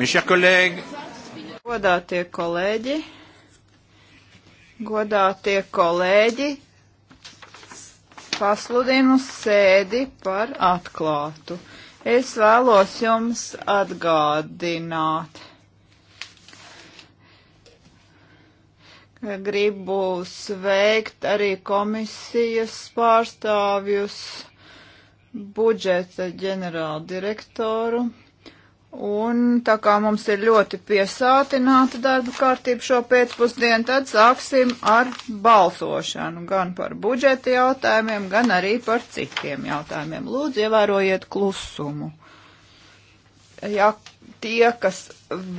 Godātie kolēģi, godātie kolēģi, pasludinu sēdi par atklātu. Es vēlos jums atgādināt. Gribu sveikt arī komisijas pārstāvjus, budžeta ģenerāldirektoru, Un tā kā mums ir ļoti piesātināta darba kārtība šo pēcpusdienu, tad sāksim ar balsošanu gan par budžeta jautājumiem, gan arī par citiem jautājumiem. Lūdzu, ievērojiet klusumu. Ja tie, kas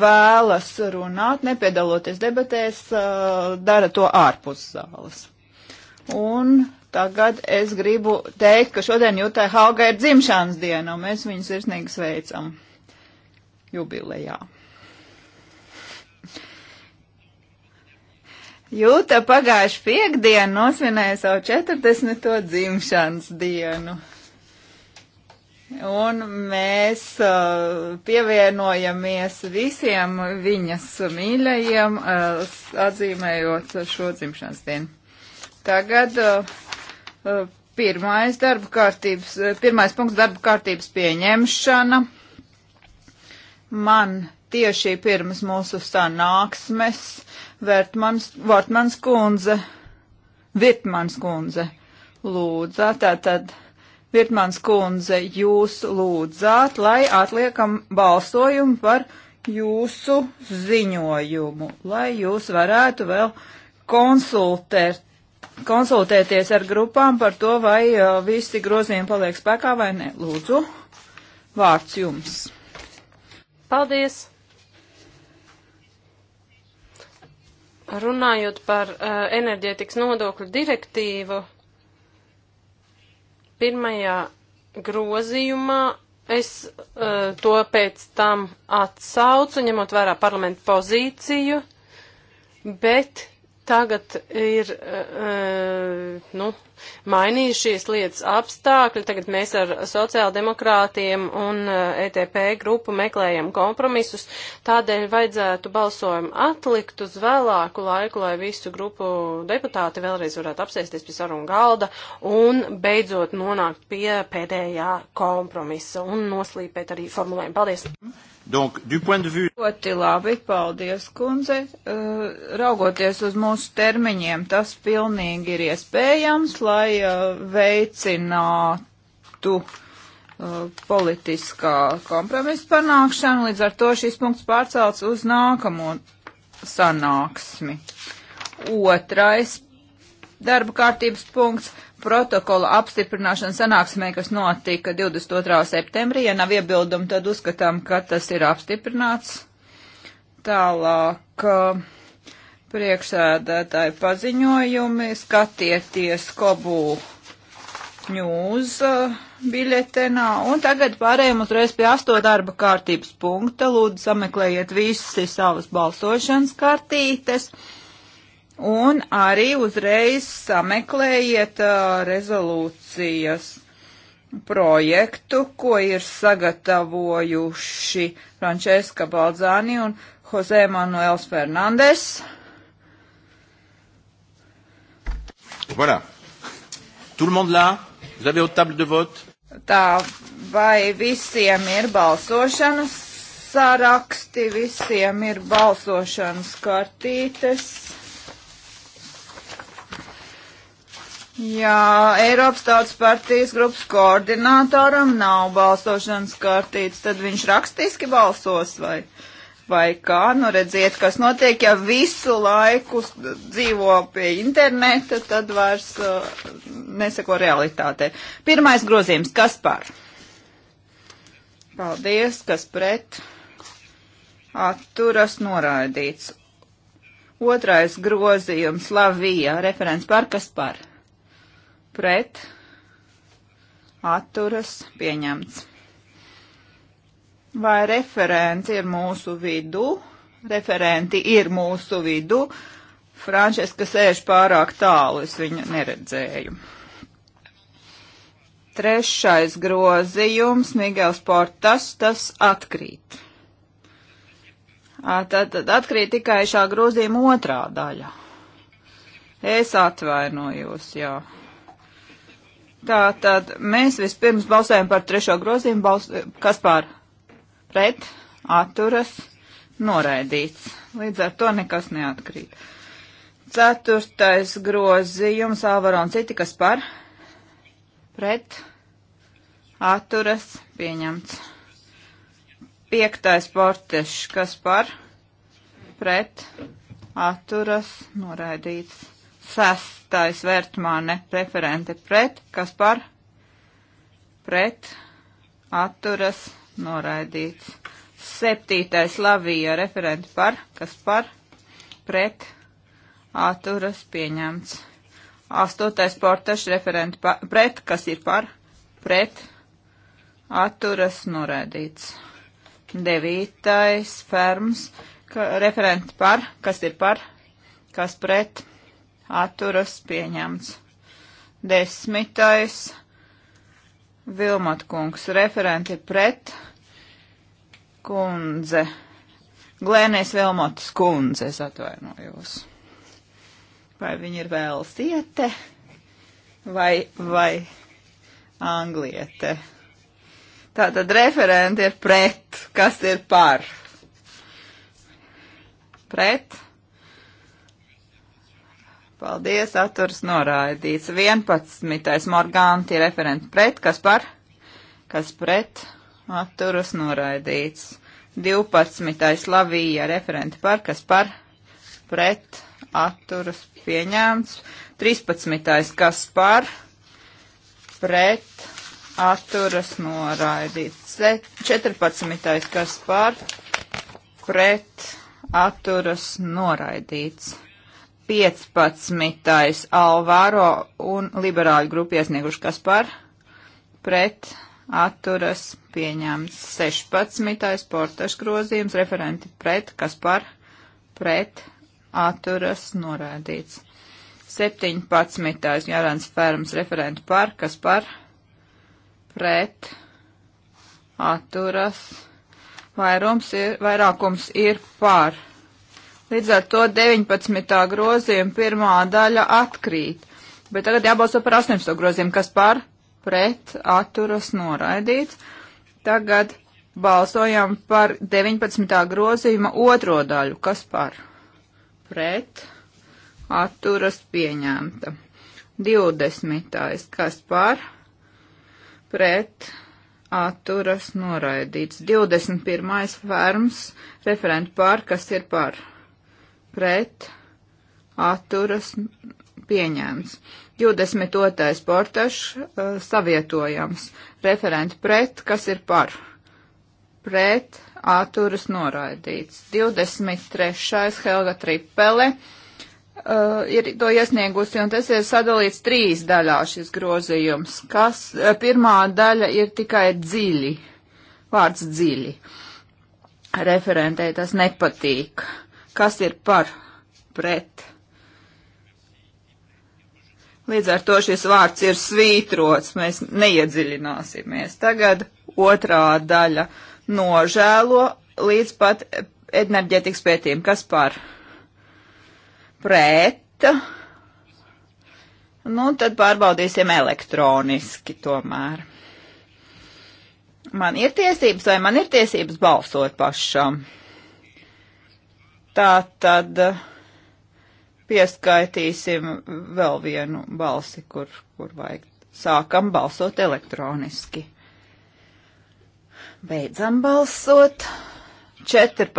vēlas runāt, nepiedaloties debatēs, uh, dara to ārpus zāles. Un Tagad es gribu teikt, ka šodien Jūtai Haugai ir dzimšanas diena, un mēs viņu sirsnīgi sveicam jubilejā. Jūta pagājuši piekdienu nosvinēja savu 40. dzimšanas dienu. Un mēs uh, pievienojamies visiem viņas mīļajiem, uh, atzīmējot šo dzimšanas dienu. Tagad uh, uh pirmais, darba kārtības, uh, pirmais punkts darba kārtības pieņemšana man tieši pirms mūsu sanāksmes Vertmans, Vortmans kundze, Virtmans kundze lūdza, tātad Virtmans kundze, jūs lūdzāt, lai atliekam balsojumu par jūsu ziņojumu, lai jūs varētu vēl konsultēt, konsultēties ar grupām par to, vai uh, visi grozījumi paliek spēkā vai ne. Lūdzu, vārds jums. Paldies! Runājot par uh, enerģētikas nodokļu direktīvu, pirmajā grozījumā es uh, to pēc tam atsaucu, ņemot vērā parlamentu pozīciju, bet tagad ir, uh, nu, mainījušies lietas apstākļi. Tagad mēs ar sociāldemokrātiem un ETP eh, e grupu meklējam kompromisus. Tādēļ vajadzētu balsojumu atlikt uz vēlāku laiku, lai visu grupu deputāti vēlreiz varētu apsēsties pie sarunu galda un beidzot nonākt pie pēdējā kompromisa un noslīpēt arī formulējumu. Paldies! Donc, du point de vue... Ļoti labi, paldies, kundze. Uh, raugoties uz mūsu termiņiem, tas pilnīgi ir iespējams, lai uh, veicinātu uh, politiskā kompromisa panākšanu. Līdz ar to šis punkts pārcelts uz nākamo sanāksmi. Otrais darba kārtības punkts protokola apstiprināšana sanāksmē, kas notika 22. septembrī. Ja nav iebildumi, tad uzskatām, ka tas ir apstiprināts. Tālāk eh, priekšsēdētāji paziņojumi. Skatieties Kobu ņūz eh, biļetenā. Un tagad pārējiem uzreiz pie asto darba kārtības punkta. Lūdzu, sameklējiet visi savas balsošanas kartītes un arī uzreiz sameklējiet uh, rezolūcijas projektu, ko ir sagatavojuši Frančeska Balzāni un Jose Manuels Fernandes. Voilà. Tout le monde là? Vous avez votre table de vote? Tā, vai visiem ir balsošanas saraksti, visiem ir balsošanas kartītes? Jā, Eiropas Tautas partijas grupas koordinātoram nav balsošanas kartītes, tad viņš rakstiski balsos vai, vai kā, nu redziet, kas notiek, ja visu laiku dzīvo pie interneta, tad vairs uh, neseko realitātei. Pirmais grozījums, kas par? Paldies, kas pret? Atturas noraidīts. Otrais grozījums, Lavija, referents par kas par? pret, atturas pieņemts. Vai referenti ir mūsu vidu? Referenti ir mūsu vidu. Frančeska sēž pārāk tālu, es viņu neredzēju. Trešais grozījums, Miguels Portas, tas atkrīt. Tad, tad atkrīt tikai šā grozījuma otrā daļa. Es atvainojos, jā. Tā tad mēs vispirms balsējam par trešo grozījumu, bals, kas pār pret, atturas, noraidīts. Līdz ar to nekas neatkrīt. Ceturtais grozījums, Alvaro un citi, kas par pret, atturas, pieņemts. Piektais portešs, kas par pret, atturas, noraidīts. Sestais vērtmāne referente pret, kas par pret atturas noraidīts. Septītais Lavija referente par, kas par pret atturas pieņemts. Astotais portašs referenti pa, pret, kas ir par, pret, atturas norēdīts. Devītais ferms, ka, referenti par, kas ir par, kas pret, atturas pieņemts. Desmitais Vilmatkungs referenti pret kundze. Glēnēs Vilmotas kundze, es atvainojos. Vai viņa ir vēl siete vai, vai angliete? Tātad referenti ir pret, kas ir par? Pret? Paldies, atturs noraidīts. 11. Morganti referents pret, kas par? Kas pret? Atturs noraidīts. 12. Lavija referenti par, kas par? Pret, atturs pieņēmts. 13. kas par? Pret, atturs noraidīts. 14. kas par? Pret, atturs noraidīts. 15. Alvāro un liberāļu grupu iesnieguši kas par pret atturas pieņemts 16. portašu grozījums, referenti pret, kas par pret atturas norādīts. 17. Jārāns Ferms referenti par, kas par pret atturas. Vairums ir, vairākums ir par. Līdz ar to 19. grozījuma pirmā daļa atkrīt. Bet tagad jābalso par 18. grozījumu, kas par pret atturas noraidīts. Tagad balsojam par 19. grozījuma otro daļu, kas par pret atturas pieņemta. 20. kas par pret atturas noraidīts. 21. ferms referentu par, kas ir par pret atturas pieņēmts. 22. portašs uh, savietojams. Referenti pret, kas ir par? Pret atturas noraidīts. 23. Helga Tripele uh, ir to iesniegusi, un tas ir sadalīts trīs daļā šis grozījums, kas uh, pirmā daļa ir tikai dziļi, vārds dziļi. Referentei tas nepatīk. Uh, Kas ir par pret? Līdz ar to šis vārds ir svītrots, mēs neiedziļināsimies. Tagad otrā daļa nožēlo līdz pat enerģetikas pētījiem. Kas par pret? Nu, tad pārbaudīsim elektroniski tomēr. Man ir tiesības vai man ir tiesības balsot pašam? Tā tad pieskaitīsim vēl vienu balsi, kur, kur vajag. Sākam balsot elektroniski. Beidzam balsot. 14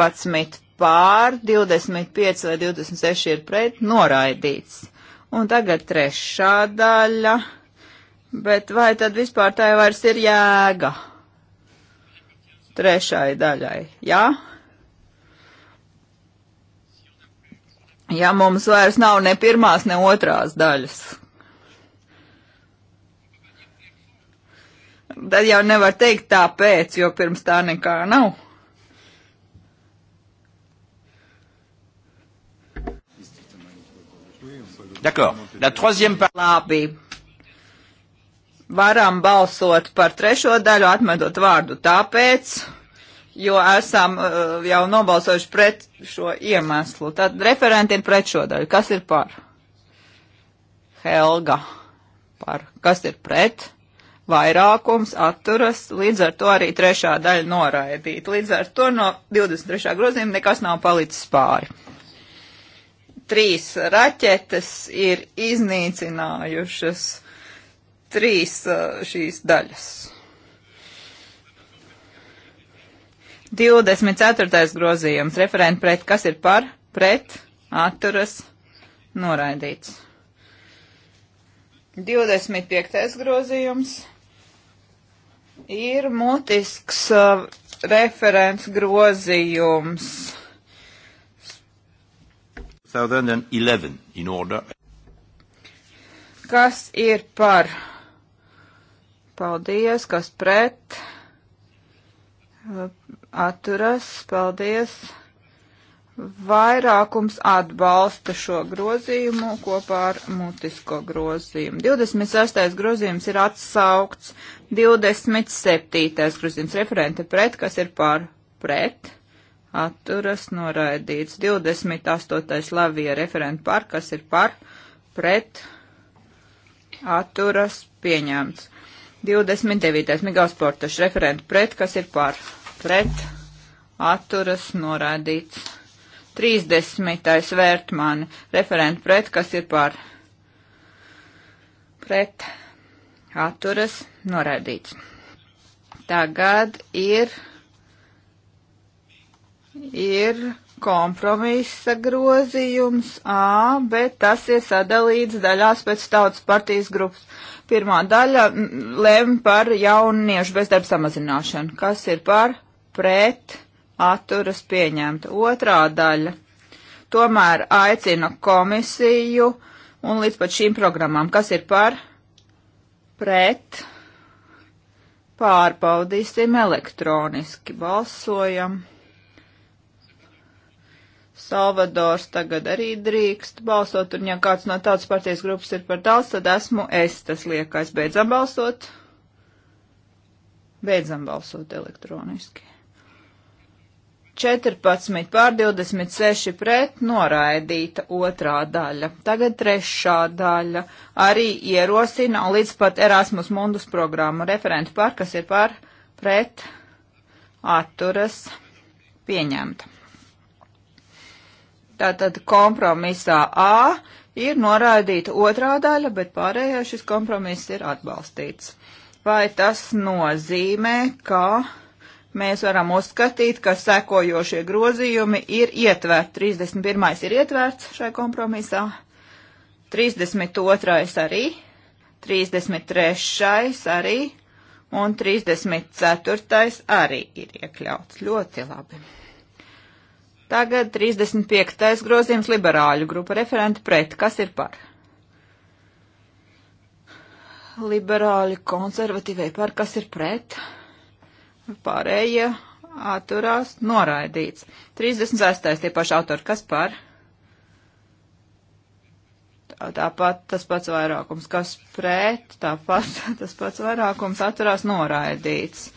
pār, 25 vai 26 ir pret, noraidīts. Un tagad trešā daļa. Bet vai tad vispār tā vairs ir jēga? Trešai daļai, jā? Ja? ja mums vairs nav ne pirmās, ne otrās daļas. Tad jau nevar teikt tāpēc, jo pirms tā nekā nav. D'accord. La troisième part. Labi. Varam balsot par trešo daļu, atmetot vārdu tāpēc jo esam eh, jau nobalsojuši pret šo iemeslu. Tad referenti ir pret šo daļu. Kas ir par? Helga. Par. Kas ir pret? Vairākums atturas, līdz ar to arī trešā daļa noraidīta. Līdz ar to no 23. grozījuma nekas nav palicis pāri. Trīs raķetes ir iznīcinājušas trīs eh, šīs daļas. 24. grozījums. Referenti pret. Kas ir par? Pret. Atturas. Noraidīts. 25. grozījums ir mutisks uh, referents grozījums. Kas ir par? Paldies, kas pret? Uh, atturas, paldies. Vairākums atbalsta šo grozījumu kopā ar mutisko grozījumu. 26. grozījums ir atsaukts, 27. grozījums referente pret, kas ir pār pret, atturas noraidīts, 28. lavija referente pār, kas ir pār pret, atturas pieņemts, 29. migausportašs referente pret, kas ir pār pret pret atturas noraidīts. 30. vērtmani referenta pret, kas ir par pret atturas noraidīts. Tagad ir, ir kompromisa grozījums A, bet tas ir sadalīts daļās pēc tautas partijas grupas. Pirmā daļa mm, lem par jauniešu bezdarba samazināšanu. Kas ir par pret atturas pieņemta. Otrā daļa tomēr aicina komisiju un līdz pat šīm programmām, kas ir par pret pārbaudīsim elektroniski, balsojam. Salvadors tagad arī drīkst balsot, un ja kāds no tādas partijas grupas ir par daudz, tad esmu es tas liekais. Beidzam balsot. Beidzam balsot elektroniski. 14 pār 26 pret noraidīta otrā daļa. Tagad trešā daļa arī ierosina un līdz pat Erasmus Mundus programmu referentu par, kas ir par pret atturas pieņemta. Tātad kompromisā A ir noraidīta otrā daļa, bet pārējā šis kompromiss ir atbalstīts. Vai tas nozīmē, ka mēs varam uzskatīt, ka sekojošie grozījumi ir ietverti. 31. ir ietverts šai kompromisā, 32. arī, 33. arī un 34. arī ir iekļauts. Ļoti labi. Tagad 35. grozījums liberāļu grupa referenti pret. Kas ir par? Liberāļi konservatīvai par. Kas ir pret? pārējie atturās noraidīts. 36. tie paši autori, kas par? Tāpat tas pats vairākums, kas pret, tāpat tas pats vairākums atturās noraidīts.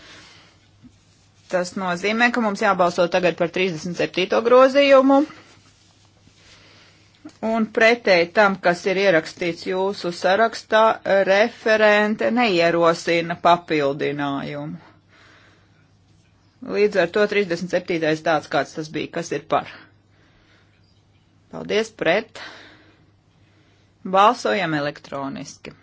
Tas nozīmē, ka mums jābalso tagad par 37. grozījumu. Un pretēji tam, kas ir ierakstīts jūsu sarakstā, referente neierosina papildinājumu. Līdz ar to 37. tāds, kāds tas bija, kas ir par. Paldies pret. Balsojam elektroniski.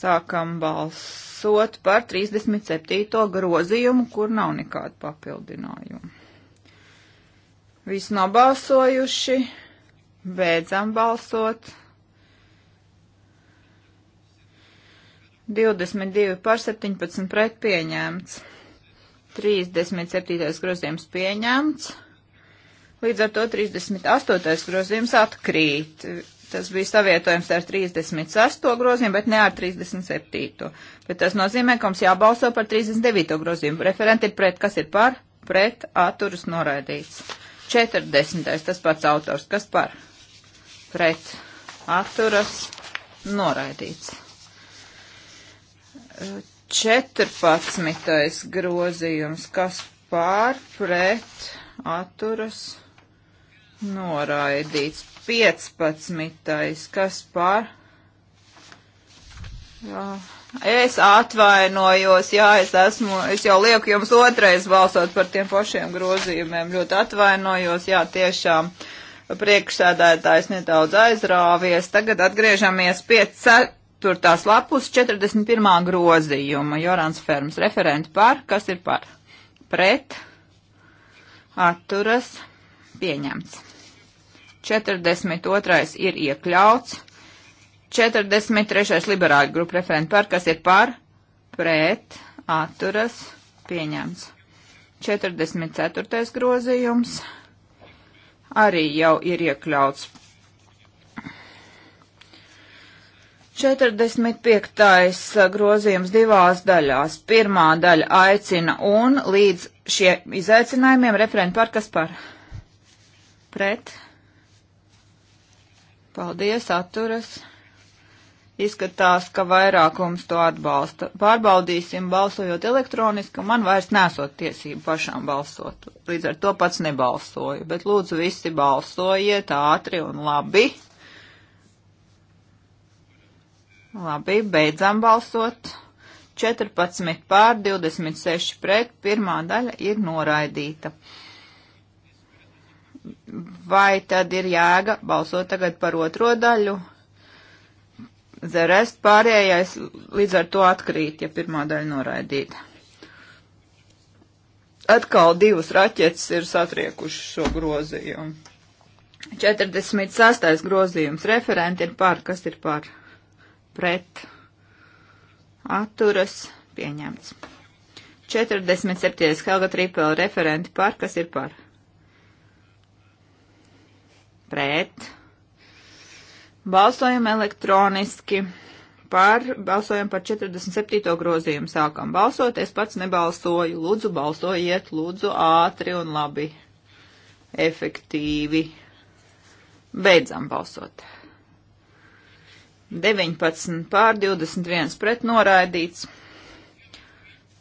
Sākam balsot par 37. grozījumu, kur nav nekādu papildinājumu. Visi nobalsojuši, beidzam balsot. 22 par 17 pret pieņēmts. 37. grozījums pieņemts, līdz ar to 38. grozījums atkrīt. Tas bija savietojums ar 36. grozījumu, bet ne ar 37. Bet tas nozīmē, ka mums jābalso par 39. grozījumu. Referenti ir pret, kas ir par, pret, atturas noraidīts. 40. tas pats autors, kas par, pret, atturas noraidīts. 14. grozījums, kas pār pret atturas noraidīts. 15. kas pār. Jā. Es atvainojos, jā, es esmu, es jau lieku jums otrais balsot par tiem pašiem grozījumiem. Ļoti atvainojos, jā, tiešām priekšsēdētājs nedaudz aizrāvies. Tagad atgriežamies pie 4. Tur tās lapus 41. grozījuma Jorans Ferms referenti par, kas ir par pret, atturas, pieņemts. 42. ir iekļauts, 43. liberāļu grupu referenti par, kas ir par, pret, atturas, pieņemts. 44. grozījums arī jau ir iekļauts 45. Uh, grozījums divās daļās. Pirmā daļa aicina un līdz šie izaicinājumiem referenti par kas par? Pret. Paldies, atturas. Izskatās, ka vairākums to atbalsta. Pārbaudīsim balsojot elektroniski, man vairs nesot tiesību pašām balsot. Līdz ar to pats nebalsoju, bet lūdzu visi balsojiet ātri un labi. Labi, beidzam balsot. 14 pār 26 pret, pirmā daļa ir noraidīta. Vai tad ir jēga balsot tagad par otro daļu? Zerest pārējais līdz ar to atkrīt, ja pirmā daļa noraidīta. Atkal divas raķetes ir satriekušas šo grozījumu. 46. grozījums referenti ir par, kas ir par? pret atturas pieņemts. 47. Helga Trīpela referenti par, kas ir par? Pret. Balsojam elektroniski par, balsojam par 47. grozījumu. Sākam balsot, es pats nebalsoju. Lūdzu, balsojiet, lūdzu, ātri un labi. Efektīvi. Beidzam balsot. 19 pār 21 pret noraidīts.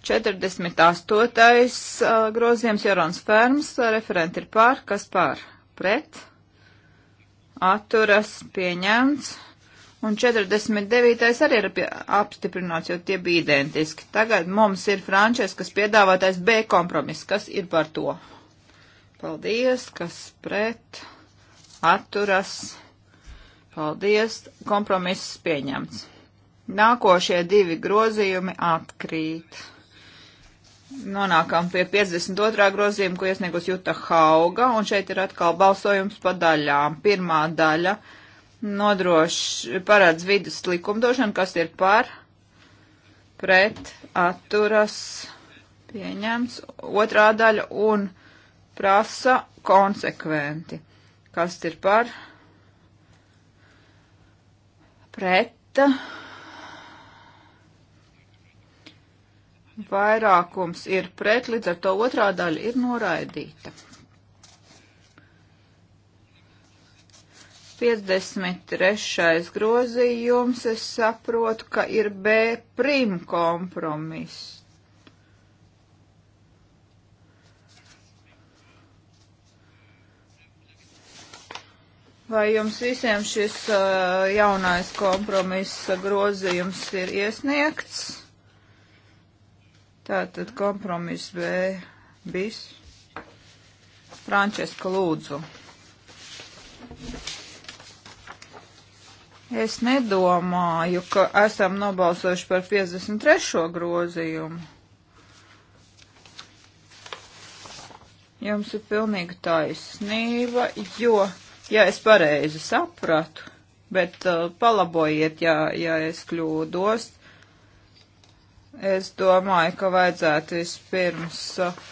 48. grozījums Jarons Ferms, referenti ir pār, kas pār? Pret, atturas, pieņemts, un 49. arī ir apstiprināts, jo tie bija identiski. Tagad mums ir Frančes, kas piedāvātais B kompromiss, kas ir par to? Paldies, kas pret, atturas, pieņemts. Paldies, kompromiss pieņemts. Nākošie divi grozījumi atkrīt. Nonākam pie 52. grozījuma, ko iesniegus Juta Hauga, un šeit ir atkal balsojums pa daļām. Pirmā daļa nodroš, parāds vidus likumdošanu, kas ir par, pret, atturas, pieņems, otrā daļa un prasa konsekventi, kas ir par, pret pret. Vairākums ir pret, līdz ar to otrā daļa ir noraidīta. 53. grozījums, es saprotu, ka ir B prim kompromiss. Vai jums visiem šis uh, jaunais kompromisa grozījums ir iesniegts? Tātad kompromiss B bis. Frančeska lūdzu. Es nedomāju, ka esam nobalsojuši par 53. grozījumu. Jums ir pilnīga taisnība, jo ja es pareizi sapratu, bet uh, palabojiet, ja, ja es kļūdos. Es domāju, ka vajadzētu vispirms uh,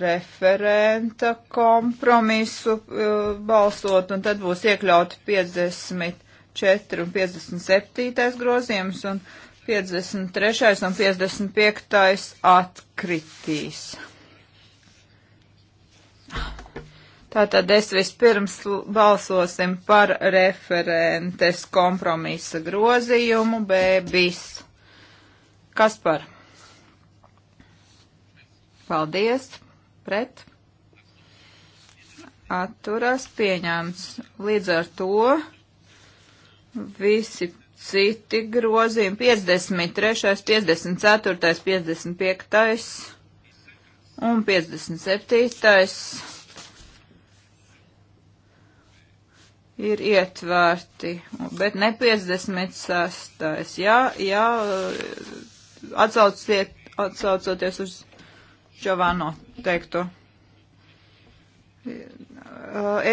referenta kompromisu uh, balsot, un tad būs iekļauti 54 un 57 grozījums, un 53 un 55 atkritīs. Tātad es vispirms balsosim par referentes kompromisa grozījumu bēbis. Kas par? Paldies. Pret. Atturās pieņemts. Līdz ar to visi citi grozījumi 53, 54, 55 un 57. ir ietvērti, bet ne 56. Jā, jā, atsauciet, atsaucoties uz Čovano teikto.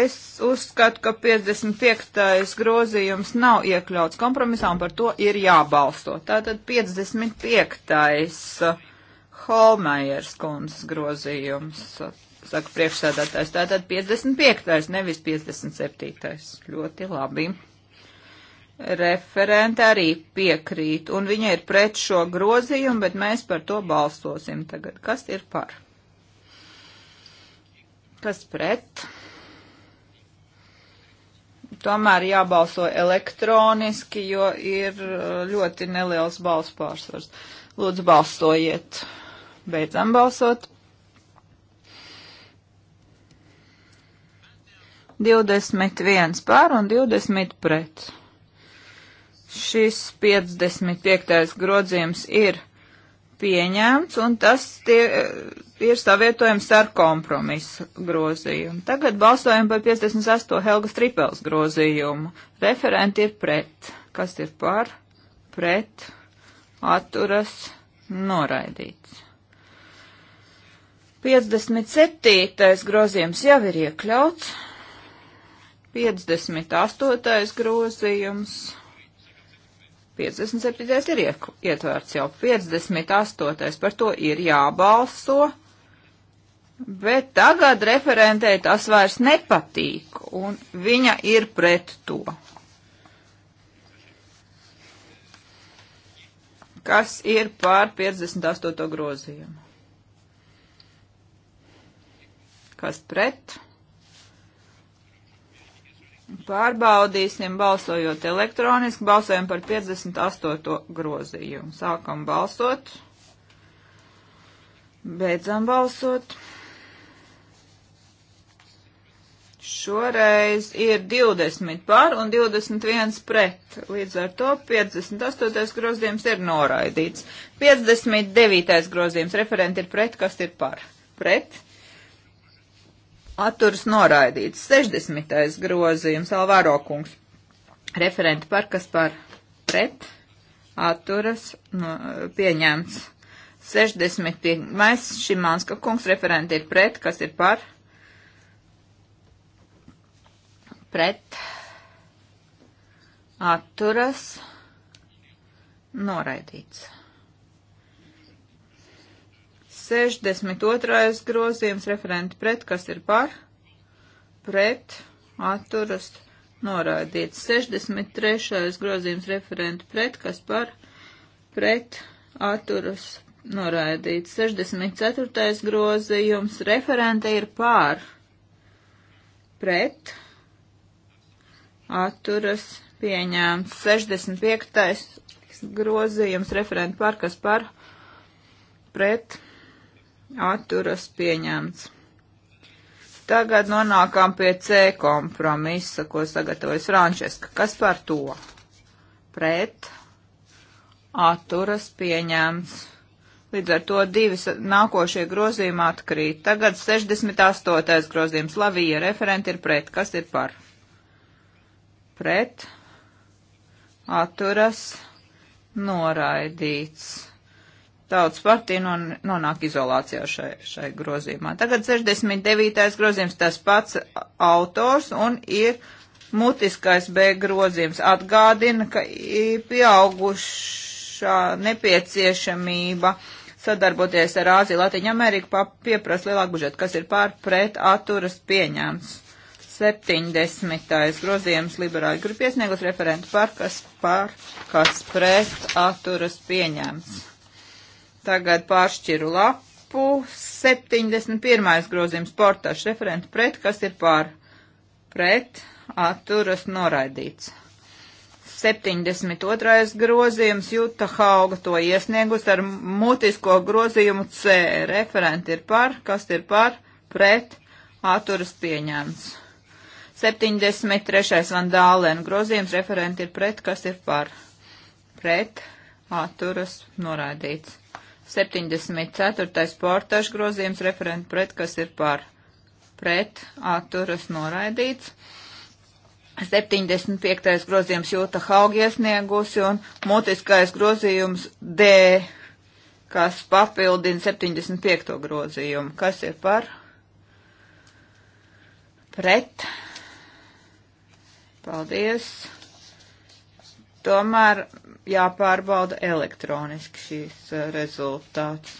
Es uzskatu, ka 55. grozījums nav iekļauts kompromisā un par to ir jābalsto. Tātad 55. Holmējers kundzes grozījums saka priekšsēdētājs. Tātad 55. nevis 57. Ļoti labi. Referente arī piekrīt, un viņa ir pret šo grozījumu, bet mēs par to balsosim tagad. Kas ir par? Kas pret? Tomēr jābalso elektroniski, jo ir uh, ļoti neliels balss pārsvars. Lūdzu, balsojiet. Beidzam balsot. 21 pār un 20 pret. Šis 55. grozījums ir pieņemts un tas tie, ir savietojams ar kompromisu grozījumu. Tagad balsojam par 58. Helgas Tripels grozījumu. Referenti ir pret. Kas ir par? Pret. Atturas. Noraidīts. 57. grozījums jau ir iekļauts. 58. grozījums. 57. ir ietverts jau 58. par to ir jābalso, bet tagad referentei tas vairs nepatīk, un viņa ir pret to. Kas ir pār 58. grozījumu? Kas pret? Pārbaudīsim, balsojot elektroniski, balsojam par 58. grozījumu. Sākam balsot, beidzam balsot. Šoreiz ir 20 par un 21 pret. Līdz ar to 58. grozījums ir noraidīts. 59. grozījums referenti ir pret, kas ir par? Pret Atturs noraidīts. 60. grozījums Alvaro kungs. Referenti par kas par pret. Atturas no, pieņemts. 65. Mēs Šimanska kungs referenti ir pret. Kas ir par? Pret. Atturas noraidīts. 62. grozījums referenti pret, kas ir par, pret, atturas, noraidīts. 63. grozījums referenti pret, kas par, pret, atturas, noraidīts. 64. grozījums referenti ir par, pret, atturas, pieņēmts. 65. grozījums referenti par, kas par, pret, atturas atturas pieņemts. Tagad nonākam pie C kompromisa, ko sagatavojas Frančeska. Kas par to? Pret, atturas pieņemts. Līdz ar to divi nākošie grozījumi atkrīt. Tagad 68. grozījums. Lavija referenti ir pret. Kas ir par? Pret, atturas, noraidīts tautas partija non, nonāk izolācijā šai, šai grozījumā. Tagad 69. grozījums tas pats autors un ir mutiskais B grozījums. Atgādina, ka ir pieaugušā nepieciešamība sadarboties ar Āziju, Latviju, Ameriku, pieprasa lielāku budžetu, kas ir pār pret atturas pieņēmts. 70. grozījums liberāļu grupu iesniegus referentu par, kas par, kas pret atturas pieņēmts. Tagad pāršķiru lapu. 71. grozījums portašs referentu pret, kas ir pār pret, atturas noraidīts. 72. grozījums Juta Hauga to iesniegus ar mutisko grozījumu C. Referenti ir par, kas ir par, pret, atturas pieņēmts. 73. Vandālēna grozījums referenti ir pret, kas ir par, pret, atturas noraidīts. 74. portašu grozījums referenta pret, kas ir par pret, atturas noraidīts. 75. grozījums jūta haugi iesniegusi un mutiskais grozījums D, kas papildina 75. grozījumu. Kas ir par? Pret. Paldies. Tomēr jāpārbauda elektroniski šīs uh, rezultāts.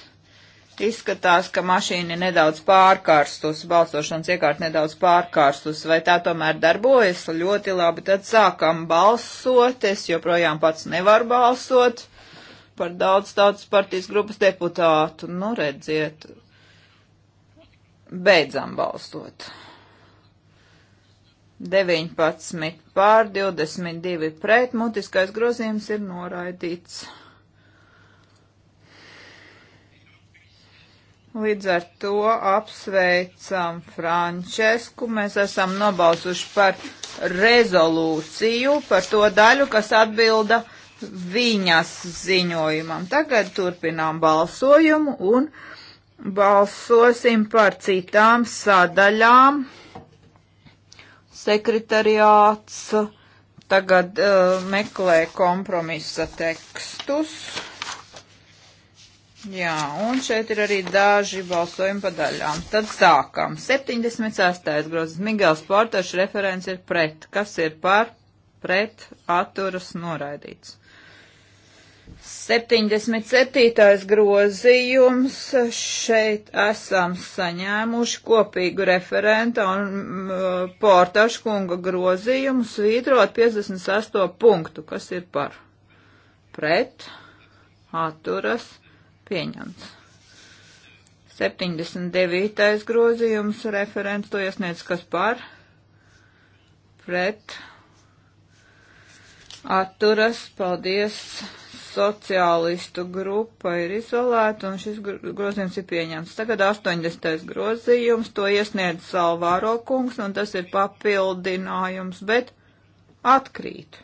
Izskatās, ka mašīna nedaudz pārkārstus, balsošanas iekārt nedaudz pārkārstus, vai tā tomēr darbojas ļoti labi. Tad sākam balsot, es joprojām pats nevaru balsot par daudz tautas partijas grupas deputātu. Nu, redziet, beidzam balsot. 19 pār 22 pret, mutiskais grozījums ir noraidīts. Līdz ar to apsveicam Frančesku. Mēs esam nobalsuši par rezolūciju, par to daļu, kas atbilda viņas ziņojumam. Tagad turpinām balsojumu un balsosim par citām sadaļām Sekretariāts tagad uh, meklē kompromisa tekstus. Jā, un šeit ir arī daži balsojumi pa daļām. Tad sākam. 76. grozis. Migels Portašs referents ir pret. Kas ir par? Pret atturas noraidīts. 77. grozījums šeit esam saņēmuši kopīgu referenta un portašu kunga grozījumu svītrot 58 punktu, kas ir par pret, atturas, pieņemts. 79. grozījums referents to iesniedz, kas par pret, atturas, paldies sociālistu grupa ir izolēta un šis grozījums ir pieņemts. Tagad 80. grozījums, to iesniedz Salvāro kungs un tas ir papildinājums, bet atkrīt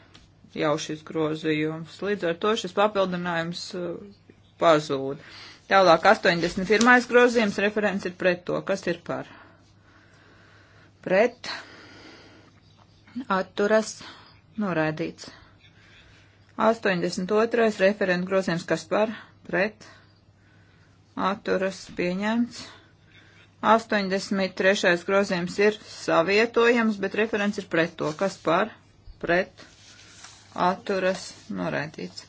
jau šis grozījums. Līdz ar to šis papildinājums uh, pazūd. Tālāk 81. grozījums referents ir pret to, kas ir par. Pret atturas noraidīts. 82. referenta grozījums, kas par pret atturas pieņemts. 83. grozījums ir savietojams, bet referents ir pret to, kas par pret atturas norēdīts.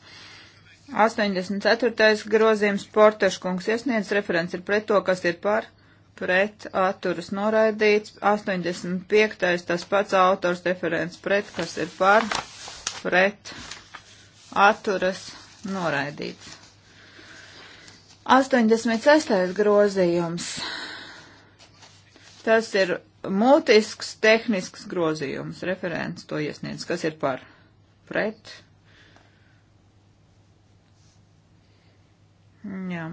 84. grozījums Porteškungs iesniedz referents ir pret to, kas ir par pret atturas noraidīts. 85. tas pats autors referents pret, kas ir par pret atturas noraidīts. 86. grozījums. Tas ir mutisks, tehnisks grozījums. Referents to iesniedz. Kas ir par pret? Jā.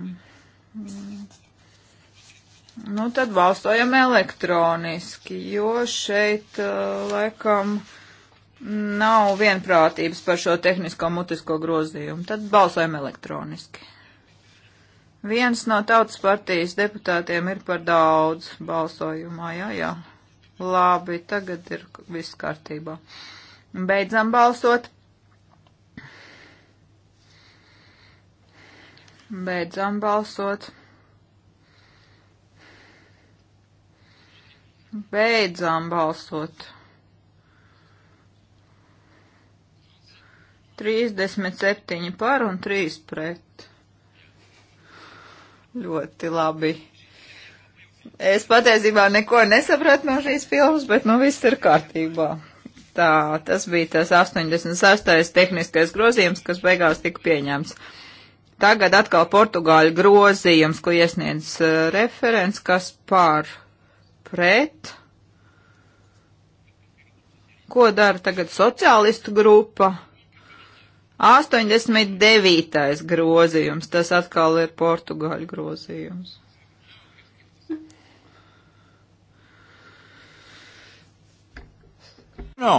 Nu, tad balstojam elektroniski, jo šeit, uh, laikam, uh, Nav vienprātības par šo tehnisko mutisko grozījumu. Tad balsojam elektroniski. Viens no tautas partijas deputātiem ir par daudz balsojumā, jā, jā. Labi, tagad ir viss kārtībā. Beidzam balsot. Beidzam balsot. Beidzam balsot. 37 par un 3 pret. Ļoti labi. Es patiesībā neko nesapratu no šīs filmas, bet nu viss ir kārtībā. Tā, tas bija tas 86. tehniskais grozījums, kas beigās tika pieņemts. Tagad atkal portugāļu grozījums, ko iesniedz uh, referents, kas pār pret. Ko dara tagad sociālistu grupa? 89. grozījums, tas atkal ir portugāļu grozījums. No.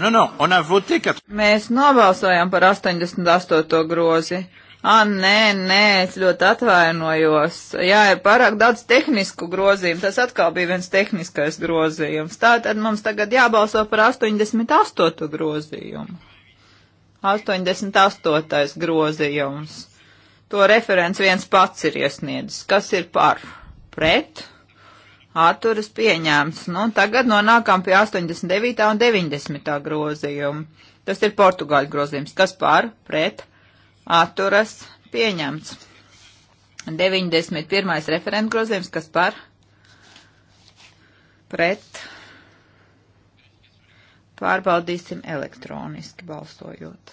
No, no. On a voté... Mēs nobalsojām par 88. grozi. Ā, nē, nē, es ļoti atvainojos. Jā, ir pārāk daudz tehnisku grozījumu. Tas atkal bija viens tehniskais grozījums. Tātad mums tagad jābalso par 88. grozījumu. 88. grozījums. To referents viens pats ir iesniedzis. Kas ir par? Pret? Atturas pieņēmts. Nu, tagad nonākam pie 89. un 90. grozījuma. Tas ir portugāļu grozījums. Kas par? Pret? Atturas pieņemts. 91. referenta grozījums. Kas par? Pret? Pārbaudīsim elektroniski balsojot.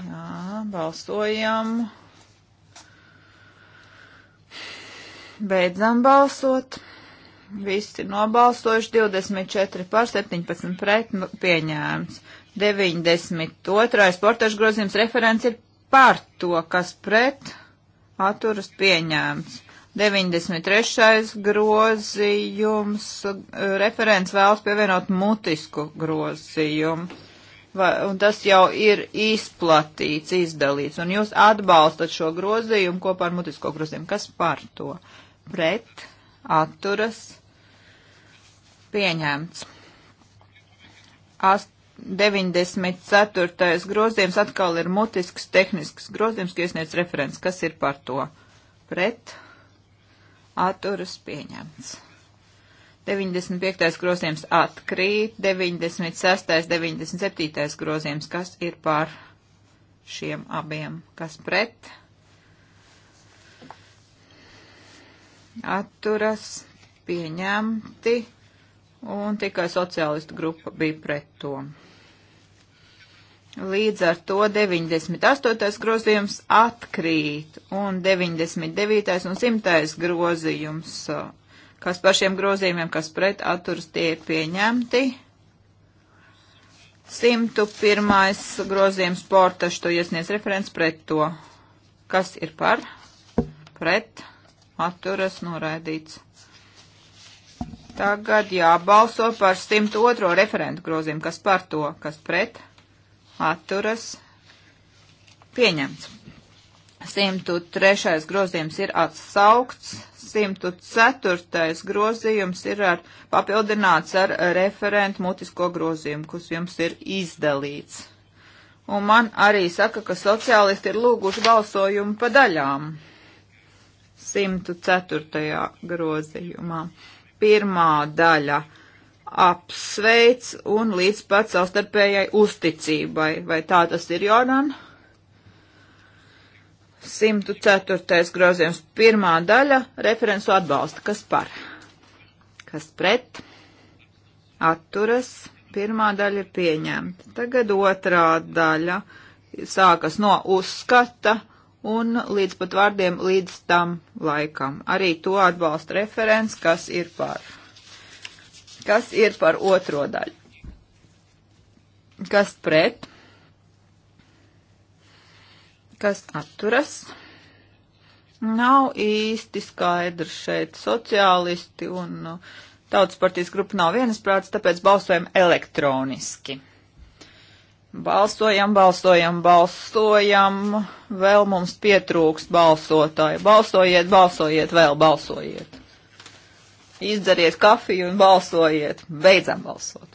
Jā, balsojam. Beidzam balsot. Visi nobalsojuši 24 pār 17 pret nu, pieņēmums. 92. sportašu grozījums referents ir par to, kas pret atturas pieņēmums. 93. grozījums referents vēlas pievienot mutisku grozījumu. Vai, un tas jau ir izplatīts, izdalīts, un jūs atbalstat šo grozījumu kopā ar mutisko grozījumu. Kas par to? Pret, atturas, pieņemts. Ast 94. grozījums atkal ir mutisks, tehnisks grozījums, ka iesniedz referents. Kas ir par to? Pret, atturas pieņemts. 95. grozījums atkrīt, 96. 97. grozījums, kas ir par šiem abiem, kas pret atturas pieņemti, un tikai sociālistu grupa bija pret to. Līdz ar to 98. grozījums atkrīt un 99. un 100. grozījums, uh, kas par šiem grozījumiem, kas pret atturs tie ir pieņemti. 101. grozījums portašu to iesniedz referents pret to. Kas ir par? Pret atturas noraidīts. Tagad jābalso par 102. referentu grozījumu. Kas par to? Kas pret? atturas pieņemts. 103. grozījums ir atsaukts, 104. grozījums ir ar, papildināts ar referentu mutisko grozījumu, kas jums ir izdalīts. Un man arī saka, ka sociālisti ir lūguši balsojumu pa daļām. 104. grozījumā. Pirmā daļa apsveic un līdz pat savstarpējai uzticībai. Vai tā tas ir, Jonan? 104. grozījums pirmā daļa referensu atbalsta. Kas par? Kas pret? Atturas. Pirmā daļa ir pieņemta. Tagad otrā daļa sākas no uzskata un līdz pat vārdiem līdz tam laikam. Arī to atbalsta referents, kas ir par. Kas ir par otro daļu? Kas pret? Kas atturas? Nav īsti skaidrs šeit sociālisti un nu, tautas partijas grupa nav vienasprāts, tāpēc balsojam elektroniski. Balsojam, balsojam, balsojam, vēl mums pietrūkst balsotāju. Balsojiet, balsojiet, vēl balsojiet. Izdzeriet kafiju un balsojiet. Beidzam balsot.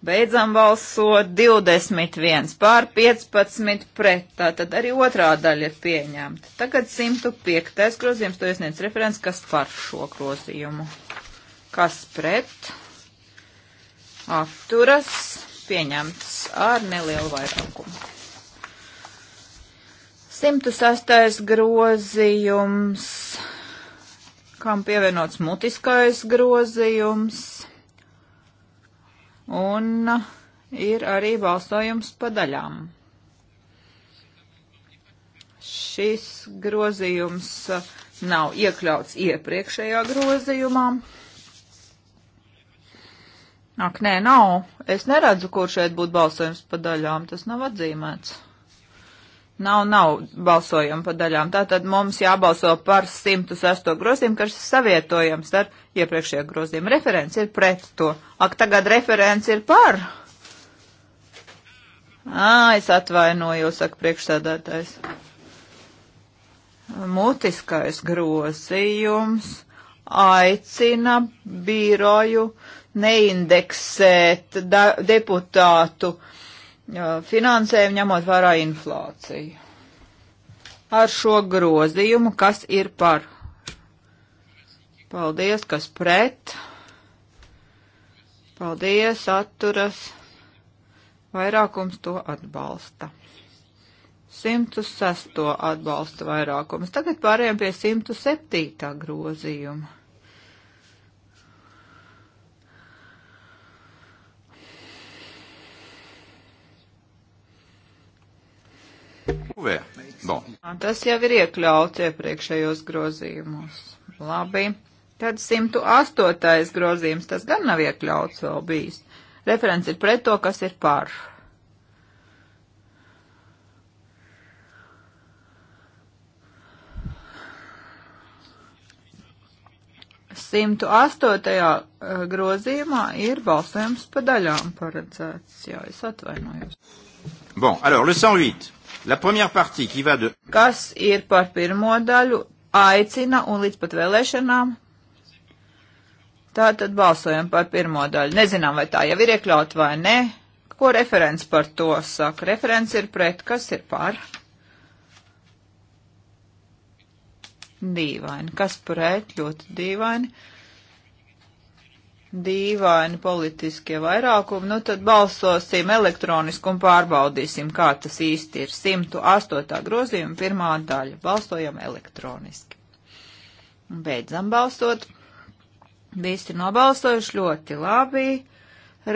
Beidzam balsot 21 pār 15 pret, tātad arī otrā daļa ir pieņemta. Tagad 105. grozījums, to iesniedz referents, kas par šo grozījumu. Kas pret? Apturas pieņemts ar nelielu vairākumu. 106. grozījums kam pievienots mutiskais grozījums, un ir arī balsojums pa daļām. Šis grozījums nav iekļauts iepriekšējā grozījumā. Ak, nē, nav. Es neredzu, kur šeit būtu balsojums pa daļām. Tas nav atzīmēts. Nav, nav balsojumu pa daļām. Tātad mums jābalso par 108 grozījumu, kas ir savietojams ar iepriekšējo grozījumu. Referents ir pret to. Ak, tagad referents ir par. Ā, es atvainojos, saka priekšsēdētājs. Mutiskais grozījums aicina biroju neindeksēt da, deputātu uh, finansējumu, ņemot vērā inflāciju. Ar šo grozījumu, kas ir par? Paldies, kas pret? Paldies, atturas. Vairākums to atbalsta. 106. atbalsta vairākums. Tagad pārējām pie 107. grozījuma. Tas jau ir iekļauts iepriekšējos grozījumos. Labi. Tad 108. grozījums, tas gan nav iekļauts vēl bijis. Referents ir pret to, kas ir par. Simtu astotajā e, grozījumā ir balsojums pa daļām paredzēts. Jā, es atvainojos. Bon, alors, le 108. Partie, de... Kas ir par pirmo daļu? Aicina un līdz pat vēlēšanām. Tā tad balsojam par pirmo daļu. Nezinām, vai tā jau ir iekļaut vai nē. Ko referents par to saka? Referents ir pret, kas ir par? Dīvaini. Kas pret? Ļoti dīvaini dīvaini politiskie vairākumi, nu tad balsosim elektroniski un pārbaudīsim, kā tas īsti ir. 108. grozījuma pirmā daļa. Balsojam elektroniski. Beidzam balsot. Visi nobalsojuši ļoti labi.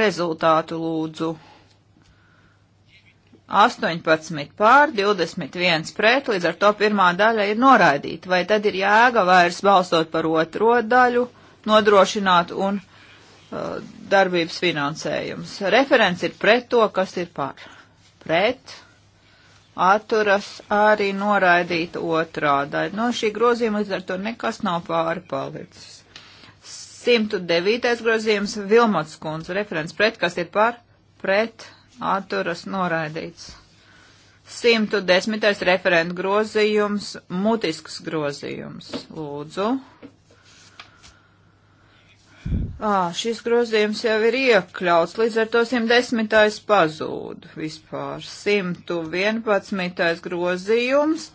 Rezultātu lūdzu. 18 pār, 21 pret, līdz ar to pirmā daļa ir noraidīta. Vai tad ir jēga vairs balsot par otro daļu, nodrošināt un Uh, darbības finansējums. Referents ir pret to, kas ir par. Pret atturas arī noraidīt otrā daļa. No šī grozījuma līdz ar to nekas nav pārpalicis. 109. grozījums Vilmots kundze referents pret, kas ir par, pret, atturas noraidīts. 110. referenta grozījums, mutisks grozījums. Lūdzu. À, šis grozījums jau ir iekļauts, līdz ar to 110. pazūd vispār. 111. grozījums,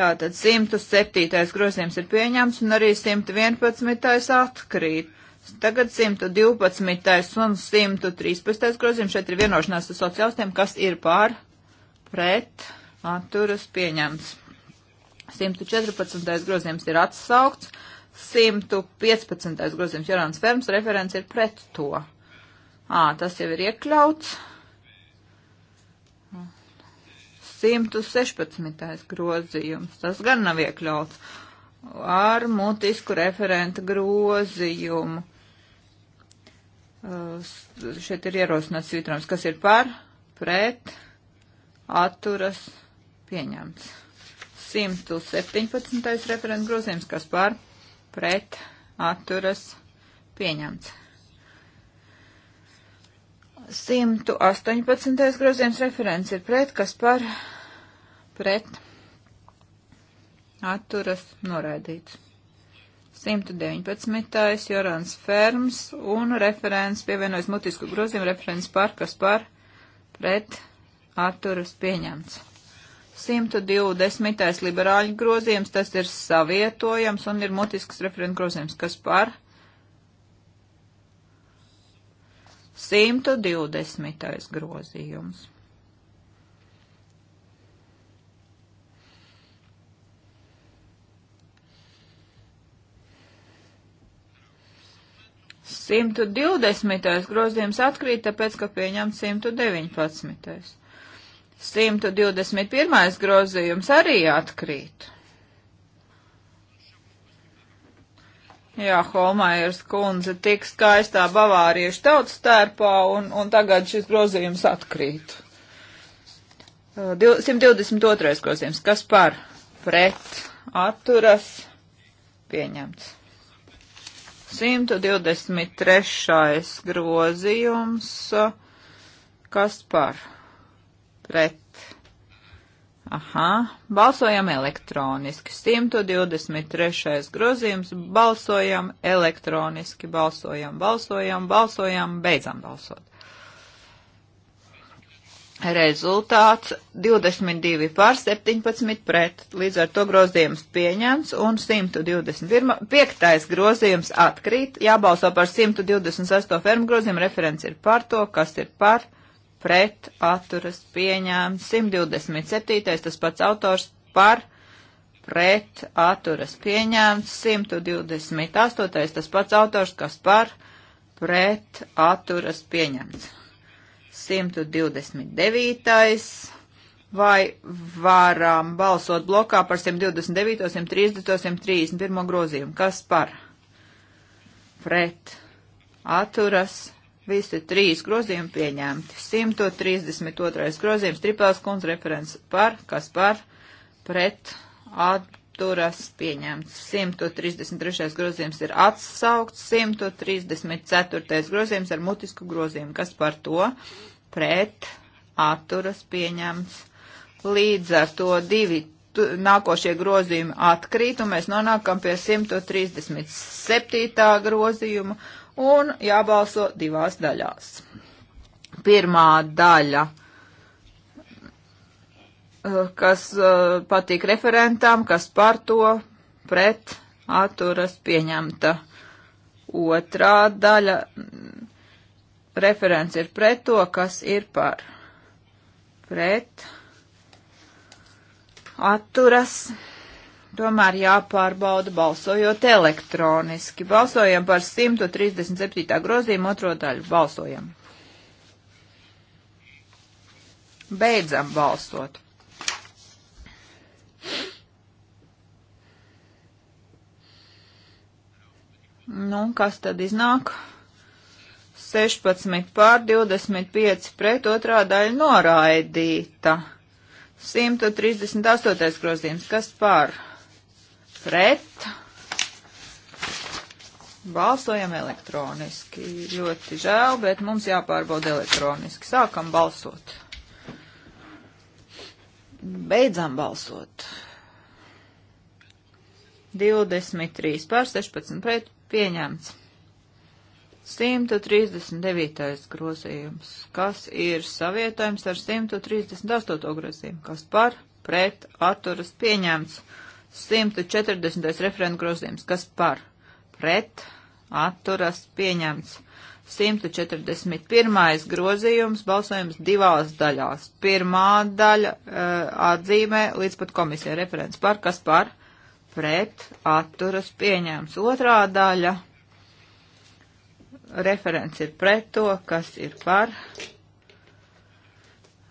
tātad 107. grozījums ir pieņemts un arī 111. atkrīt. Tagad 112. un 113. grozījums šeit ir vienošanās ar sociālistiem, kas ir pār, pret, atturas pieņemts. 114. grozījums ir atsaukts. 115. grozījums Jorāns Ferms referents ir pret to. Ā, tas jau ir iekļauts. 116. grozījums, tas gan nav iekļauts. Ar mutisku referenta grozījumu. Šeit ir ierosināts svītrams, kas ir par, pret, atturas, pieņemts. 117. referenta grozījums, kas par, pret pret atturas pieņemts. 118. grozījums referents ir pret, kas par pret atturas noraidīts. 119. Jorans Ferms un referents pievienojas mutisku grozījumu referents par, kas par pret atturas pieņemts. 120. liberāļu grozījums, tas ir savietojams un ir mutisks referenta grozījums. Kas par? 120. grozījums. Simtu divdesmitais grozījums atkrīt, tāpēc, ka pieņemts simtu deviņpadsmitais. 121. grozījums arī atkrīt. Jā, Holmaiers kundze tik skaistā bavāriešu tautas tērpā, un, un tagad šis grozījums atkrīt. 122. grozījums, kas par pret atturas pieņemts. 123. grozījums, kas par pret pret. Aha, balsojam elektroniski. 123. grozījums, balsojam elektroniski, balsojam, balsojam, balsojam, beidzam balsot. Rezultāts 22 pār 17 pret, līdz ar to grozījums pieņemts un 121. piektais grozījums atkrīt, jābalso par 128 fermu grozījumu, referents ir par to, kas ir par pret atturas pieņēmts. 127. tas pats autors par pret atturas pieņēmts. 128. tas pats autors, kas par pret atturas pieņemts. 129. Vai varam balsot blokā par 129, 130, 131 grozījumu? Kas par? Pret. Atturas. Visi trīs grozījumi pieņemti. 132. grozījums Tripels kundz referents par, kas par, pret, atturas pieņemts. 133. grozījums ir atsaukts. 134. grozījums ar mutisku grozījumu. Kas par to? Pret, atturas pieņemts. Līdz ar to divi nākošie grozījumi atkrīt, un mēs nonākam pie 137. grozījuma un jābalso divās daļās. Pirmā daļa, eh, kas eh, patīk referentām, kas par to pret atturas pieņemta. Otrā daļa, mm, referents ir pret to, kas ir par pret atturas pieņemta tomēr jāpārbauda balsojot elektroniski. Balsojam par 137. grozījumu otro daļu. Balsojam. Beidzam balsot. Nu, kas tad iznāk? 16 pār 25 pret otrā daļa noraidīta. 138. grozījums. Kas pār? pret. Balsojam elektroniski. Ļoti žēl, bet mums jāpārbauda elektroniski. Sākam balsot. Beidzam balsot. 23 pār 16 pret pieņemts. 139. grozījums, kas ir savietojums ar 138. grozījumu, kas par pret atturas pieņemts. 140. referenta grozījums, kas par pret atturas pieņemts. 141. grozījums balsojums divās daļās. Pirmā daļa uh, atzīmē līdz pat komisija referents par, kas par pret atturas pieņēms. Otrā daļa referents ir pret to, kas ir par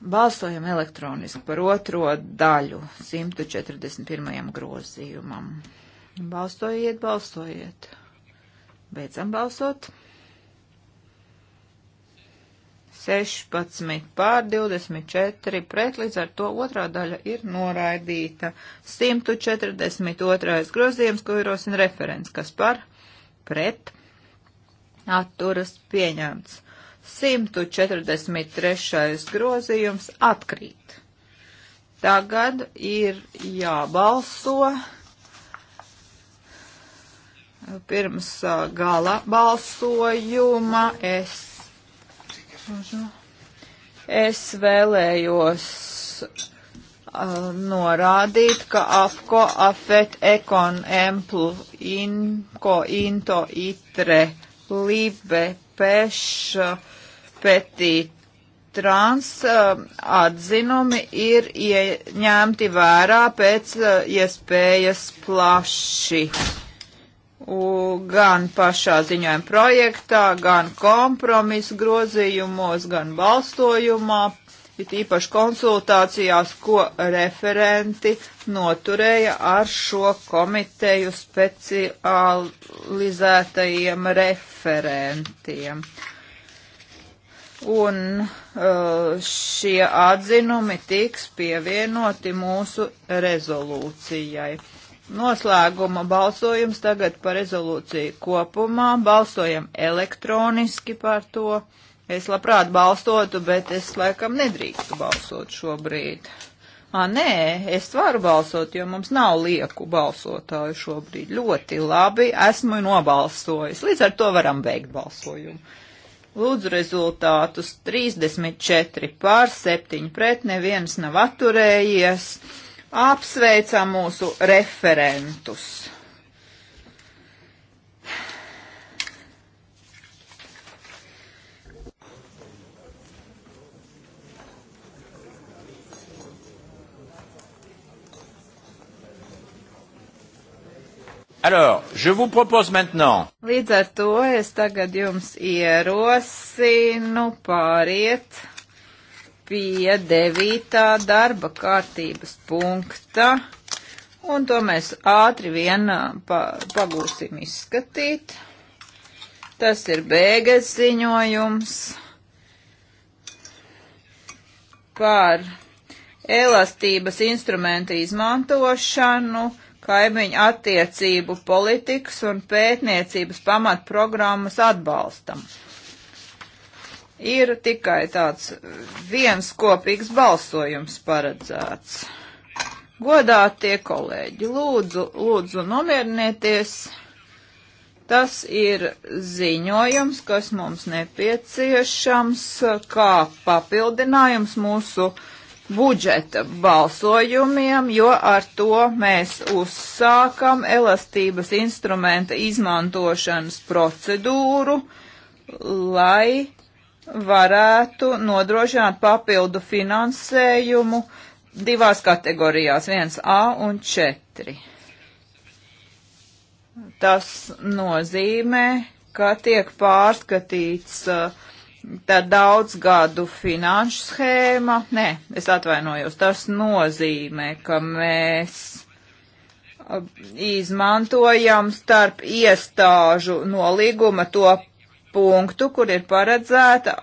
Balsojam elektroniski par otro daļu 141. grozījumam. Balsojiet, balsojiet. Beidzam balsot. 16 pār 24 pret, līdz ar to otrā daļa ir noraidīta. 142. grozījums, ko ierosina referents, kas par pret atturas pieņemts. 143. grozījums atkrīt. Tagad ir jābalso pirms gala balsojuma. Es, es vēlējos uh, norādīt, ka AFCO, AFET, EKON, EMPLU, INCO, INTO, ITRE, LIBE, PEŠ, uh, petīt trans um, atzinumi ir ieņemti vērā pēc uh, iespējas plaši. U, gan pašā ziņojuma projektā, gan kompromisu grozījumos, gan balstojumā, it īpaši konsultācijās, ko referenti noturēja ar šo komiteju specializētajiem referentiem. Uh, un uh, šie atzinumi tiks pievienoti mūsu rezolūcijai. Noslēguma balsojums tagad par rezolūciju kopumā. Balsojam elektroniski par to. Es labprāt balsotu, bet es laikam nedrīkstu balsot šobrīd. Ā, nē, es varu balsot, jo mums nav lieku balsotāju šobrīd. Ļoti labi, esmu nobalsojis. Līdz ar to varam beigt balsojumu. Lūdzu rezultātus 34 pār 7 pret, neviens nav atturējies. Apsveicam mūsu referentus. Alors, je vous propose maintenant. Līdz ar to es tagad jums ierosinu pāriet pie devītā darba kārtības punkta, un to mēs ātri vien pa, pagūsim izskatīt. Tas ir bēgas ziņojums par elastības instrumenta izmantošanu kaimiņu attiecību politikas un pētniecības pamatprogrammas atbalstam. Ir tikai tāds viens kopīgs balsojums paredzēts. Godātie kolēģi, lūdzu, lūdzu nomierinieties. Tas ir ziņojums, kas mums nepieciešams kā papildinājums mūsu uh, budžeta balsojumiem, jo ar to mēs uzsākam elastības instrumenta izmantošanas procedūru, lai varētu nodrošināt papildu finansējumu divās kategorijās, 1A un 4. Tas nozīmē, ka tiek pārskatīts uh, Tā daudz gadu finanšu schēma, nē, es atvainojos, tas nozīmē, ka mēs uh, izmantojam starp iestāžu nolīguma to punktu, kur ir paredzēta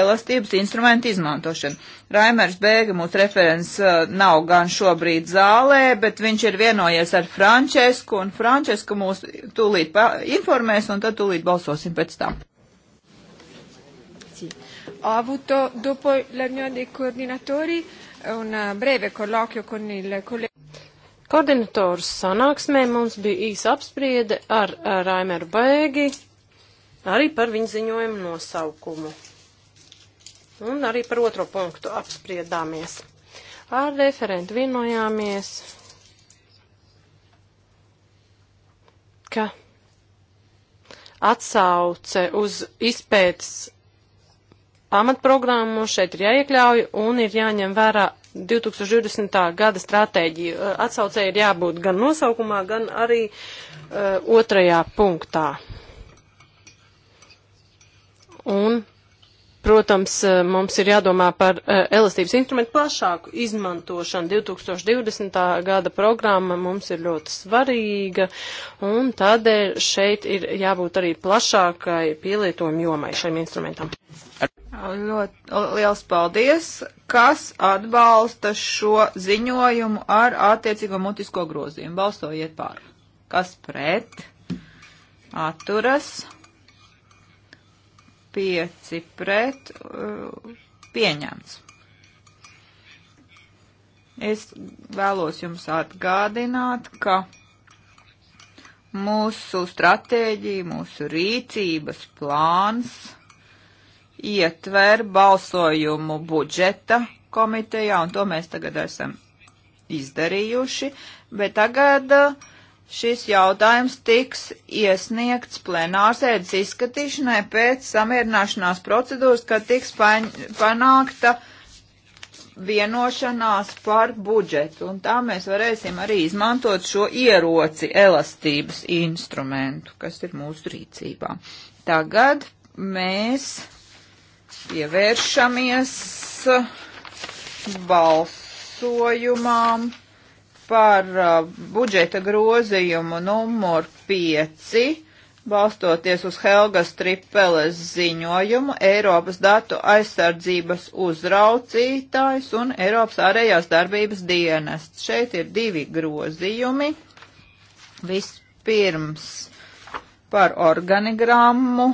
elastības instrumentu izmantošana. Raimers Bēga, mūsu referents, uh, nav gan šobrīd zālē, bet viņš ir vienojies ar Frančesku, un Frančeska mūs tūlīt informēs, un tad tūlīt balsosim pēc tam ho avuto dopo la riunione dei coordinatori un breve colloquio con il collega. Koordinatoru sanāksmē mums bija īsa apspriede ar, ar Raimeru Bēgi, arī par viņa ziņojumu nosaukumu. Un arī par otro punktu apspriedāmies. Ar referentu vienojāmies, ka atsauce uz izpētes pamatprogrammu šeit ir jāiekļauj un ir jāņem vērā 2020. gada stratēģija. Atsaucē ir jābūt gan nosaukumā, gan arī uh, otrajā punktā. Un, protams, mums ir jādomā par uh, elastības instrumentu plašāku izmantošanu. 2020. gada programma mums ir ļoti svarīga, un tādēļ šeit ir jābūt arī plašākai pielietojuma jomai šiem instrumentam. Ļoti liels paldies, kas atbalsta šo ziņojumu ar attiecīgo mutisko grozījumu. Balsojiet pār. Kas pret? Atturas. Pieci pret. Pieņemts. Es vēlos jums atgādināt, ka mūsu stratēģija, mūsu rīcības plāns ietver balsojumu budžeta komitejā, un to mēs tagad esam izdarījuši, bet tagad uh, šis jautājums tiks iesniegts plenārsēdes izskatīšanai pēc samierināšanās procedūras, kad tiks panākta vienošanās par budžetu, un tā mēs varēsim arī izmantot šo ieroci elastības instrumentu, kas ir mūsu rīcībā. Tagad mēs pievēršamies balsojumām par uh, budžeta grozījumu numur 5, balstoties uz Helgas Tripeles ziņojumu Eiropas datu aizsardzības uzraucītājs un Eiropas ārējās darbības dienests. Šeit ir divi grozījumi. Vispirms par organigrammu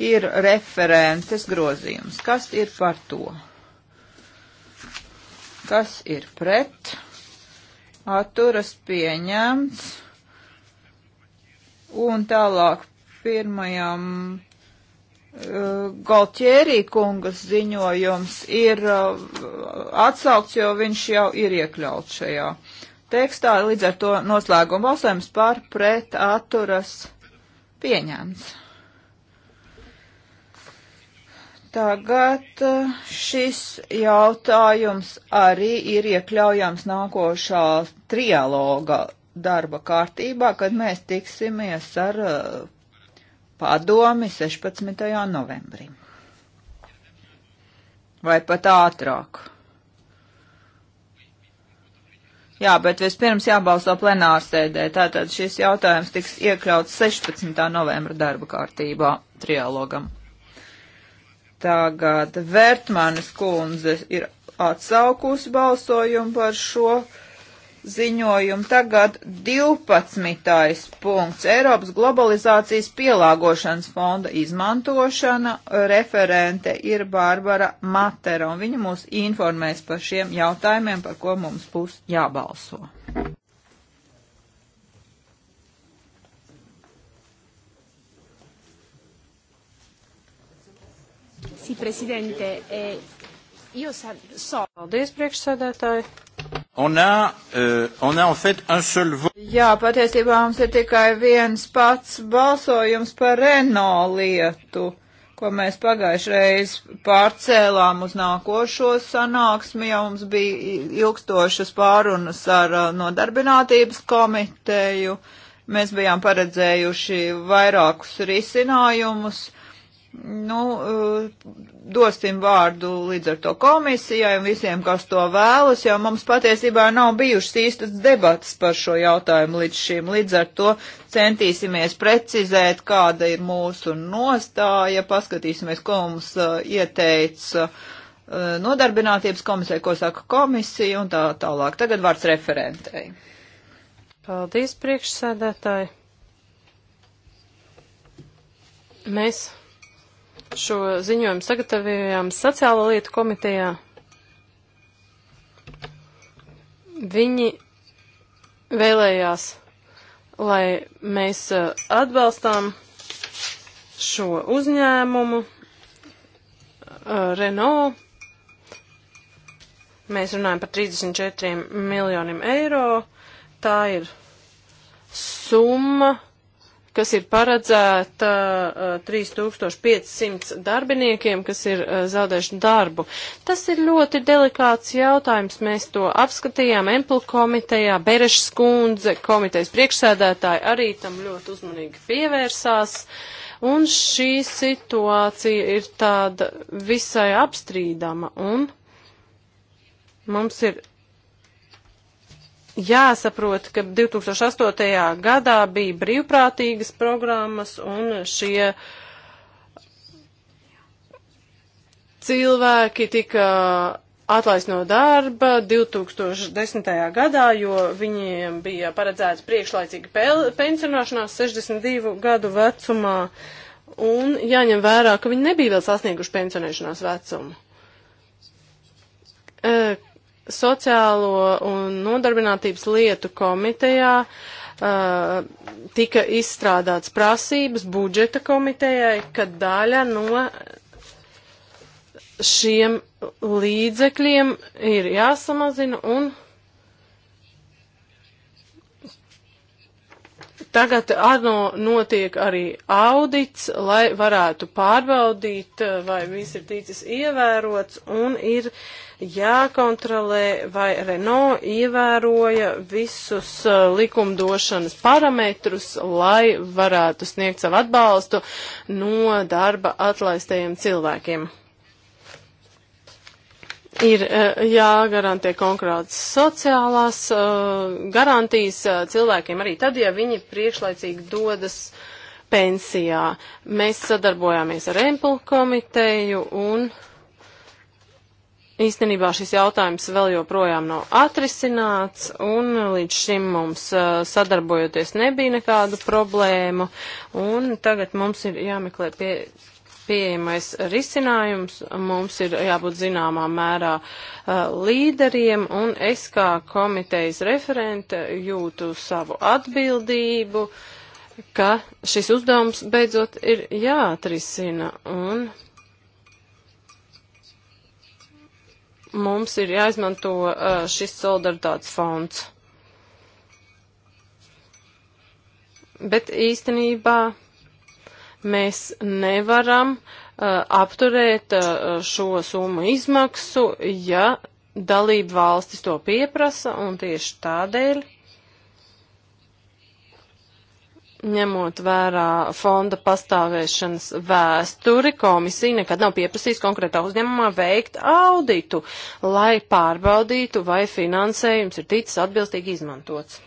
ir referentes grozījums. Kas ir par to? Kas ir pret? Atturas pieņemts. Un tālāk pirmajam uh, eh, Galtjērī kungas ziņojums ir uh, atsaukts, jo viņš jau ir iekļauts šajā tekstā. Līdz ar to noslēguma balsojums par pret atturas pieņemts. Tagad eh, šis jautājums arī ir iekļaujams nākošā trialoga darba kārtībā, kad mēs tiksimies ar eh, padomi 16. novembrī. Vai pat ātrāk. Jā, bet vispirms jābalso plenārsēdē. Tātad šis jautājums tiks iekļauts 16. novembra darba kārtībā trialogam. Tagad Vērtmanis kundze ir atsaukusi balsojumu par šo ziņojumu. Tagad 12. punkts - Eiropas globalizācijas pielāgošanas fonda izmantošana. Referente ir Bārbara Matera, un viņa mūs informēs par šiem jautājumiem, par ko mums būs jābalso. Sì, Presidente, eh, io sa, so. Paldies, priekšsēdētāji. On a, uh, on a en fait un seul vote. Jā, patiesībā mums ir tikai viens pats balsojums par Renault lietu, ko mēs pagājušreiz pārcēlām uz nākošo sanāksmi, jo mums bija ilgstošas pārunas ar uh, nodarbinātības komiteju. Mēs bijām paredzējuši vairākus risinājumus nu, eh, dosim vārdu līdz ar to komisijai un visiem, kas to vēlas, jo mums patiesībā nav bijušas īstas debatas par šo jautājumu līdz šim. Līdz ar to centīsimies precizēt, kāda ir mūsu nostāja, paskatīsimies, ko mums uh, ieteica uh, nodarbinātības komisija, ko saka komisija un tā tālāk. Tagad vārds referentei. Paldies, priekšsēdētāji. Mēs Šo ziņojumu sagatavojām sociālo lietu komitejā. Viņi vēlējās, lai mēs eh, atbalstām šo uzņēmumu eh, Renault. Mēs runājam par 34 miljoniem eiro. Tā ir summa, kas ir paredzēta 3500 uh, darbiniekiem, kas ir uh, zaudējuši darbu. Tas ir ļoti delikāts jautājums. Mēs to apskatījām Emplu komitejā, Berešs kundze, komitejas priekšsēdētāji arī tam ļoti uzmanīgi pievērsās. Un šī situācija ir tāda visai apstrīdama un mums ir Jāsaprot, ka 2008. gadā bija brīvprātīgas programmas un šie cilvēki tika atlaist no darba 2010. gadā, jo viņiem bija paredzēts priekšlaicīga pensionāšanās 62 gadu vecumā, un jāņem vērā, ka viņi nebija vēl sasnieguši pensionēšanās vecumu. E Sociālo un nodarbinātības lietu komitejā uh, tika izstrādāts prasības budžeta komitejai, ka daļa no šiem līdzekļiem ir jāsamazina un Tagad ANO notiek arī audits, lai varētu pārbaudīt, eh, vai viss ir ticis ievērots un ir jākontrolē, vai Renault ievēroja visus eh, likumdošanas parametrus, lai varētu sniegt savu atbalstu no darba atlaistajiem cilvēkiem ir e, jāgarantē konkrētas sociālās e, garantijas e, cilvēkiem arī tad, ja viņi priekšlaicīgi dodas pensijā. Mēs sadarbojāmies ar Empulu komiteju un īstenībā šis jautājums vēl joprojām nav atrisināts, un līdz šim mums sadarbojoties nebija nekādu problēmu, un tagad mums ir jāmeklē pie pieejamais risinājums. Mums ir jābūt zināmā mērā uh, līderiem, un es kā komitejas referente jūtu savu atbildību, ka šis uzdevums beidzot ir jāatrisina. Un mums ir jāizmanto uh, šis solidaritātes fonds. Bet īstenībā Mēs nevaram uh, apturēt uh, šo summu izmaksu, ja dalību valstis to pieprasa, un tieši tādēļ, ņemot vērā fonda pastāvēšanas vēsturi, komisija nekad nav pieprasījusi konkrētā uzņēmumā veikt auditu, lai pārbaudītu, vai finansējums ir ticis atbilstīgi izmantots.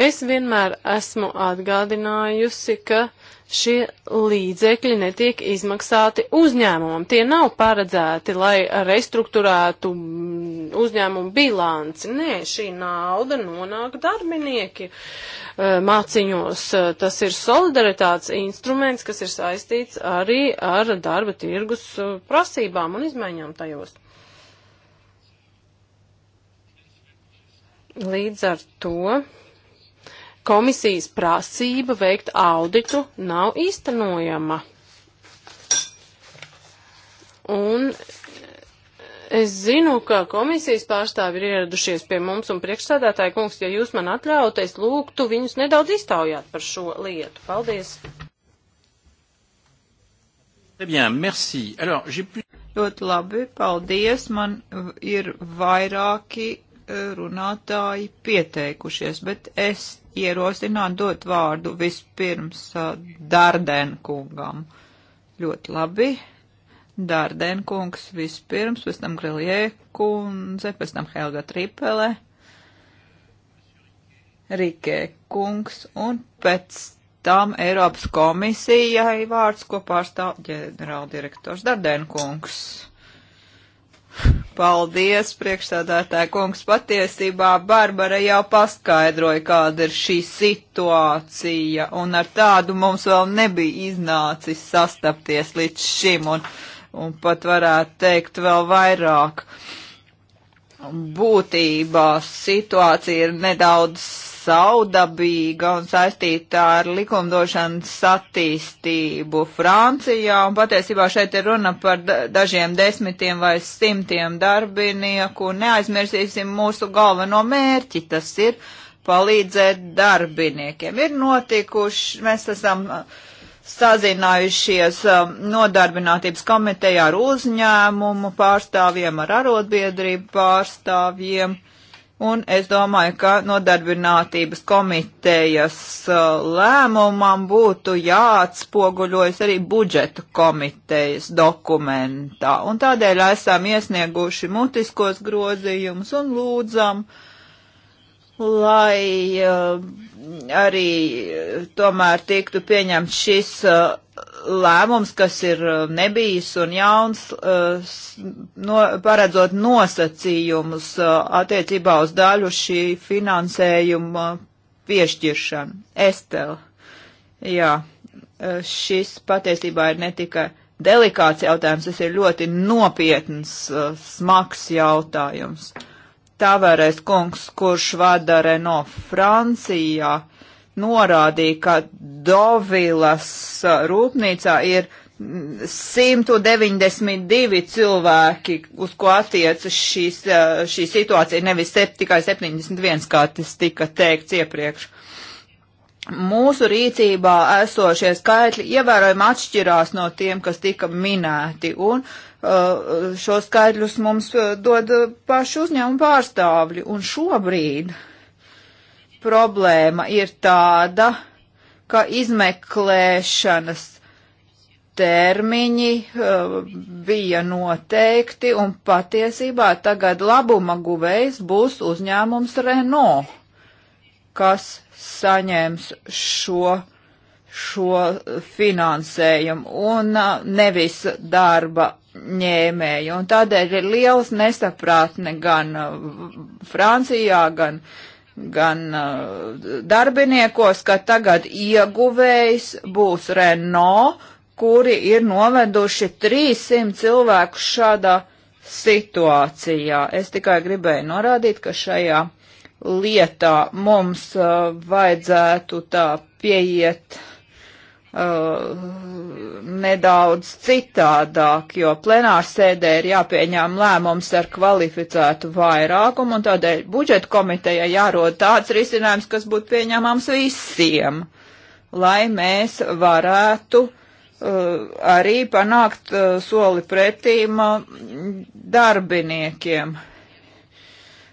Es vienmēr esmu atgādinājusi, ka šie līdzekļi netiek izmaksāti uzņēmumam. Tie nav paredzēti, lai restruktūrētu mm, uzņēmumu bilanci. Nē, šī nauda nonāk darbinieki e, māciņos. E, tas ir solidaritātes instruments, kas ir saistīts arī ar darba tirgus e, prasībām un izmaiņām tajos. Līdz ar to komisijas prasība veikt auditu nav īstenojama. Un es zinu, ka komisijas pārstāvi ir ieradušies pie mums un priekšsādātāja kungs, ja jūs man atļautu, es lūgtu viņus nedaudz iztaujāt par šo lietu. Paldies! Très eh bien, merci. Alors, j'ai plus... Ļoti labi, paldies. Man ir vairāki runātāji pieteikušies, bet es ierosinātu dot vārdu vispirms uh, Dārdenkungam. Ļoti labi. Dārdenkungs vispirms, pēc tam Grelie kundze, pēc tam Helga Tripele, Rikē kungs un pēc tam Eiropas komisijai vārds, ko pārstāv ģenerāldirektors Dārdenkungs. Paldies, priekšstādātāja kungs. Patiesībā Barbara jau paskaidroja, kāda ir šī situācija, un ar tādu mums vēl nebija iznācis sastapties līdz šim, un, un pat varētu teikt vēl vairāk. Būtībā situācija ir nedaudz saudabīga un saistīta ar likumdošanas attīstību Francijā, un patiesībā šeit ir runa par dažiem desmitiem vai simtiem darbinieku. Neaizmirsīsim mūsu galveno mērķi, tas ir palīdzēt darbiniekiem. Ir notikuši, mēs esam uh, sazinājušies um, nodarbinātības komitejā ar uzņēmumu pārstāvjiem, ar arotbiedrību pārstāvjiem Un es domāju, ka nodarbinātības komitejas uh, lēmumam būtu jāatspoguļojas arī budžeta komitejas dokumentā. Un tādēļ esam iesnieguši mutiskos grozījumus un lūdzam uh, lai uh, arī eh, tomēr tiktu pieņemts šis uh, lēmums, kas ir nebijis un jauns, uh, no, paredzot nosacījumus attiecībā uz daļu šī finansējuma piešķiršanu. Estela, jā, šis patiesībā ir ne tikai delikāts jautājums, tas ir ļoti nopietns, smags jautājums. Uh, Tavarēs kungs, kurš vada Reno Francijā, norādīja, ka Dovilas uh, rūpnīcā ir 192 mm, cilvēki, uz ko attiecas šīs, uh, šī situācija, nevis sep, tikai 71, kā tas tika teikts iepriekš. Mūsu rīcībā esošie skaitļi ievērojami atšķirās no tiem, kas tika minēti, un uh, Eh, šo skaidrļus mums eh, dod paši uzņēmumu pārstāvļi. Un šobrīd problēma ir tāda, ka izmeklēšanas termiņi uh, bija noteikti un patiesībā tagad labuma guvējs būs uzņēmums Renault, kas saņems šo šo finansējumu un nevis darba ņēmēju. Un tādēļ ir liels nesaprātne gan Francijā, gan, gan darbiniekos, ka tagad ieguvējs būs Renault, kuri ir noveduši 300 cilvēku šādā situācijā. Es tikai gribēju norādīt, ka šajā lietā mums uh, vajadzētu tā pieiet Uh, nedaudz citādāk, jo plenārsēdē ir jāpieņem lēmums ar kvalificētu vairākumu, un tādēļ budžeta komiteja jārod tāds risinājums, kas būtu pieņemams visiem, lai mēs varētu uh, arī panākt uh, soli pretīm uh, darbiniekiem.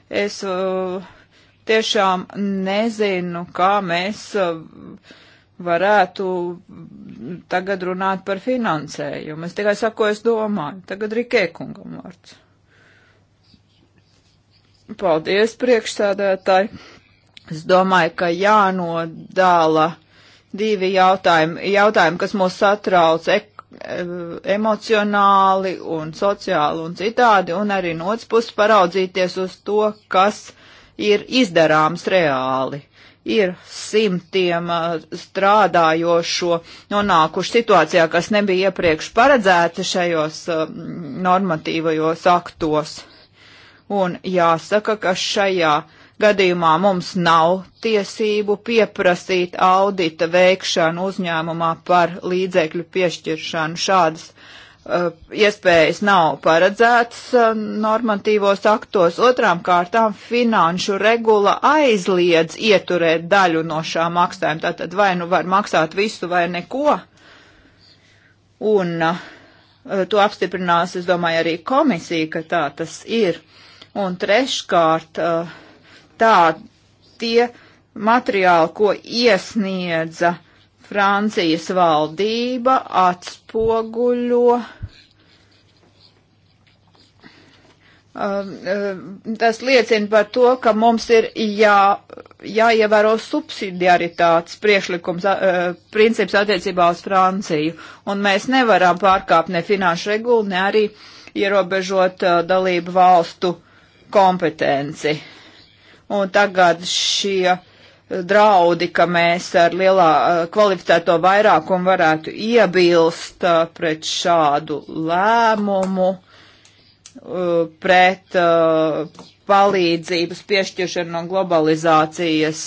Es uh, tiešām nezinu, kā mēs uh, varētu tagad runāt par finansējumu. Es tikai saku, es domāju. Tagad Rikē kungam vārds. Paldies, priekšsēdētāji. Es domāju, ka jānodala divi jautājumi, jautājumi kas mūs satrauc ek, eh, emocionāli un sociāli un citādi, un arī no otras puses paraudzīties uz to, kas ir izdarāms reāli ir simtiem strādājošo nonākuši situācijā, kas nebija iepriekš paredzēta šajos normatīvajos aktos. Un jāsaka, ka šajā gadījumā mums nav tiesību pieprasīt audita veikšanu uzņēmumā par līdzekļu piešķiršanu. Šādas Uh, iespējas nav paredzētas uh, normatīvos aktos. Otrām kārtām finanšu regula aizliedz ieturēt daļu no šā maksājuma. Tātad vai nu var maksāt visu vai neko. Un uh, to apstiprinās, es domāju, arī komisija, ka tā tas ir. Un treškārt, tā tie materiāli, ko iesniedza uh, Francijas valdība atspoguļo um, um, tas liecina par to, ka mums ir jā, jāievēro subsidiaritātes priekšlikums, uh, princips attiecībā uz Franciju, un mēs nevaram pārkāpt ne finanšu regulu, ne arī ierobežot uh, dalību valstu kompetenci. Un tagad šie draudi, ka mēs ar lielā eh, kvalificēto vairākumu varētu iebilst eh, pret šādu lēmumu, eh, pret palīdzības piešķiršanu no globalizācijas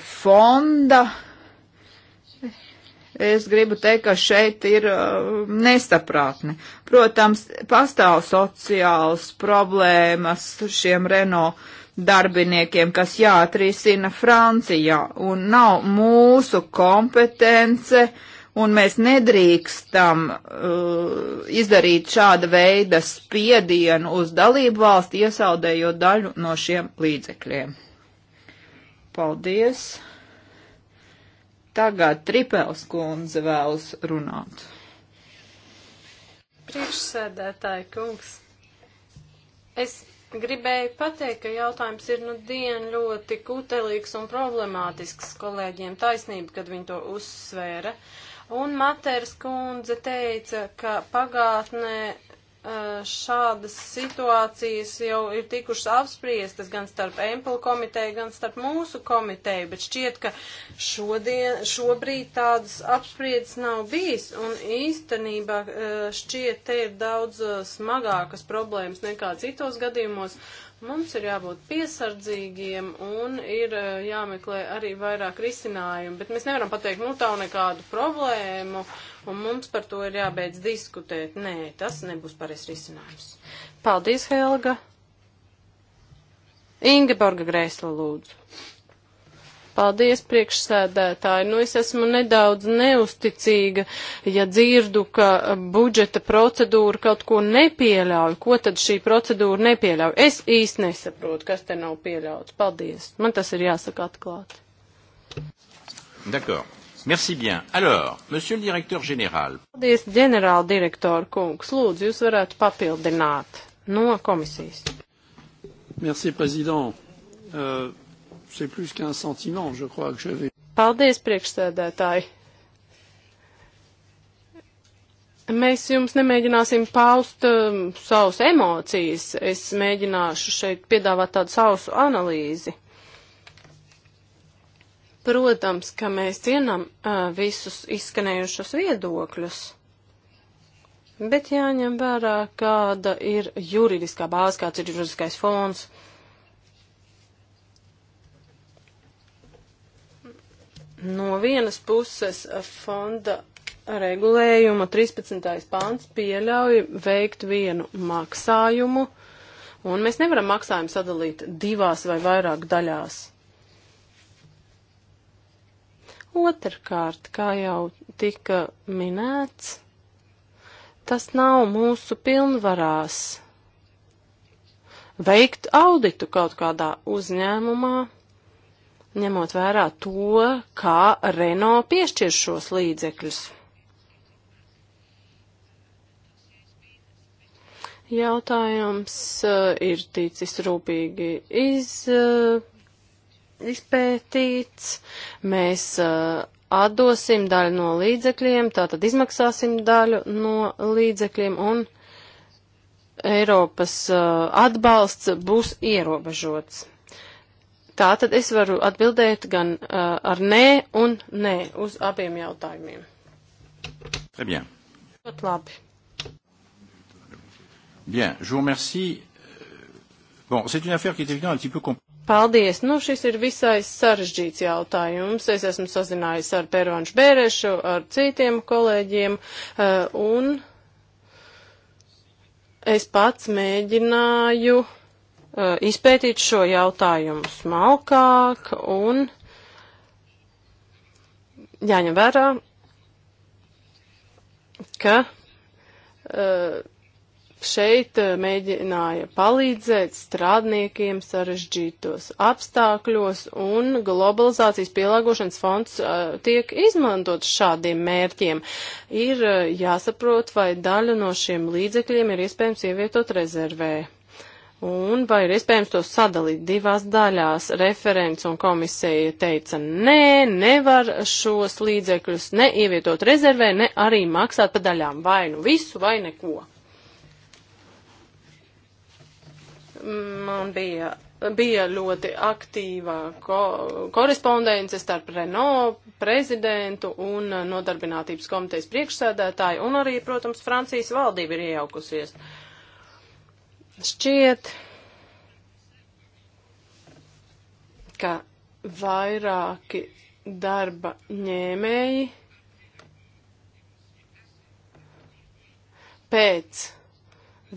fonda. Es gribu teikt, ka šeit ir uh, nesaprātne. Protams, pastāv sociāls problēmas šiem Renault darbiniekiem, kas jāatrisina Francijā un nav mūsu kompetence, un mēs nedrīkstam uh, izdarīt šāda veida spiedienu uz dalību valsti, iesaldējot daļu no šiem līdzekļiem. Paldies! Tagad Tripels kundze vēlas runāt. Priekšsēdētāji kungs, es Gribēju pateikt, ka jautājums ir nu dien ļoti kutelīgs un problemātisks kolēģiem taisnība, kad viņi to uzsvēra. Un Matērs kundze teica, ka pagātnē šādas situācijas jau ir tikušas apspriestas gan starp Empel komiteju, gan starp mūsu komiteju, bet šķiet, ka šodien, šobrīd tādas apspriestas nav bijis, un īstenībā šķiet, te ir daudz smagākas problēmas nekā citos gadījumos. Mums ir jābūt piesardzīgiem un ir jāmeklē arī vairāk risinājumu, bet mēs nevaram pateikt, nu tā nav nekādu problēmu. Uh, un mums par to ir jābeidz diskutēt. Nē, tas nebūs pareizs risinājums. Paldies, Helga! Ingeborga Grēsla lūdzu. Paldies, priekšsēdētāji. Nu, es esmu nedaudz neusticīga, ja dzirdu, ka budžeta procedūra kaut ko nepieļauj. Ko tad šī procedūra nepieļauj? Es īsti nesaprotu, kas te nav pieļauts. Paldies. Man tas ir jāsaka atklāti. D'accord. Merci bien. Alors, monsieur le directeur général. Paldies, ģenerāla direktora kungs. Lūdzu, jūs varētu papildināt no komisijas. Merci, président. Euh, C'est plus qu'un sentiment, je crois que je vais. Paldies, priekšsēdētāji. Mēs jums nemēģināsim paust um, savus emocijas. Es mēģināšu šeit piedāvāt tādu sausu analīzi. Uh, Protams, ka mēs cienam uh, visus izskanējušos viedokļus, bet jāņem vērā, kāda ir juridiskā bāze, kāds ir juridiskais fons. No vienas puses fonda regulējuma 13. pāns pieļauj veikt vienu maksājumu, un mēs nevaram maksājumu sadalīt divās vai vairāk daļās. Otrkārt, kā jau tika minēts, tas nav mūsu pilnvarās veikt auditu kaut kādā uzņēmumā, ņemot vērā to, kā Renault piešķir šos līdzekļus. Jautājums uh, ir ticis rūpīgi iz. Uh, izpētīts. Mēs uh, atdosim daļu no līdzekļiem, tātad izmaksāsim daļu no līdzekļiem un Eiropas uh, atbalsts būs ierobežots. Tātad es varu atbildēt gan uh, ar nē un nē uz abiem jautājumiem. Très bien. Ļoti labi. Bien, je vous remercie. Bon, c'est une affaire qui est évidemment un petit peu complexe. Paldies! Nu, šis ir visai sarežģīts jautājums. Es esmu sazinājusi ar Pērvanšu Bērešu, ar citiem kolēģiem, eh, un es pats mēģināju eh, izpētīt šo jautājumu smalkāk un jāņem vērā, ka uh, šeit eh, mēģināja palīdzēt strādniekiem sarežģītos apstākļos, un globalizācijas pielāgošanas fonds uh, tiek izmantots šādiem mērķiem. Ir uh, jāsaprot, vai daļu no šiem līdzekļiem ir iespējams ievietot rezervē. Un vai ir iespējams to sadalīt divās daļās? Referents un komisija teica, nē, nevar šos līdzekļus ne ievietot rezervē, ne arī maksāt pa daļām. Vai nu visu, vai neko. man bija, bija ļoti aktīvā ko, korespondence starp Renault prezidentu un nodarbinātības komitejas priekšsēdētāju, un arī, protams, Francijas valdība ir iejaukusies. Šķiet, ka vairāki darba ņēmēji pēc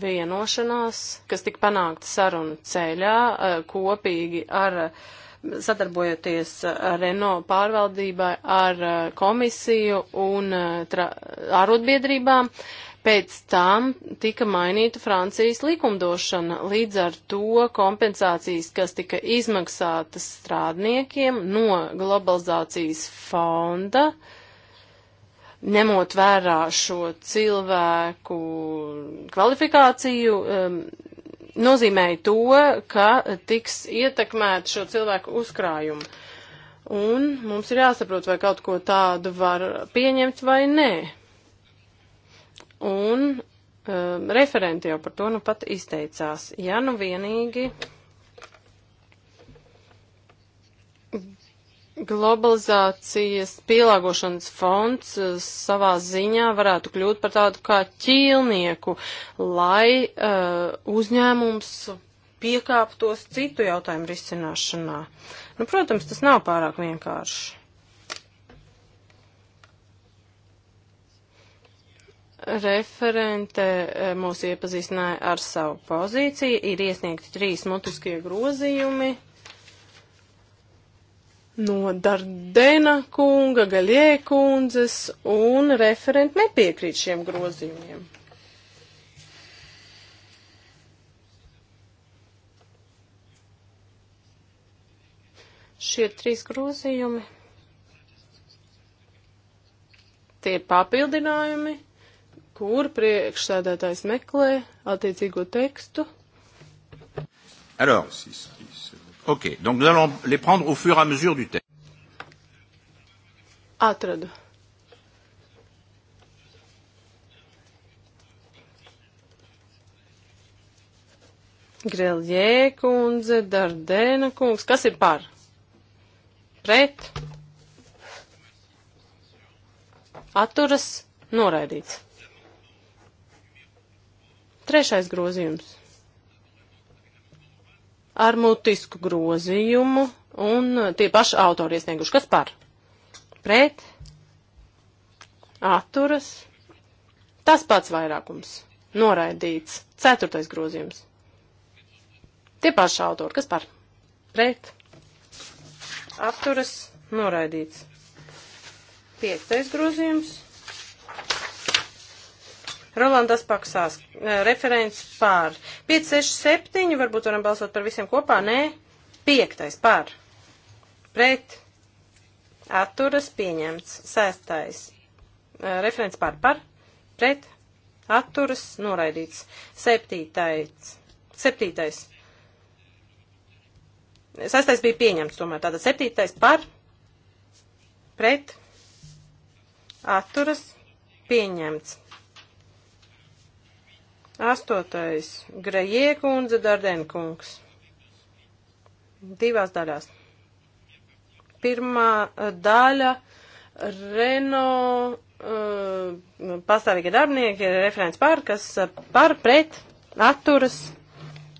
vienošanās, kas tika panākta sarunu ceļā eh, kopīgi ar sadarbojoties ar Renault pārvaldībai, ar eh, komisiju un ārotbiedrībām. Eh, Pēc tam tika mainīta Francijas likumdošana, līdz ar to kompensācijas, kas tika izmaksātas strādniekiem no globalizācijas fonda, uh, ņemot vērā šo cilvēku kvalifikāciju, um, nozīmēja to, ka tiks ietekmēt šo cilvēku uzkrājumu. Un mums ir jāsaprot, vai kaut ko tādu var pieņemt vai nē. Un um, referenti jau par to nu pat izteicās. Ja nu vienīgi Globalizācijas pielāgošanas fonds eh, savā ziņā varētu kļūt par tādu kā ķīlnieku, lai uh, uzņēmums piekāptos citu jautājumu risināšanā. Nu, protams, tas nav pārāk vienkārši. Referente eh, mūs iepazīstināja ar savu pozīciju, ir iesniegti trīs mutiskie grozījumi no Dardena kunga, Gaļie kundzes un referenti nepiekrīt šiem grozījumiem. Šie trīs grozījumi tie ir papildinājumi, kur priekšsēdētājs meklē attiecīgo tekstu. Alors, 6, 6. Ok, donc nous allons les prendre au fur et à mesure du texte. Atradu. Greljē kundze, Dardēna kungs, kas ir par? Pret? Atturas noraidīts. Trešais grozījums ar mutisku grozījumu un tie paši autori iesnieguši. Kas par? Pret? Atturas? Tas pats vairākums. Noraidīts. Ceturtais grozījums. Tie paši autori. Kas par? Pret? Atturas? Noraidīts. Piektais grozījums. Rolandas Paksās, eh, referents pār. 5, 6, 7, varbūt varam balsot par visiem kopā, nē. 5. pār. Pret. Atturas pieņemts. 6. Eh, referents pār par. Pret. Atturas noraidīts. 7. 7. Sastais bija pieņemts, tomēr tātad septītais par, pret, atturas, pieņemts. Astotais. Grejie kundze, Dardēna kungs. Divās daļās. Pirmā eh, daļa. Renault uh, eh, pastāvīgi darbinieki ir referents par, kas eh, par pret atturas.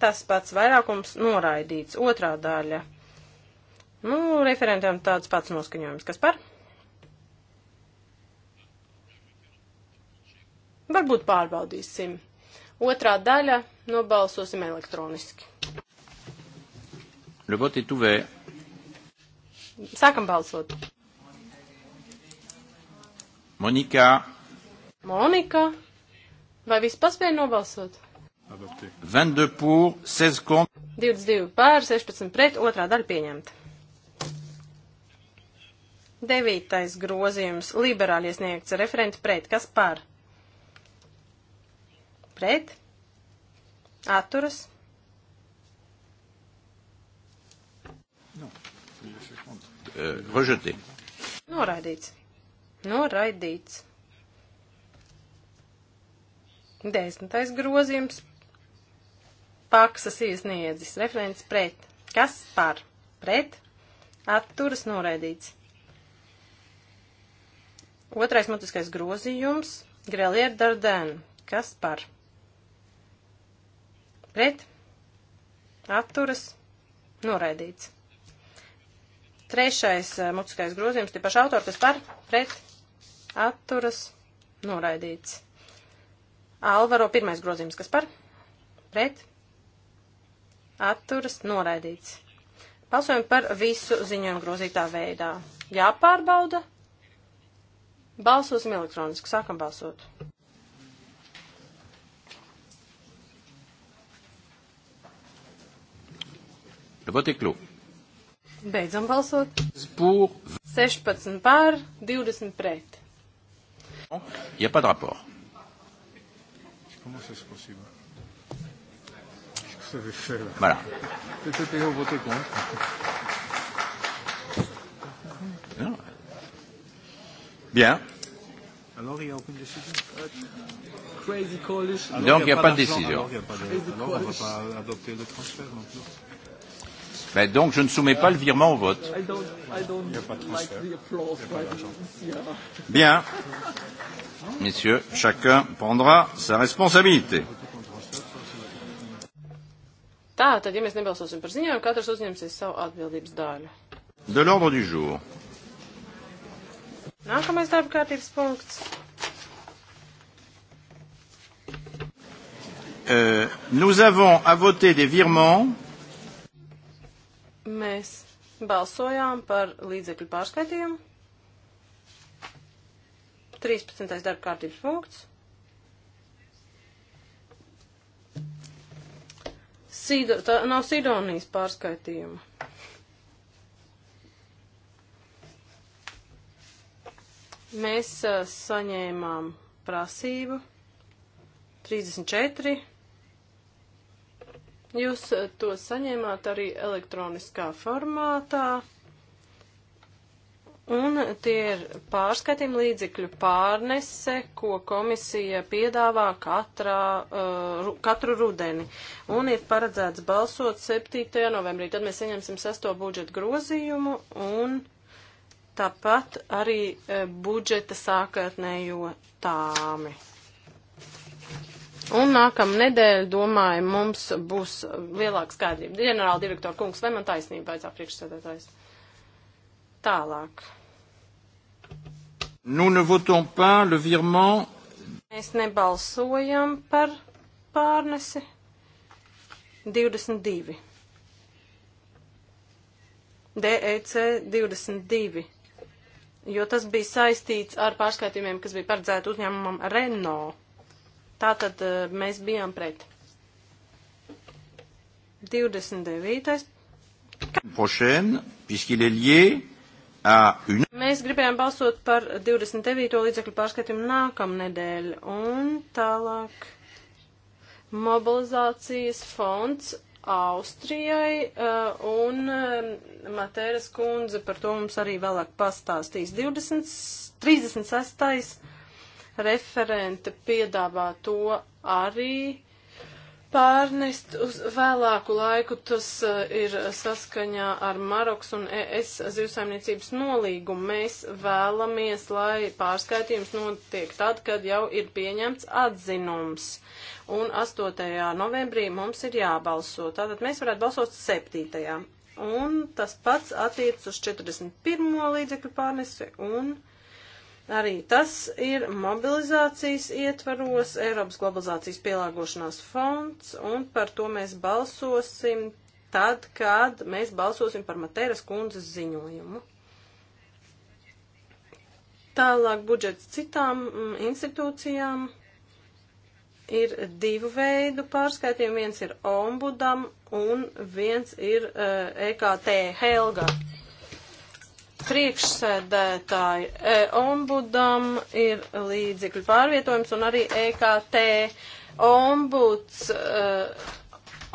Tas pats vairākums noraidīts. Otrā daļa. Nu, referentiem tāds pats noskaņojums. Kas par? Varbūt pārbaudīsim. Otrā daļa nobalsosim elektroniski. Le vote est ouvert. Sākam balsot. Monika. Monika. Vai viss paspēja nobalsot? 22 pour, 16 contre. 22 pār, 16 pret, otrā daļa pieņemta. Devītais grozījums. Liberāļiesniegts referenti pret. Kas pār? pret, atturas. Nu, Rejetē. Noraidīts. Noraidīts. Desmitais grozījums. Paksas iesniedzis. Referents pret. Kas par? Pret. Atturas noraidīts. Otrais mutiskais grozījums. Grelier Dardēn. Kas par? pret, atturas, noraidīts. Trešais eh, mutiskais grozījums, tie paši autori, kas par, pret, atturas, noraidīts. Alvaro pirmais grozījums, kas par, pret, atturas, noraidīts. Balsojam par visu ziņojumu grozītā veidā. Jāpārbauda. Balsosim elektroniski. Sākam balsot. Le vote est clos. Beidzam balsot. Pour... 16 pār, 20 pret. Il n'y a pas de rapport. Comment c'est possible Qu'est-ce que vous avez fait là Voilà. Les PPE ont voté contre. Non. Bien. Alors il n'y a aucune décision. Crazy coalition. Donc il n'y a, a pas de décision. Alors, alors on ne va pas adopter le transfert non plus. Mais donc, je ne soumets pas le virement au vote. Bien. Messieurs, chacun prendra sa responsabilité. Tā, tad, ja mēs nebalsosim par ziņojumu, katrs uzņemsies savu atbildības daļu. De l'ordre du jour. Nākamais darba kārtības punkts. Euh, nous avons à voter des virements Mēs balsojām par līdzekļu pārskaitījumu. 13. darba kārtības punkts. Sido, tā nav Sidonijas pārskaitījuma. Mēs uh, saņēmām prasību 34 Jūs eh, to saņēmāt arī elektroniskā formātā. Un tie ir pārskatījumi līdzekļu pārnese, ko komisija piedāvā katrā, uh, katru rudeni. Un ir paredzēts balsot 7. novembrī. Tad mēs saņemsim 6. budžeta grozījumu un tāpat arī uh, budžeta sākotnējo tāmi. Un nākamā nedēļa, domāju, mums būs lielāka skaidrība. Ģenerāla direktora kungs, vai man taisnība vajadzā priekšsēdētājs? Tālāk. Nous ne votons pas le virement. Mēs nebalsojam par pārnesi 22. DEC 22, jo tas bija saistīts ar pārskaitījumiem, kas bija paredzēti uzņēmumam Renault. Tātad eh, mēs bijām pret. 29. Prochaine, puisqu'il est lié à une... Mēs gribējām balsot par 29. līdzekļu pārskatījumu nākamnedēļ un tālāk mobilizācijas fonds Austrijai eh, un eh, Matēras kundze par to mums arī vēlāk pastāstīs. 20, 36. Referente piedāvā to arī pārnest uz vēlāku laiku. Tas eh, ir saskaņā ar Maroks un ES zivsaimniecības nolīgumu. Mēs vēlamies, lai pārskaitījums notiek tad, kad jau ir pieņemts atzinums. Un 8. novembrī mums ir jābalso. Tātad mēs varētu balsot 7. Un tas pats attiec uz 41. līdzekļu pārnesi un Arī tas ir mobilizācijas ietvaros, Eiropas globalizācijas pielāgošanās fonds, un par to mēs balsosim tad, kad mēs balsosim par Materas kundzes ziņojumu. Tālāk budžets citām mm, institūcijām ir divu veidu pārskaitījumi. Viens ir ombudam un viens ir uh, eh, EKT Helga priekšsēdētāji. E Ombudam ir līdzekļu pārvietojums un arī EKT ombuds. Uh,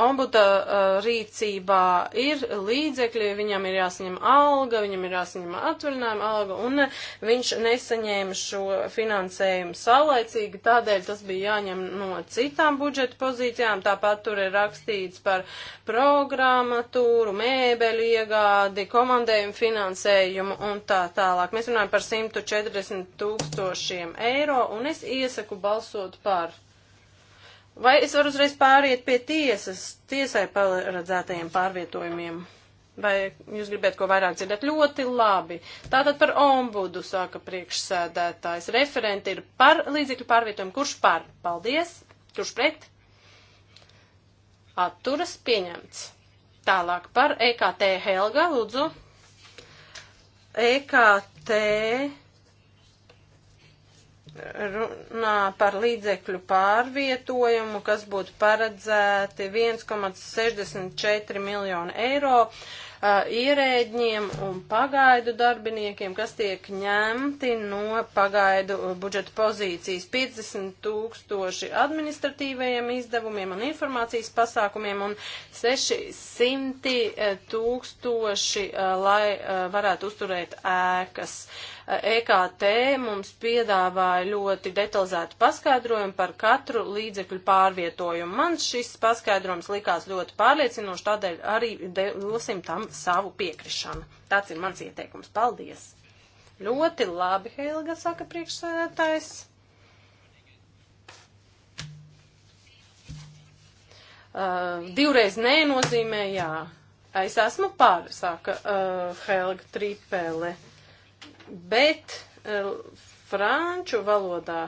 ombuda uh, rīcībā ir līdzekļi, viņam ir jāsaņem alga, viņam ir jāsaņem atvaļinājuma alga, un viņš nesaņēma šo finansējumu saulaicīgi, tādēļ tas bija jāņem no citām budžeta pozīcijām, tāpat tur ir rakstīts par programmatūru, mēbeļu iegādi, komandējumu finansējumu un tā tālāk. Mēs runājam par 140 tūkstošiem eiro, un es iesaku balsot par. Vai es varu uzreiz pāriet pie tiesas, tiesai paredzētajiem pārvietojumiem? Vai jūs gribētu ko vairāk dzirdēt? Ļoti labi. Tātad par ombudu sāka priekšsēdētājs. Referenti ir par līdzekļu pārvietojumu. Kurš par? Paldies. Kurš pret? Atturas pieņemts. Tālāk par EKT Helga, lūdzu. EKT runā par līdzekļu pārvietojumu, kas būtu paredzēti 1,64 miljonu eiro uh, ierēģiem un pagaidu darbiniekiem, kas tiek ņemti no pagaidu budžeta pozīcijas 50 tūkstoši administratīvajiem izdevumiem un informācijas pasākumiem un 600 eh, tūkstoši, uh, lai uh, varētu uzturēt ēkas. Uh, EKT mums piedāvāja ļoti detalizētu paskaidrojumu par katru līdzekļu pārvietojumu. Man šis paskaidrojums likās ļoti pārliecinošs, tādēļ arī dosim tam savu piekrišanu. Tāds ir mans ieteikums. Paldies! Ļoti labi, Helga, saka priekšsēdētājs. Uh, divreiz nē nozīmē jā. Es esmu pār, saka uh, Helga Tripele. Uh, Bet e, franču valodā,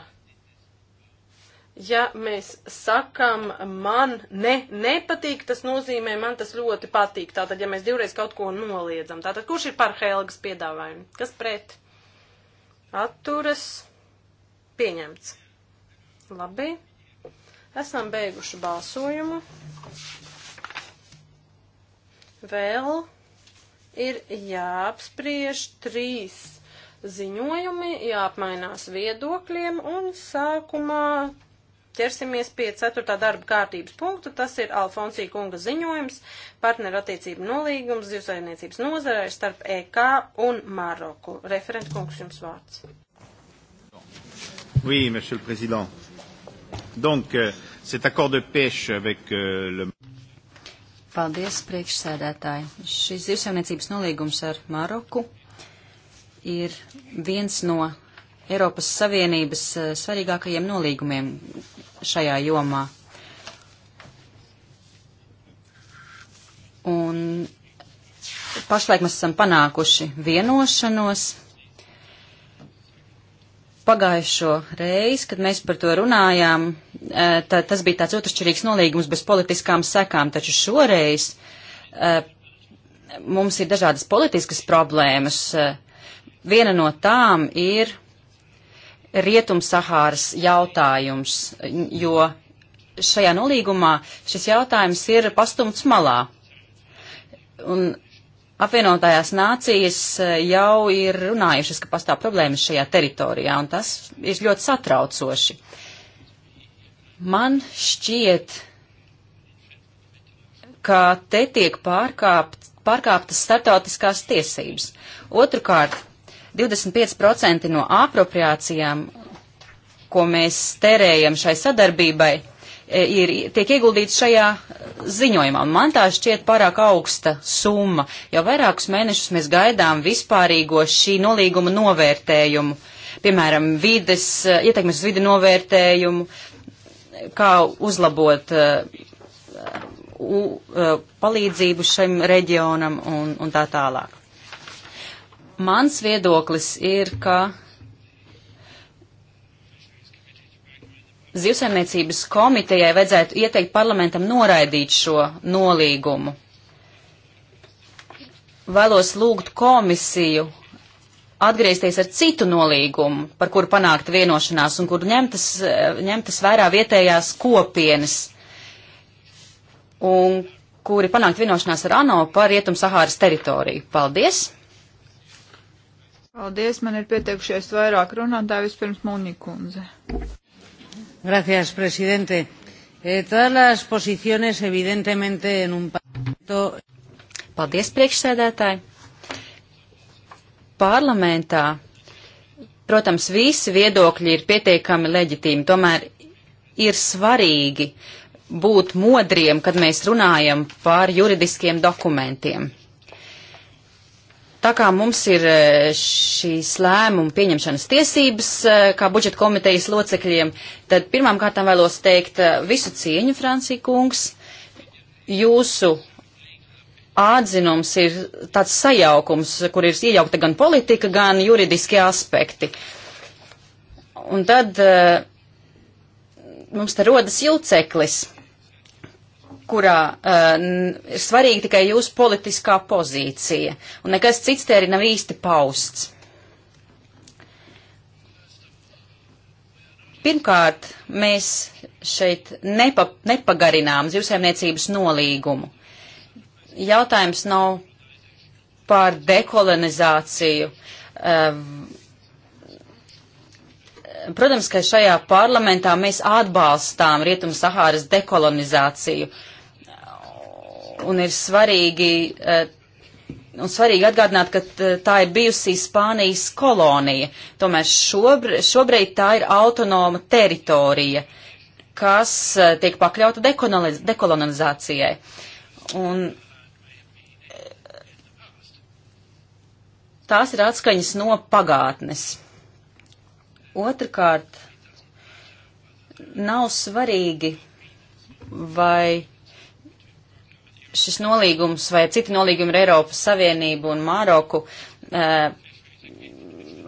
ja mēs sakam man ne, nepatīk, tas nozīmē man tas ļoti patīk. Tātad, ja mēs divreiz kaut ko noliedzam, tātad kurš ir par Helgas piedāvājumu? Kas pret? Atturas pieņemts. Labi. Esam beiguši balsojumu. Vēl ir jāapspriež trīs ziņojumi, jāapmainās viedokļiem un sākumā ķersimies pie ceturtā darba kārtības punktu. Tas ir Alfonsija kunga ziņojums partnerattiecību nolīgums zivsainiecības nozarē starp EK un Maroku. Referent kungs jums vārds. Oui, monsieur le président. Donc, euh, cet accord de pêche avec euh, le. Paldies, priekšsēdētāji. Šis zivsainiecības nolīgums ar Maroku ir viens no Eiropas Savienības eh, svarīgākajiem nolīgumiem šajā jomā. Un pašlaik mēs esam panākuši vienošanos. Pagājušo reizi, kad mēs par to runājām, eh, tā, tas bija tāds otršķirīgs nolīgums bez politiskām sekām, taču šoreiz eh, mums ir dažādas politiskas problēmas Viena no tām ir Rietum-Sahāras jautājums, jo šajā nolīgumā šis jautājums ir pastumts malā. Un apvienotājās nācijas e, jau ir runājušas, ka pastāv problēmas šajā teritorijā, un tas ir ļoti satraucoši. Man šķiet, ka te tiek pārkāpt, pārkāptas startautiskās tiesības. Otrukārt, 25% no apropriācijām, ko mēs terējam šai sadarbībai, e, ir, tiek ieguldīts šajā ziņojumā. Man tā šķiet pārāk augsta summa. Jau vairākus mēnešus mēs gaidām vispārīgo šī nolīguma novērtējumu. Piemēram, vides, e, ietekmes uz vidi novērtējumu, kā uzlabot uh, uh, palīdzību šim reģionam un, un tā tālāk mans viedoklis ir, ka Zivsaimniecības komitejai vajadzētu ieteikt parlamentam noraidīt šo nolīgumu. Vēlos lūgt komisiju atgriezties ar citu nolīgumu, par kuru panākt vienošanās un kur ņemtas, ņemtas vērā vietējās kopienas un kuri panākt vienošanās ar ANO par Rietum Sahāras teritoriju. Paldies! Paldies, man ir pieteikušies vairāk runātāju, vispirms Munikundze. Gracias, presidente. Eh, todas las posiciones, evidentemente, en un parlamento. Paldies, priekšsēdētāji. Parlamentā, protams, visi viedokļi ir pietiekami leģitīmi, tomēr ir svarīgi būt modriem, kad mēs runājam par juridiskiem dokumentiem. Tā kā mums ir e, šīs lēmuma pieņemšanas tiesības, e, kā budžeta komitejas locekļiem, tad pirmām kārtām vēlos teikt e, visu cieņu, Francija kungs. Jūsu atzinums ir tāds sajaukums, kur ir iejaukta gan politika, gan juridiskie aspekti. Un tad mums te rodas jūceklis kurā uh, ir svarīga tikai jūsu politiskā pozīcija, un nekas cits te arī nav īsti pausts. Pirmkārt, mēs šeit nepa, nepagarinām zivsaimniecības nolīgumu. Jautājums nav par dekolonizāciju. Ehm, protams, ka šajā parlamentā mēs atbalstām Rietumu Sahāras dekolonizāciju. Uh, un ir svarīgi, eh, un svarīgi atgādināt, ka eh, tā ir bijusi Spānijas kolonija. Tomēr šobrīd, šobrīd tā ir autonoma teritorija, kas eh, tiek pakļauta dekolonizācijai. Un tās ir atskaņas no pagātnes. Otrakārt, nav svarīgi, vai šis nolīgums vai citi nolīgumi ar Eiropas Savienību un Māroku eh,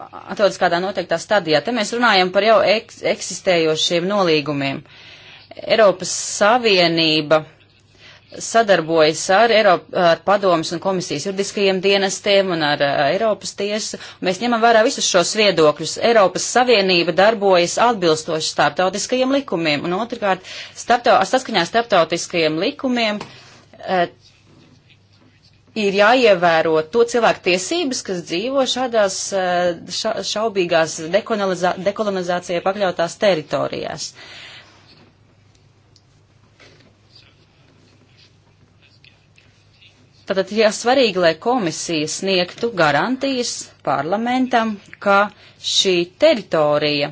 atrodas kādā noteiktā stadijā. Te mēs runājam par jau eks eksistējošiem nolīgumiem. Eiropas Savienība sadarbojas ar, Eiropa, ar padomus un komisijas juridiskajiem dienestiem un ar, ar eh, Eiropas tiesu. Mēs ņemam vērā visus šos viedokļus. Eiropas Savienība darbojas atbilstoši starptautiskajiem likumiem un otrkārt starptau, saskaņā starptautiskajiem likumiem uh, Eh, ir jāievēro to cilvēku tiesības, kas dzīvo šādās eh, ša, šaubīgās dekolonizā, dekolonizācijai pakļautās teritorijās. Tātad ir svarīgi, lai komisija sniegtu garantijas parlamentam, ka šī teritorija,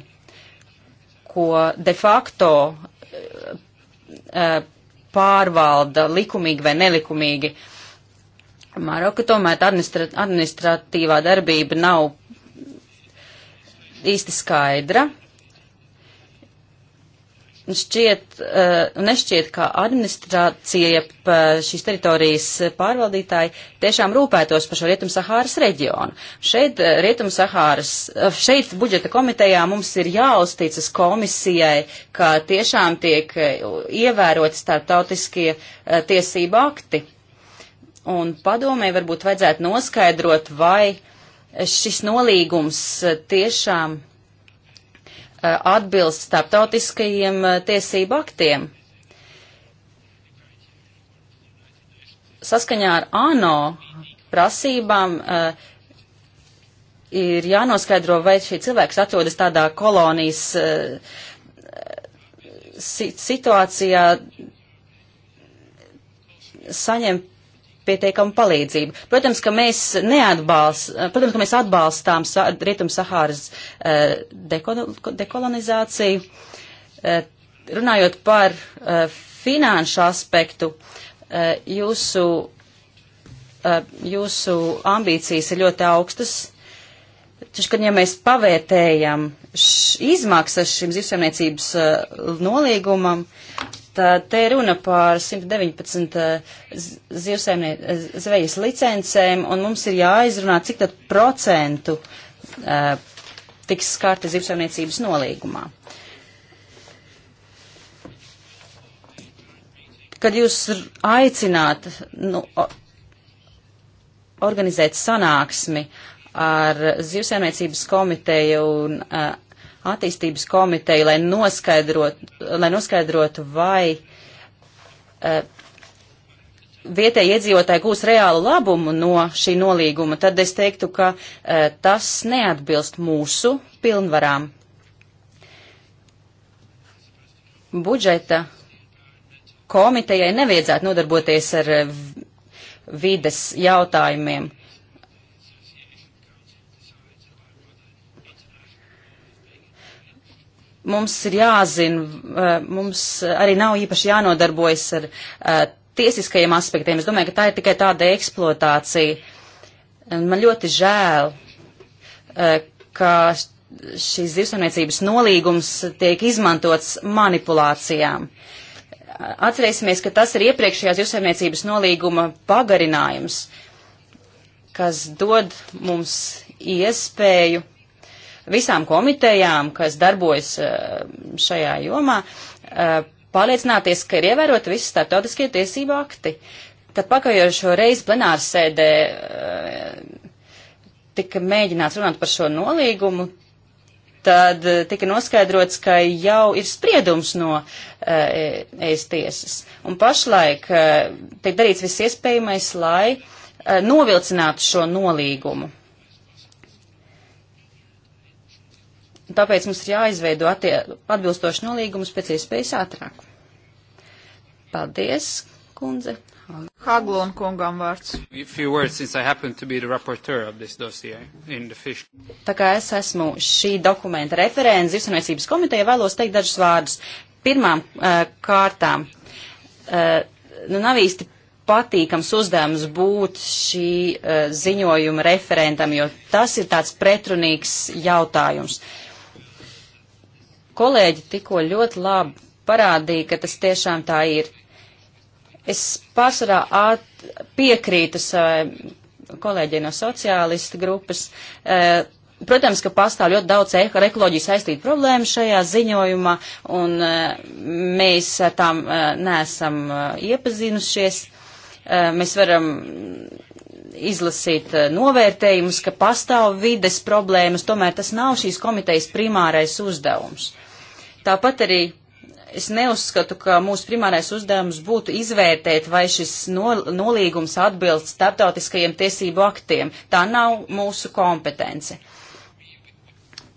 ko de facto uh, pārvalda likumīgi vai nelikumīgi. Maroka tomēr administrat administratīvā darbība nav īsti skaidra šķiet, eh, nešķiet, ka administrācija, jeb eh, šīs teritorijas pārvaldītāji tiešām rūpētos par šo Rietum-Sahāras reģionu. Šeit eh, Rietum-Sahāras, šeit budžeta komitejā mums ir jāuzticas komisijai, ka tiešām tiek ievēroti starptautiskie tiesība akti. Un padomē varbūt vajadzētu noskaidrot, vai šis nolīgums tiešām Eh, atbilst starptautiskajiem eh, tiesību aktiem. Saskaņā ar ANO prasībām uh, ir jānoskaidro, vai šī cilvēks atrodas tādā kolonijas uh, situācijā saņemt pietiekama palīdzība. Protams, ka mēs, neatbalst, protams, ka mēs atbalstām sa, Rietum Sahāras uh, eh, deko, dekolonizāciju. Uh, runājot par uh, finanšu aspektu, jūsu, jūsu ambīcijas ir ļoti augstas. Taču, kad ja mēs pavērtējam š, izmaksas šim zivsaimniecības nolīgumam, Tad eh, te ir runa par 119 eh, zivsēmnie, eh, zvejas licencēm, un mums ir jāizrunā, cik tad procentu uh, tiks skarta zivsēmniecības nolīgumā. Kad jūs aicināt nu, organizēt sanāksmi ar zivsēmniecības komiteju un uh, attīstības komiteju, lai noskaidrotu, lai noskaidrotu vai uh, vietēji iedzīvotāji gūs reālu labumu no šī nolīguma, tad es teiktu, ka uh, tas neatbilst mūsu pilnvarām. Budžeta komitejai nevajadzētu nodarboties ar vides jautājumiem. Uh, mums ir jāzina, eh, mums arī nav īpaši jānodarbojas ar eh, tiesiskajiem aspektiem. Es domāju, ka tā ir tikai tāda eksploatācija. Man ļoti žēl, eh, ka šīs zivsaimniecības nolīgums tiek izmantots manipulācijām. Atcerēsimies, ka tas ir iepriekšējās zivsaimniecības nolīguma pagarinājums, kas dod mums iespēju visām komitejām, kas darbojas eh, šajā jomā, eh, pārliecināties, ka ir ievērot visi starptautiskie tiesību akti. Tad pakajošo reizi plenāru sēdē eh, tika mēģināts runāt par šo nolīgumu, tad tika noskaidrots, ka jau ir spriedums no uh, ES tiesas. Un pašlaik uh, tiek darīts viss iespējamais, lai uh, novilcinātu šo nolīgumu. Un tāpēc mums ir jāizveido atbilstoši nolīgumus pēc iespējas ātrāk. Paldies, kundze. Haglon kungam vārds. Words, dossier, Tā kā es esmu šī dokumenta referents Zivsaniecības komiteja, vēlos teikt dažus vārdus. Pirmām uh, kārtām, uh, nu nav īsti patīkams uzdevums būt šī uh, ziņojuma referentam, jo tas ir tāds pretrunīgs jautājums. Uh, kolēģi tikko ļoti labi parādīja, ka tas tiešām tā ir. Es pārsvarā at, piekrītu savai kolēģiem no sociālistu grupas. E, Protams, ka pastāv ļoti daudz e- ar ekoloģiju saistītu problēmu šajā ziņojumā, un e, mēs ar tām e, neesam e, iepazinušies. E, mēs varam izlasīt eh, novērtējumus, ka pastāv vides problēmas, tomēr tas nav šīs komitejas primārais uzdevums. Tāpat arī es neuzskatu, ka mūsu primārais uzdevums būtu izvērtēt, vai šis no, nolīgums atbilst starptautiskajiem tiesību aktiem. Tā nav mūsu kompetence.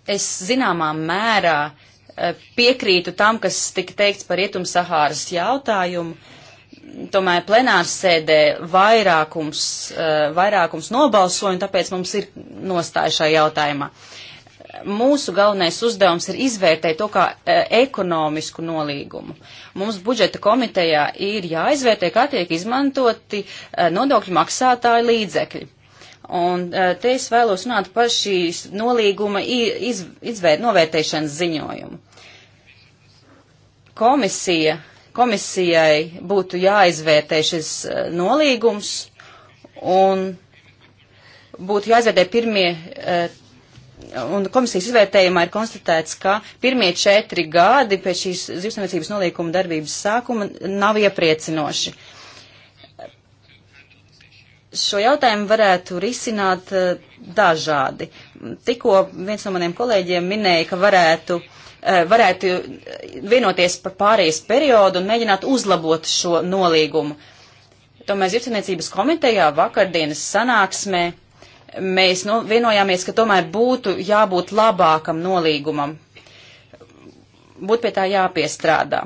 Es zināmā mērā eh, piekrītu tam, kas tika teikts par Rietum Sahāras jautājumu, tomēr plenārs sēdē vairākums, eh, vairākums nobalsoja, un tāpēc mums ir nostāja šajā jautājumā. Mūsu galvenais uzdevums ir izvērtēt to kā eh, ekonomisku nolīgumu. Mums budžeta komitejā ir jāizvērtē, kā tiek izmantoti eh, nodokļu maksātāju līdzekļi. Un te es vēlos runāt par šīs nolīguma iz, izvērt, novērtēšanas ziņojumu. Komisija uh, komisijai būtu jāizvērtē šis eh, nolīgums un būtu jāizvērtē pirmie, eh, un komisijas izvērtējumā ir konstatēts, ka pirmie četri gadi pēc šīs zivsniecības nolīguma darbības sākuma nav iepriecinoši. Šo jautājumu varētu risināt eh, dažādi. Tikko viens no maniem kolēģiem minēja, ka varētu uh, Eh, varētu vienoties par pārējais periodu un mēģināt uzlabot šo nolīgumu. Tomēr Zivsaniecības komitejā vakardienas sanāksmē mēs nu, vienojāmies, ka tomēr būtu jābūt labākam nolīgumam. Būtu pie tā jāpiestrādā.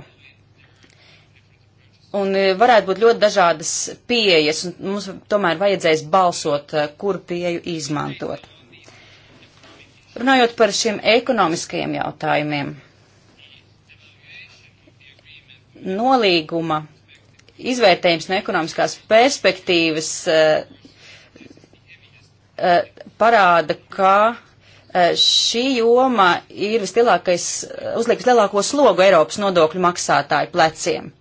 Un eh, varētu būt ļoti dažādas pieejas, un mums tomēr vajadzēs balsot, eh, kur pieju izmantot. Runājot par šiem ekonomiskajiem jautājumiem, nolīguma izvērtējums no ekonomiskās perspektīvas uh, uh, parāda, ka uh, šī joma ir vislielākais, uzliek vislielāko slogu Eiropas nodokļu maksātāju pleciem.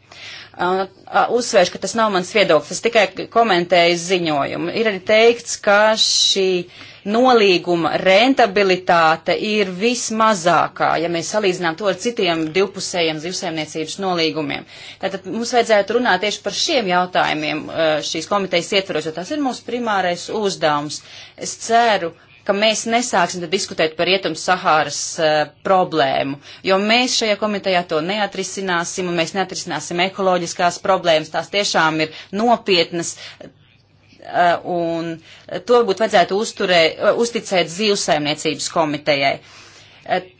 Uzsvēršu, ka tas nav mans viedoklis, es tikai komentēju ziņojumu. Ir arī teikts, ka šī nolīguma rentabilitāte ir vismazākā, ja mēs salīdzinām to ar citiem divpusējiem zivsaimniecības nolīgumiem. Tātad mums vajadzētu runāt tieši par šiem jautājumiem e, šīs komitejas ietvaros, jo tas ir mūsu primārais uzdevums. Es ceru, ka mēs nesāksim diskutēt par rietumu Sahāras uh, e, problēmu, jo mēs šajā komitejā to neatrisināsim un mēs neatrisināsim ekoloģiskās problēmas. Tās tiešām ir nopietnas. Uh, un to varbūt vajadzētu uzturē, uh, uzticēt zīvsaimniecības komitejai.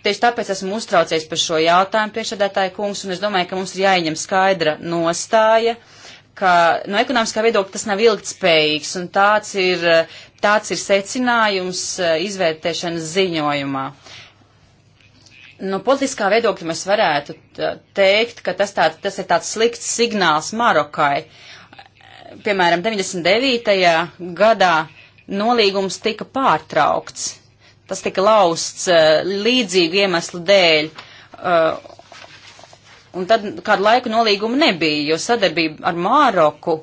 Tieši tāpēc esmu uztraucies par šo jautājumu priekšsēdētāju kungs, un es domāju, ka mums ir jāieņem skaidra nostāja. Uh, ka no ekonomiskā viedokļa tas nav ilgtspējīgs, un tāds ir, tāds ir secinājums eh, izvērtēšanas ziņojumā. No politiskā viedokļa mēs varētu teikt, ka tas, tā, tas ir tāds slikts signāls Marokai. Piemēram, 99. gadā nolīgums tika pārtraukts. Tas tika lausts eh, līdzīgu iemeslu dēļ. Uh, Un tad kādu laiku nolīgumu nebija, jo sadarbība ar Māroku,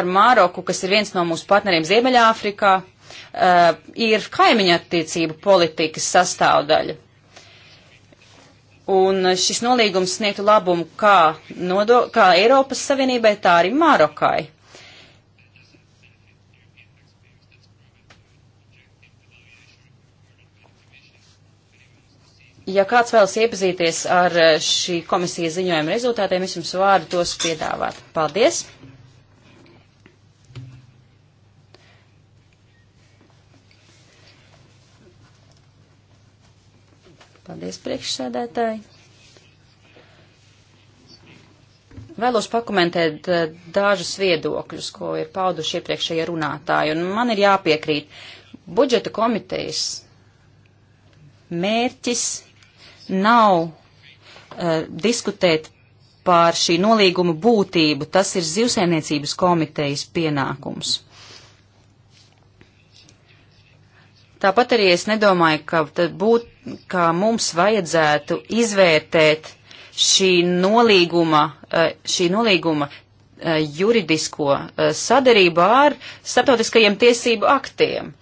ar Māroku, kas ir viens no mūsu partneriem Ziemeļāfrikā, uh, ir kaimiņa attiecību politikas sastāvdaļa. Un šis nolīgums sniegtu labumu kā, nodo, kā Eiropas Savienībai, tā arī Mārokai. Ja kāds vēlas iepazīties ar eh, šī komisijas ziņojuma rezultātiem, es jums vāru tos piedāvāt. Paldies! Paldies, priekšsēdētāji! Vēlos pakomentēt eh, dažus viedokļus, ko ir pauduši iepriekšējie runātāji, un man ir jāpiekrīt. Budžeta komitejas mērķis nav uh, diskutēt par šī nolīguma būtību. Tas ir zivsēmniecības komitejas pienākums. Tāpat arī es nedomāju, ka, būt, ka mums vajadzētu izvērtēt šī nolīguma, uh, šī nolīguma uh, juridisko uh, sadarību ar starptautiskajiem tiesību aktiem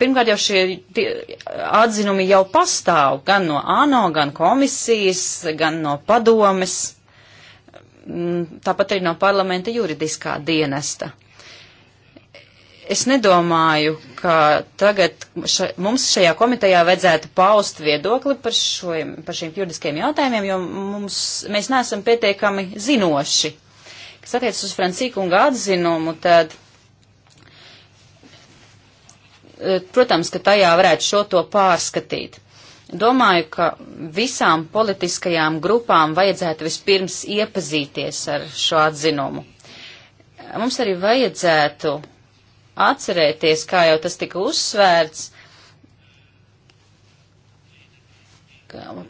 pirmkārt jau šie atzinumi jau pastāv gan no ANO, gan komisijas, gan no padomes, mm, tāpat arī no parlamenta juridiskā dienesta. Es nedomāju, ka tagad ša, mums šajā komitejā vajadzētu paust viedokli par, šo, par šiem juridiskiem jautājumiem, jo mums, mēs neesam pietiekami zinoši. Kas attiecas uz Francīku un atzinumu, tad. Uh, Eh, protams, ka tajā varētu šo to pārskatīt. Domāju, ka visām politiskajām grupām vajadzētu vispirms iepazīties ar šo atzinumu. Mums arī vajadzētu atcerēties, kā jau tas tika uzsvērts,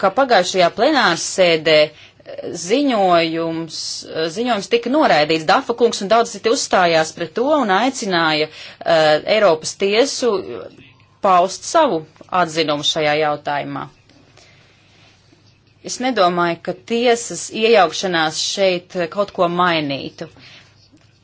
ka pagājušajā plenārsēdē sēdē ziņojums, ziņojums tika noraidīts. Dafa kungs un daudz citi uzstājās pret to un aicināja uh, Eiropas tiesu paust savu atzinumu šajā jautājumā. Es nedomāju, ka tiesas iejaukšanās šeit kaut ko mainītu,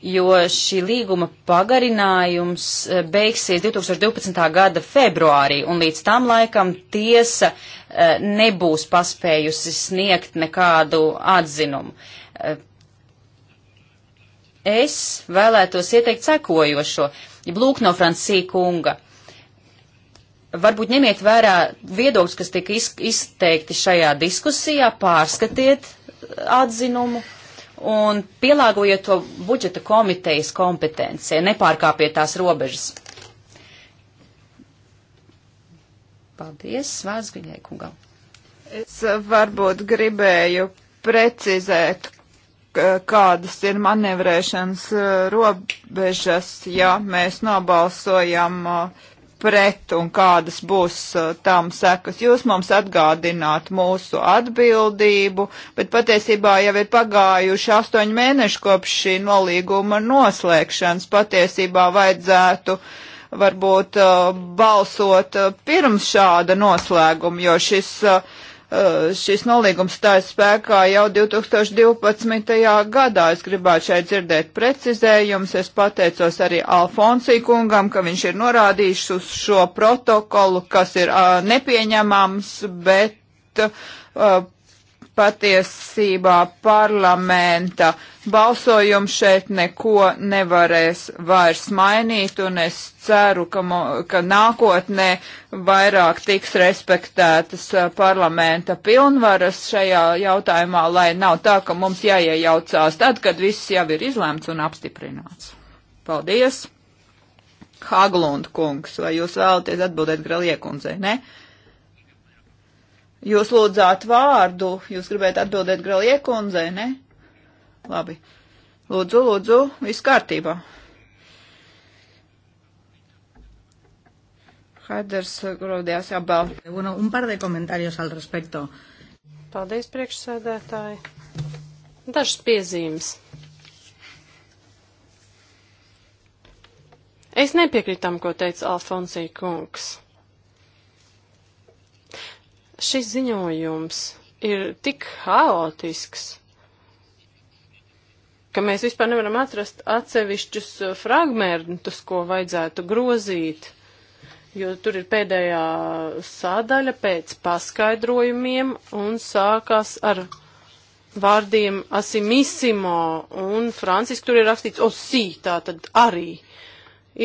jo šī līguma pagarinājums eh, beigsies 2012. gada februārī, un līdz tam laikam tiesa uh, Eh, nebūs paspējusi sniegt nekādu atzinumu. Eh, es vēlētos ieteikt sekojošo, ja lūk no Francija kunga. Varbūt ņemiet vērā viedokļus, kas tika izteikti šajā diskusijā, pārskatiet eh, atzinumu un pielāgojiet to budžeta komitejas kompetencijai, nepārkāpiet tās robežas. Paldies, Svārds Viļai kungam. Es varbūt gribēju precizēt, kādas ir manevrēšanas uh, robežas, ja mēs nobalsojam uh, pret un kādas būs uh, tam sekas. Jūs mums atgādināt mūsu atbildību, bet patiesībā jau ir pagājuši astoņi mēneši kopš šī nolīguma noslēgšanas. Patiesībā vajadzētu uh, varbūt uh, balsot uh, pirms šāda noslēguma, jo šis, uh, šis nolīgums stājas spēkā jau 2012. gadā. Es gribētu šeit dzirdēt precizējums. Es pateicos arī Alfonsī kungam, ka viņš ir norādījis uz šo protokolu, kas ir nepieņemams, bet patiesībā parlamenta balsojums šeit neko nevarēs vairs mainīt, un es ceru, ka, mo, ka nākotnē vairāk tiks respektētas parlamenta pilnvaras šajā jautājumā, lai nav tā, ka mums jāiejaucās tad, kad viss jau ir izlēmts un apstiprināts. Paldies! Haglund kungs, vai jūs vēlaties atbildēt Graliekundzei? Ne? Uh, Jūs lūdzāt vārdu, jūs gribētu atbildēt Graliekundzei, ne? Labi. Lūdzu, lūdzu, viss kārtībā. Haiders Grodījās jābal. Bueno, un par de komentārijos al respecto. Paldies, priekšsēdētāji. Dažas piezīmes. Es nepiekrītu tam, ko teica Alfonsija kungs. Šis ziņojums ir tik haotisks, ka mēs vispār nevaram atrast atsevišķus uh, fragmentus, ko vajadzētu grozīt jo tur ir pēdējā sādaļa pēc paskaidrojumiem un sākās ar vārdiem asimissimo, un Francisks tur ir rakstīts osī, tā tad arī.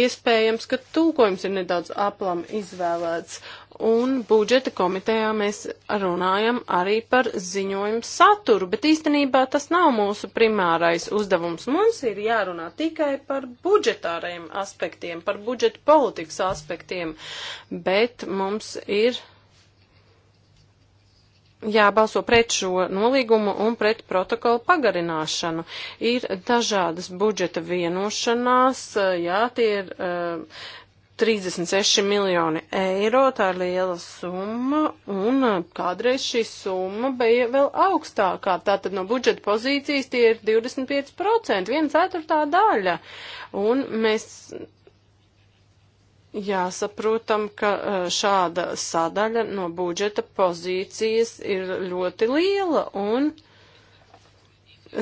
Iespējams, ka tulkojums ir nedaudz aplam izvēlēts. Un budžeta komitejā mēs runājam arī par ziņojumu saturu, bet īstenībā tas nav mūsu primārais uzdevums. Mums ir jārunā tikai par budžetārajiem aspektiem, par budžeta politikas aspektiem, bet mums ir jābalso pret šo nolīgumu un pret protokolu pagarināšanu. Ir dažādas budžeta vienošanās, jā, tie ir uh, 36 miljoni eiro, tā ir liela summa, un kādreiz šī summa bija vēl augstākā. Tātad no budžeta pozīcijas tie ir 25%, viena ceturtā daļa. Un mēs Jāsaprotam, ka e, šāda sadaļa no budžeta pozīcijas ir ļoti liela un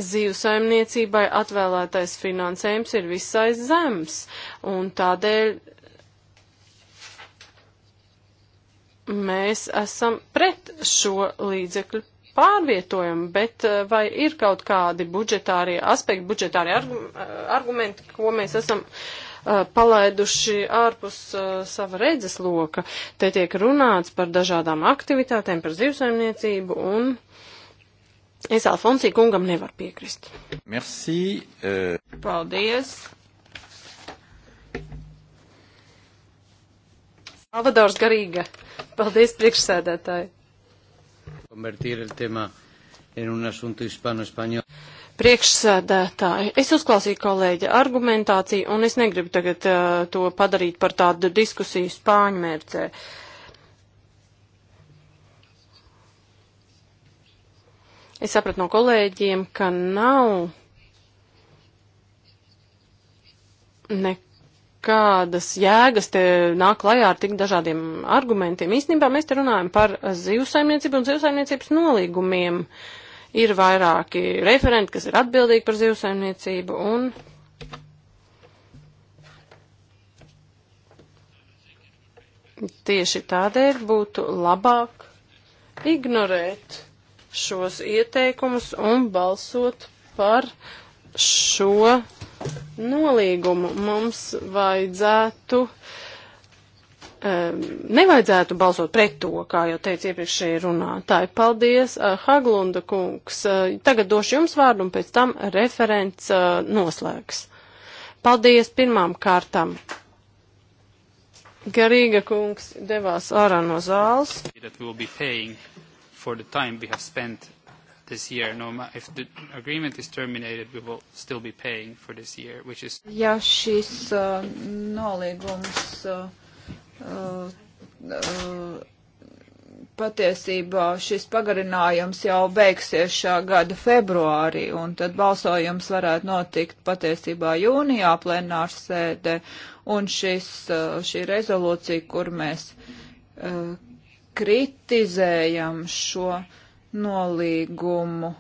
zīvsaimniecībai atvēlētais finansējums ir visai zems un tādēļ mēs esam pret šo līdzekļu pārvietojumu, bet e, vai ir kaut kādi budžetārie aspekti, budžetārie e, argumenti, ko mēs esam uh, palaiduši ārpus sava redzes loka. Te tiek runāts par dažādām aktivitātēm, par zivsaimniecību un. Es Alfonsī kungam nevaru piekrist. Merci. Uh... Paldies. Salvadors Garīga. Paldies priekšsēdētāji. Konvertīra tēmā en un asunto hispano-español. Priekšsēdētāji, es uzklausīju kolēģi argumentāciju, un es negribu tagad uh, to padarīt par tādu diskusiju spāņu mērcē. Es sapratu no kolēģiem, ka nav nekādas jēgas te nāk klajā ar tik dažādiem argumentiem. Īstenībā mēs te runājam par zivsaimniecību un zivsaimniecības nolīgumiem. Uh, Ir vairāki referenti, kas ir atbildīgi par zivsaimniecību un tieši tādēļ būtu labāk ignorēt šos ieteikumus un balsot par šo nolīgumu. Mums vajadzētu uh, nevajadzētu balsot pret to, kā jau teica iepriekšēji runātāji. Paldies, eh, Haglunda kungs. Eh, tagad došu jums vārdu un pēc tam referents eh, noslēgs. Paldies pirmām kārtām. Garīga kungs devās ārā no zāles. Year, no, terminated, is... Ja šis uh, nolīgums uh, Uh, uh, patiesībā šis pagarinājums jau beigsies šā gada februārī, un tad balsojums varētu notikt patiesībā jūnijā plenārs sēdē, un šis, uh, šī rezolūcija, kur mēs uh, kritizējam šo nolīgumu,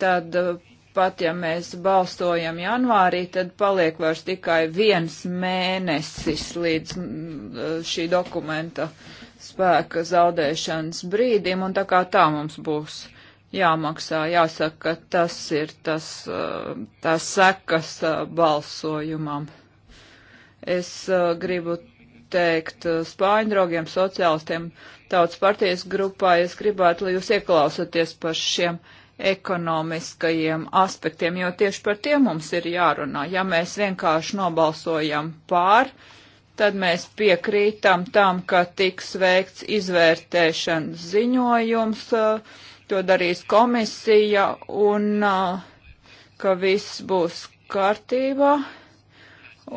tad uh, pat ja mēs balsojam janvārī, tad paliek vairs tikai viens mēnesis līdz mm, šī dokumenta spēka zaudēšanas brīdim, un tā kā tā mums būs jāmaksā, jāsaka, ka tas ir tas, eh, tas sekas eh, balsojumam. Es eh, gribu teikt spāņu draugiem, sociālistiem, tautas partijas grupai, es gribētu, lai jūs ieklausaties par šiem uh, ekonomiskajiem aspektiem, jo tieši par tiem mums ir jārunā. Ja mēs vienkārši nobalsojam pār, tad mēs piekrītam tam, ka tiks veikts izvērtēšanas ziņojums, to darīs komisija un ka viss būs kārtībā.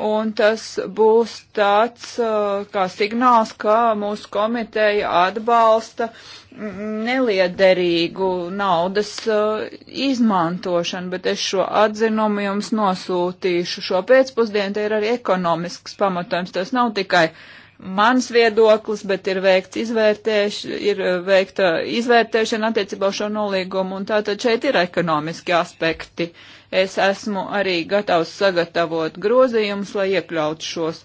Un tas būs tāds uh, kā signāls, ka mūsu komiteja atbalsta neliederīgu naudas uh, izmantošanu, bet es šo atzinumu jums nosūtīšu šo pēcpusdienu. Te ir arī ekonomisks pamatojums. Tas nav tikai uh, mans viedoklis, bet ir veikts izvērtēš, ir eh, veikta izvērtēšana attiecībā uz šo nolīgumu, un tātad šeit ir ekonomiski aspekti. Es esmu arī gatavs sagatavot grozījumus, lai iekļautu šos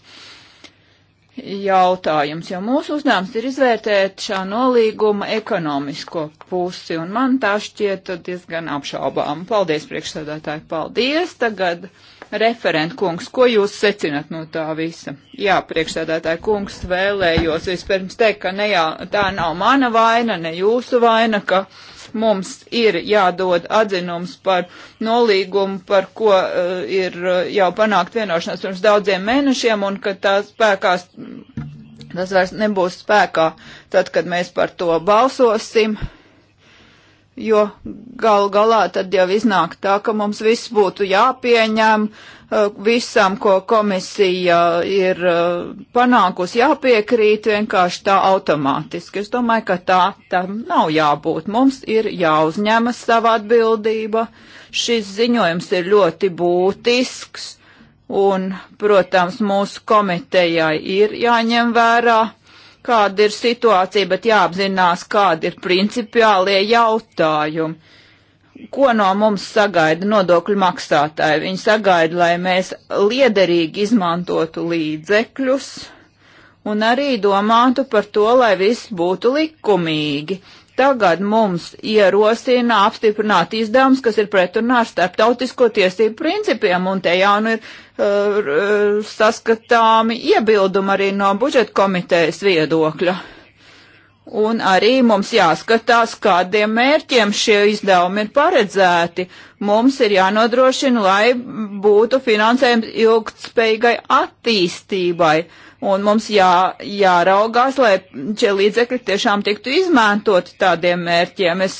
jautājums, jo mūsu uzdevums ir izvērtēt šā nolīguma ekonomisko pusi, un man tā šķiet diezgan apšaubām. Paldies, priekšsēdētāji, paldies! Tagad Referent kungs, ko jūs secinat no tā visa? Jā, priekšsēdētāji kungs, vēlējos vispirms teikt, ka ne jā, tā nav mana vaina, ne jūsu vaina, ka mums ir jādod atzinums par nolīgumu, par ko uh, ir eh, jau panākt vienošanās pirms daudziem mēnešiem, un ka tās spēkās, tas vairs nebūs spēkā tad, kad mēs par to balsosim. Uh, jo gal galā tad jau iznāk tā, ka mums viss būtu jāpieņem, eh, visam, ko komisija ir eh, panākusi, jāpiekrīt vienkārši tā automātiski. Es domāju, ka tā tam nav jābūt. Mums ir jāuzņemas sava atbildība. Šis ziņojums ir ļoti būtisks. Un, protams, mūsu komitejai ir jāņem vērā kāda ir situācija, bet jāapzinās, kādi ir principiālie jautājumi. Ko no mums sagaida nodokļu maksātāji? Viņi sagaida, lai mēs liederīgi izmantotu līdzekļus un arī domātu par to, lai viss būtu likumīgi tagad mums ierosina apstiprināt izdevumus, kas ir pretrunā ar starptautisko tiesību principiem, un te jau nu ir uh, uh, saskatāmi iebildumi arī no budžeta komitejas viedokļa. Un arī mums jāskatās, kādiem mērķiem šie izdevumi ir paredzēti. Mums ir jānodrošina, lai būtu finansējums ilgtspējīgai attīstībai. Uh, un mums jā, jāraugās, lai šie līdzekļi tiešām tiktu izmantoti tādiem mērķiem. Es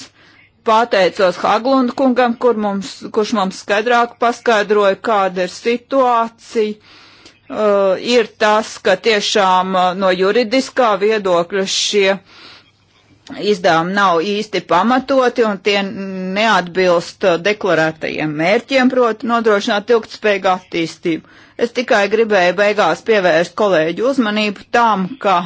pateicos Haglundu kungam, kur mums, kurš mums skaidrāk paskaidroja, kāda ir situācija. Uh, ir tas, ka tiešām uh, no juridiskā viedokļa šie uh, izdevumi nav īsti pamatoti un tie neatbilst uh, deklarētajiem mērķiem, proti nodrošināt ilgtspējīgu attīstību. Es tikai gribēju beigās pievērst kolēģu uzmanību tam, ka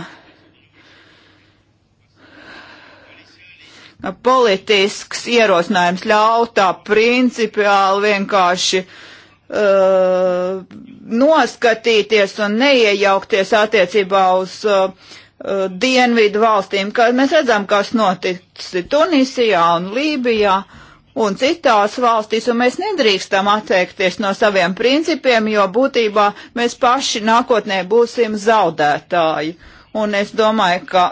politisks ierosinājums ļautā principiāli vienkārši uh, noskatīties un neiejaukties attiecībā uz uh, uh, dienvidu valstīm, ka mēs redzam, kas noticis Tunisijā un Lībijā un citās valstīs, un mēs nedrīkstam atteikties no saviem principiem, jo būtībā mēs paši nākotnē būsim zaudētāji. Un es domāju, ka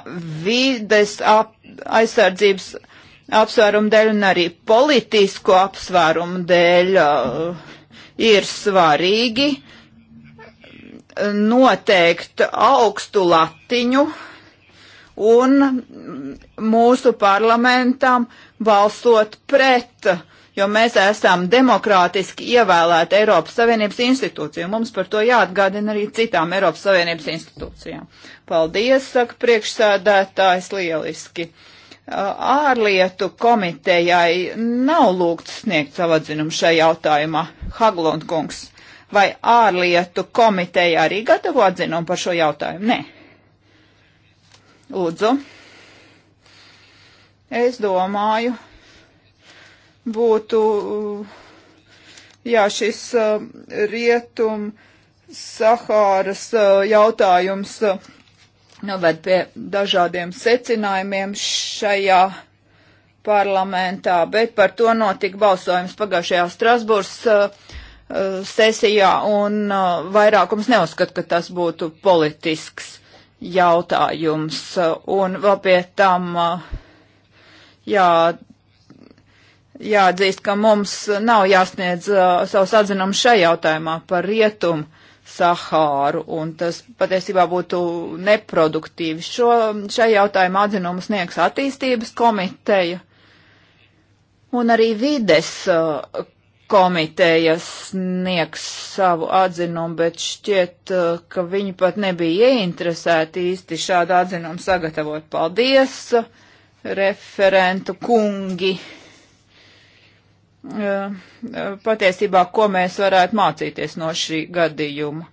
vides ap, aizsardzības apsvērumu dēļ un arī politisko apsvērumu dēļ uh, ir svarīgi uh, noteikt augstu latiņu, un mūsu parlamentam balsot pret, jo mēs esam demokrātiski ievēlēti Eiropas Savienības institūciju. Mums par to jāatgādina arī citām Eiropas Savienības institūcijām. Paldies, saka priekšsēdētājs lieliski. Ārlietu komitejai nav lūgts sniegt savadzinumu šajā jautājumā. Haglund kungs. Vai ārlietu komiteja arī gatavo atzinumu par šo jautājumu? Nē. Lūdzu. Es domāju, būtu, jā, šis uh, rietum Sahāras uh, eh, jautājums uh, noved pie dažādiem secinājumiem šajā parlamentā, bet par to notika balsojums pagājušajā Strasbūras Eh, sesijā, un eh, vairākums neuzskata, ka tas būtu politisks jautājums. Eh, un vēl pie tam jā, jāatzīst, ka mums nav jāsniedz savus atzinumus šajā jautājumā par rietumu. Sahāru, un tas patiesībā būtu neproduktīvi. Šo, šai jautājumu atzinumu sniegs attīstības komiteja, un arī vides komitejas sniegs savu atzinumu, bet šķiet, uh, ka viņi pat nebija ieinteresēti īsti šādu atzinumu sagatavot. Paldies, referentu kungi! Uh, uh, patiesībā, ko mēs varētu mācīties no šī gadījuma,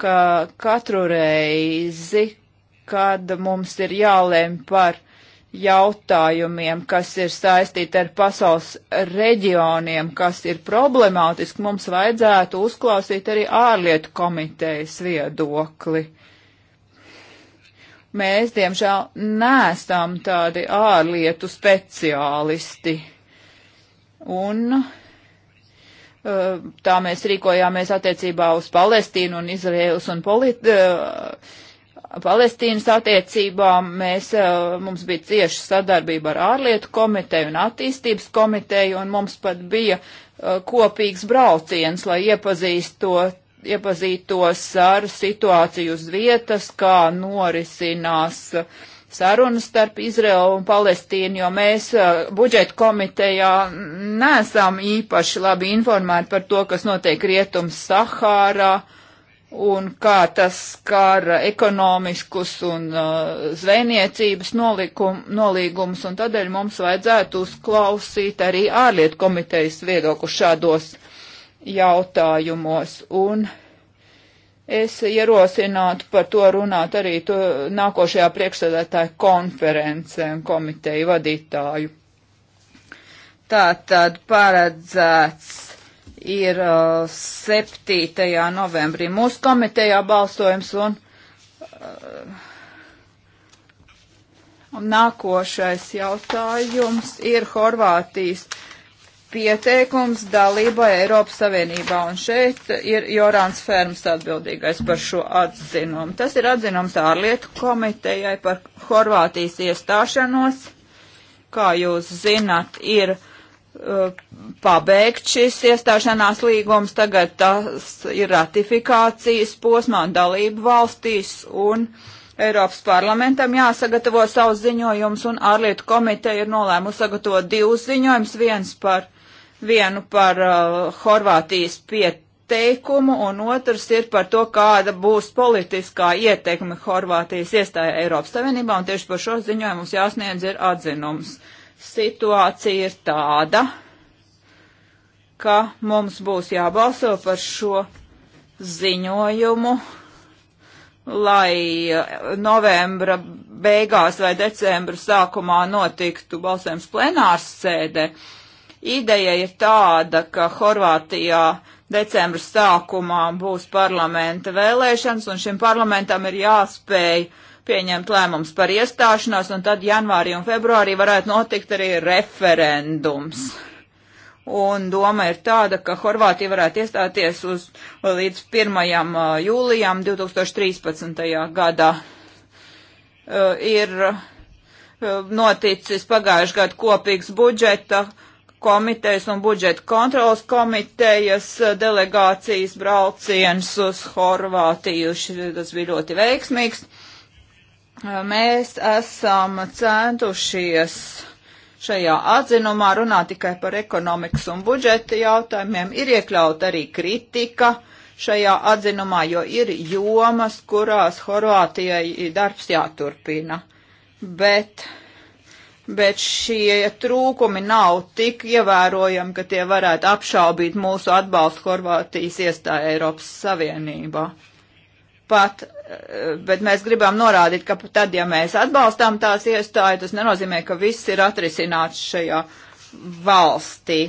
ka katru reizi, kad mums ir jālēm par jautājumiem, kas ir saistīti ar pasaules reģioniem, kas ir problemātiski, mums vajadzētu uzklausīt arī ārlietu komitejas viedokli. Mēs, diemžēl, nesam tādi ārlietu speciālisti. Un uh, tā mēs rīkojāmies attiecībā uz Palestīnu un Izraēlas un polit, uh, Palestīnas attiecībām mēs, mums bija cieša sadarbība ar ārlietu komiteju un attīstības komiteju, un mums pat bija kopīgs brauciens, lai iepazīstot iepazītos ar situāciju uz vietas, kā norisinās sarunas starp Izraelu un Palestīnu, jo mēs budžeta komitejā nesam īpaši labi informēti par to, kas notiek rietums Sahārā. Uh, un kā tas skar ekonomiskus un uh, zvejniecības nolikum, nolīgumus, un tādēļ mums vajadzētu uzklausīt arī ārlietu komitejas viedokli šādos jautājumos. Un es ierosinātu par to runāt arī to nākošajā priekšsēdētāju konferencē un komiteju vadītāju. Tātad paredzēts ir 7. Uh, novembrī mūsu komitejā balsojums un uh, Un nākošais jautājums ir Horvātijas pieteikums dalībai Eiropas Savienībā. Un šeit ir Jorāns Ferms atbildīgais par šo atzinumu. Tas ir atzinums ārlietu komitejai par Horvātijas iestāšanos. Kā jūs zināt, ir uh, Uh, pabeigt šis iestāšanās līgums, tagad tas ir ratifikācijas posmā un dalību valstīs, un Eiropas parlamentam jāsagatavo savus ziņojumus, un ārlietu komiteja ir nolēmusi sagatavot divus ziņojumus, viens par vienu par uh, Horvātijas pieteikumu, un otrs ir par to, kāda būs politiskā ietekme Horvātijas iestāja Eiropas Savienībā, un tieši par šo ziņojumu mums jāsniedz ir atzinums. Uh, situācija ir tāda, ka mums būs jābalso par šo ziņojumu, lai eh, novembra beigās vai decembra sākumā notiktu balsojums plenārs sēdē. Ideja ir tāda, ka Horvātijā decembra sākumā būs parlamenta vēlēšanas, un šim parlamentam ir jāspēj uh, pieņemt lēmums par iestāšanos, un tad janvārī un februārī varētu notikt arī referendums. Un doma ir tāda, ka Horvātija varētu iestāties uz līdz 1. jūlijam 2013. gadā. Uh, ir uh, noticis pagājuši gadu kopīgs budžeta komitejas un budžeta kontrolas komitejas delegācijas brauciens uz Horvātiju. Tas bija ļoti veiksmīgs mēs esam centušies šajā atzinumā runāt tikai par ekonomikas un budžeta jautājumiem. Ir iekļaut arī kritika šajā atzinumā, jo ir jomas, kurās Horvātijai darbs jāturpina. Bet, bet šie trūkumi nav tik ievērojami, ka tie varētu apšaubīt mūsu atbalstu Horvātijas iestāja Eiropas Savienībā. Pat bet mēs gribam norādīt, ka tad, ja mēs atbalstām tās iestāju, tas nenozīmē, ka viss ir atrisināts šajā valstī.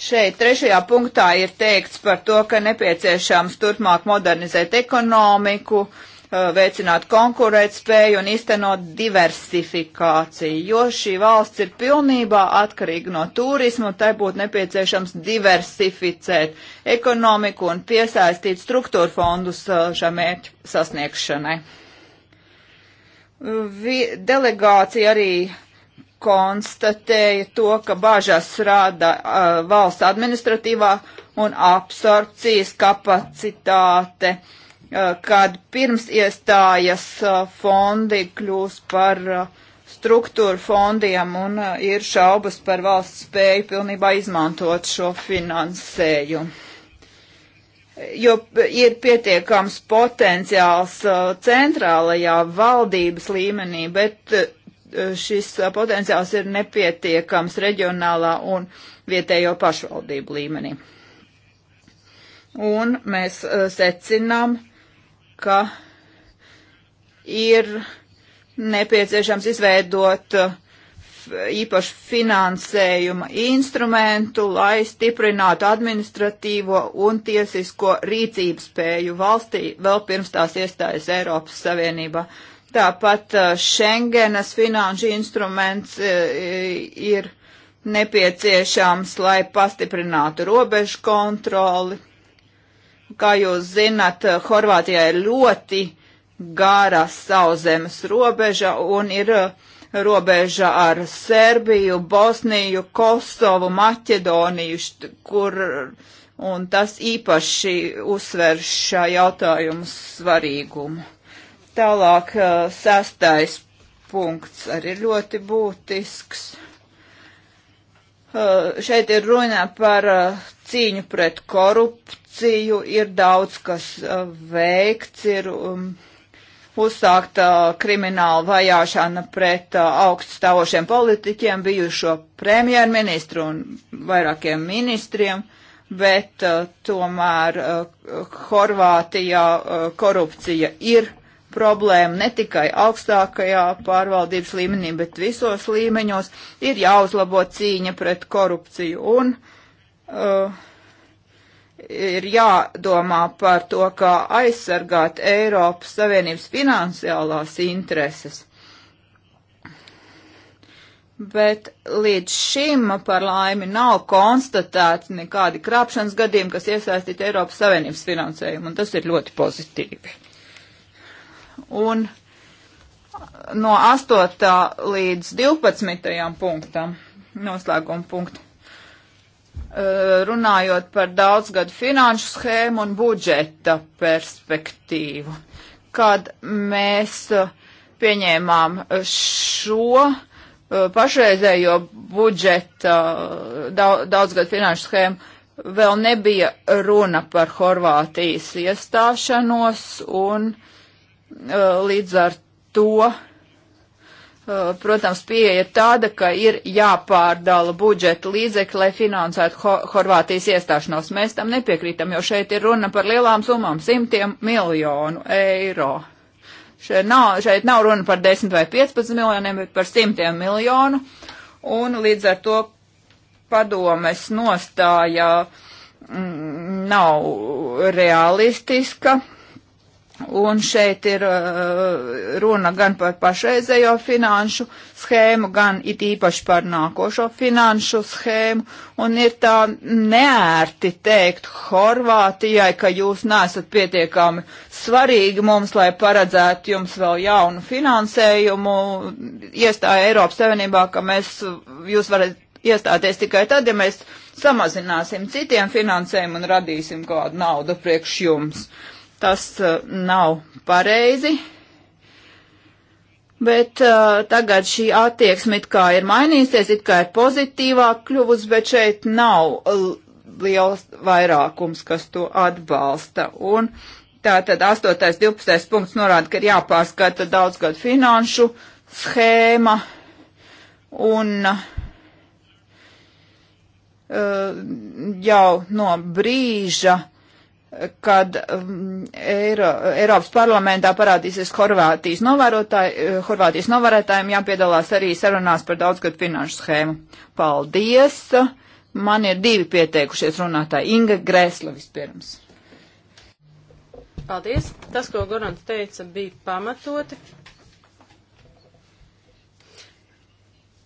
Šeit trešajā punktā ir teikts par to, ka nepieciešams turpmāk modernizēt ekonomiku, uh, Uh, veicināt konkurētspēju un iztenot diversifikāciju, jo šī valsts ir pilnībā atkarīga no turismu, tai būtu nepieciešams diversificēt ekonomiku un piesaistīt struktūra fondus uh, šā mērķa sasniegšanai. Uh, vi, delegācija arī konstatēja to, ka bažas rāda uh, valsts administratīvā un absorpcijas kapacitāte. Uh, Eh, kad pirms iestājas eh, fondi kļūs par eh, struktūru fondiem un ir šaubas par valsts spēju pilnībā izmantot šo finansējumu. Jo ir pietiekams potenciāls centrālajā valdības līmenī, bet šis potenciāls ir nepietiekams reģionālā un vietējo pašvaldību līmenī. Un mēs secinām, uh, ka ir nepieciešams izveidot uh, īpašu finansējuma instrumentu, lai stiprinātu administratīvo un tiesisko rīcības spēju valstī vēl pirms tās iestājas Eiropas Savienībā. Tāpat uh, Schengenas finanšu instruments uh, ir nepieciešams, lai pastiprinātu robežu kontroli Kā jūs zināt, Horvātijā ir ļoti gara sauzemes robeža un ir uh, robeža ar Serbiju, Bosniju, Kosovu, Maķedoniju, kur un tas īpaši uzsver šā jautājuma svarīgumu. Tālāk uh, sastais punkts arī ļoti būtisks. Uh, šeit ir runa par cīņu pret korupciju akciju, ir daudz kas uh, veikts, ir um, uzsākta krimināla vajāšana pret uh, augststāvošiem politiķiem, bijušo premjerministru un vairākiem ministriem bet uh, tomēr uh, Horvātijā uh, korupcija ir problēma ne tikai augstākajā pārvaldības līmenī, bet visos līmeņos ir jāuzlabo cīņa pret korupciju. Un uh, ir jādomā par to, kā aizsargāt Eiropas Savienības finansiālās intereses. Bet līdz šim par laimi nav konstatēts nekādi krāpšanas gadījumi, kas iesaistīti Eiropas Savienības finansējumu, un tas ir ļoti pozitīvi. Un no 8. līdz 12. punktam, noslēguma punktam, Eh, runājot par daudzgadu finanšu schēmu un budžeta perspektīvu. Kad mēs eh, pieņēmām eh, šo pašreizējo budžeta daudzgadu finanšu schēmu, vēl nebija runa par Horvātijas iestāšanos un līdz ar to Eh, protams, pieeja ir tāda, ka ir jāpārdala budžeta līdzekļi, lai finansētu ho Horvātijas iestāšanos. Mēs tam nepiekrītam, jo šeit ir runa par lielām summām - simtiem miljonu eiro. Šeit nav, šeit nav runa par 10 vai 15 miljoniem, bet par simtiem miljonu. Un līdz ar to padomes nostājā mm, nav realistiska. Un šeit ir uh, runa gan par pašreizējo finanšu schēmu, gan it īpaši par nākošo finanšu schēmu. Un ir tā neērti teikt Horvātijai, ka jūs nesat pietiekami svarīgi mums, lai paredzētu jums vēl jaunu finansējumu. Iestāja Eiropas Savienībā, ka mēs, jūs varat iestāties tikai tad, ja mēs samazināsim citiem finansējumu un radīsim kādu naudu priekš jums. Uh, Tas uh, nav pareizi. Bet uh, tagad šī attieksme it kā ir mainījusies, it kā ir pozitīvāk kļuvusi, bet šeit nav uh, liels vairākums, kas to atbalsta. Un tātad 8.12. punkts norāda, ka ir jāpārskata daudzgad finanšu schēma un uh, jau no brīža uh, kad um, Eiro, Eiropas parlamentā parādīsies Horvātijas novērotāji, eh, Horvātijas novērotājiem jāpiedalās arī sarunās par daudzgad finanšu schēmu. Paldies! Man ir divi pieteikušies runātāji. Inga Grēsla vispirms. Paldies! Tas, ko Gorants teica, bija pamatoti.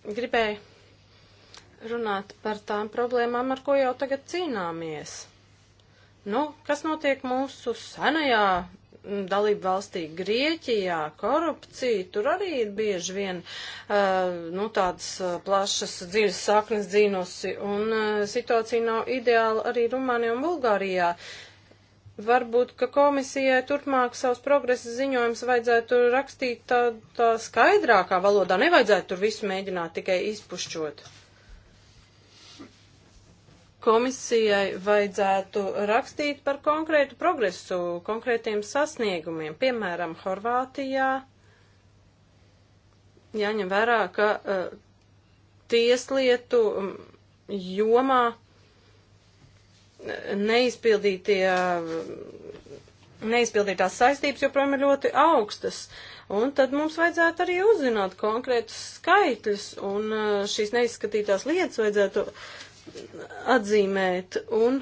Gribēju runāt par tām problēmām, ar ko jau tagad cīnāmies Nu, kas notiek mūsu senajā mm, dalību valstī Grieķijā, korupcija, tur arī ir bieži vien, uh, nu, tādas uh, plašas dzīves saknes dzīnosi, un uh, situācija nav ideāla arī Rumānijā un Bulgārijā. Varbūt, ka komisijai turpmāk savus progresa ziņojumus vajadzētu rakstīt tā, tā skaidrākā valodā, nevajadzētu tur visu mēģināt tikai izpušķot komisijai vajadzētu rakstīt par konkrētu progresu, konkrētiem sasniegumiem. Piemēram, Horvātijā jāņem vērā, ka uh, tieslietu mm, jomā eh, neizpildītie, mm, neizpildītās saistības joprojām ir ļoti augstas. Un tad mums vajadzētu arī uzzināt konkrētus skaitļus, un eh, šīs neizskatītās lietas vajadzētu uh, atzīmēt. Un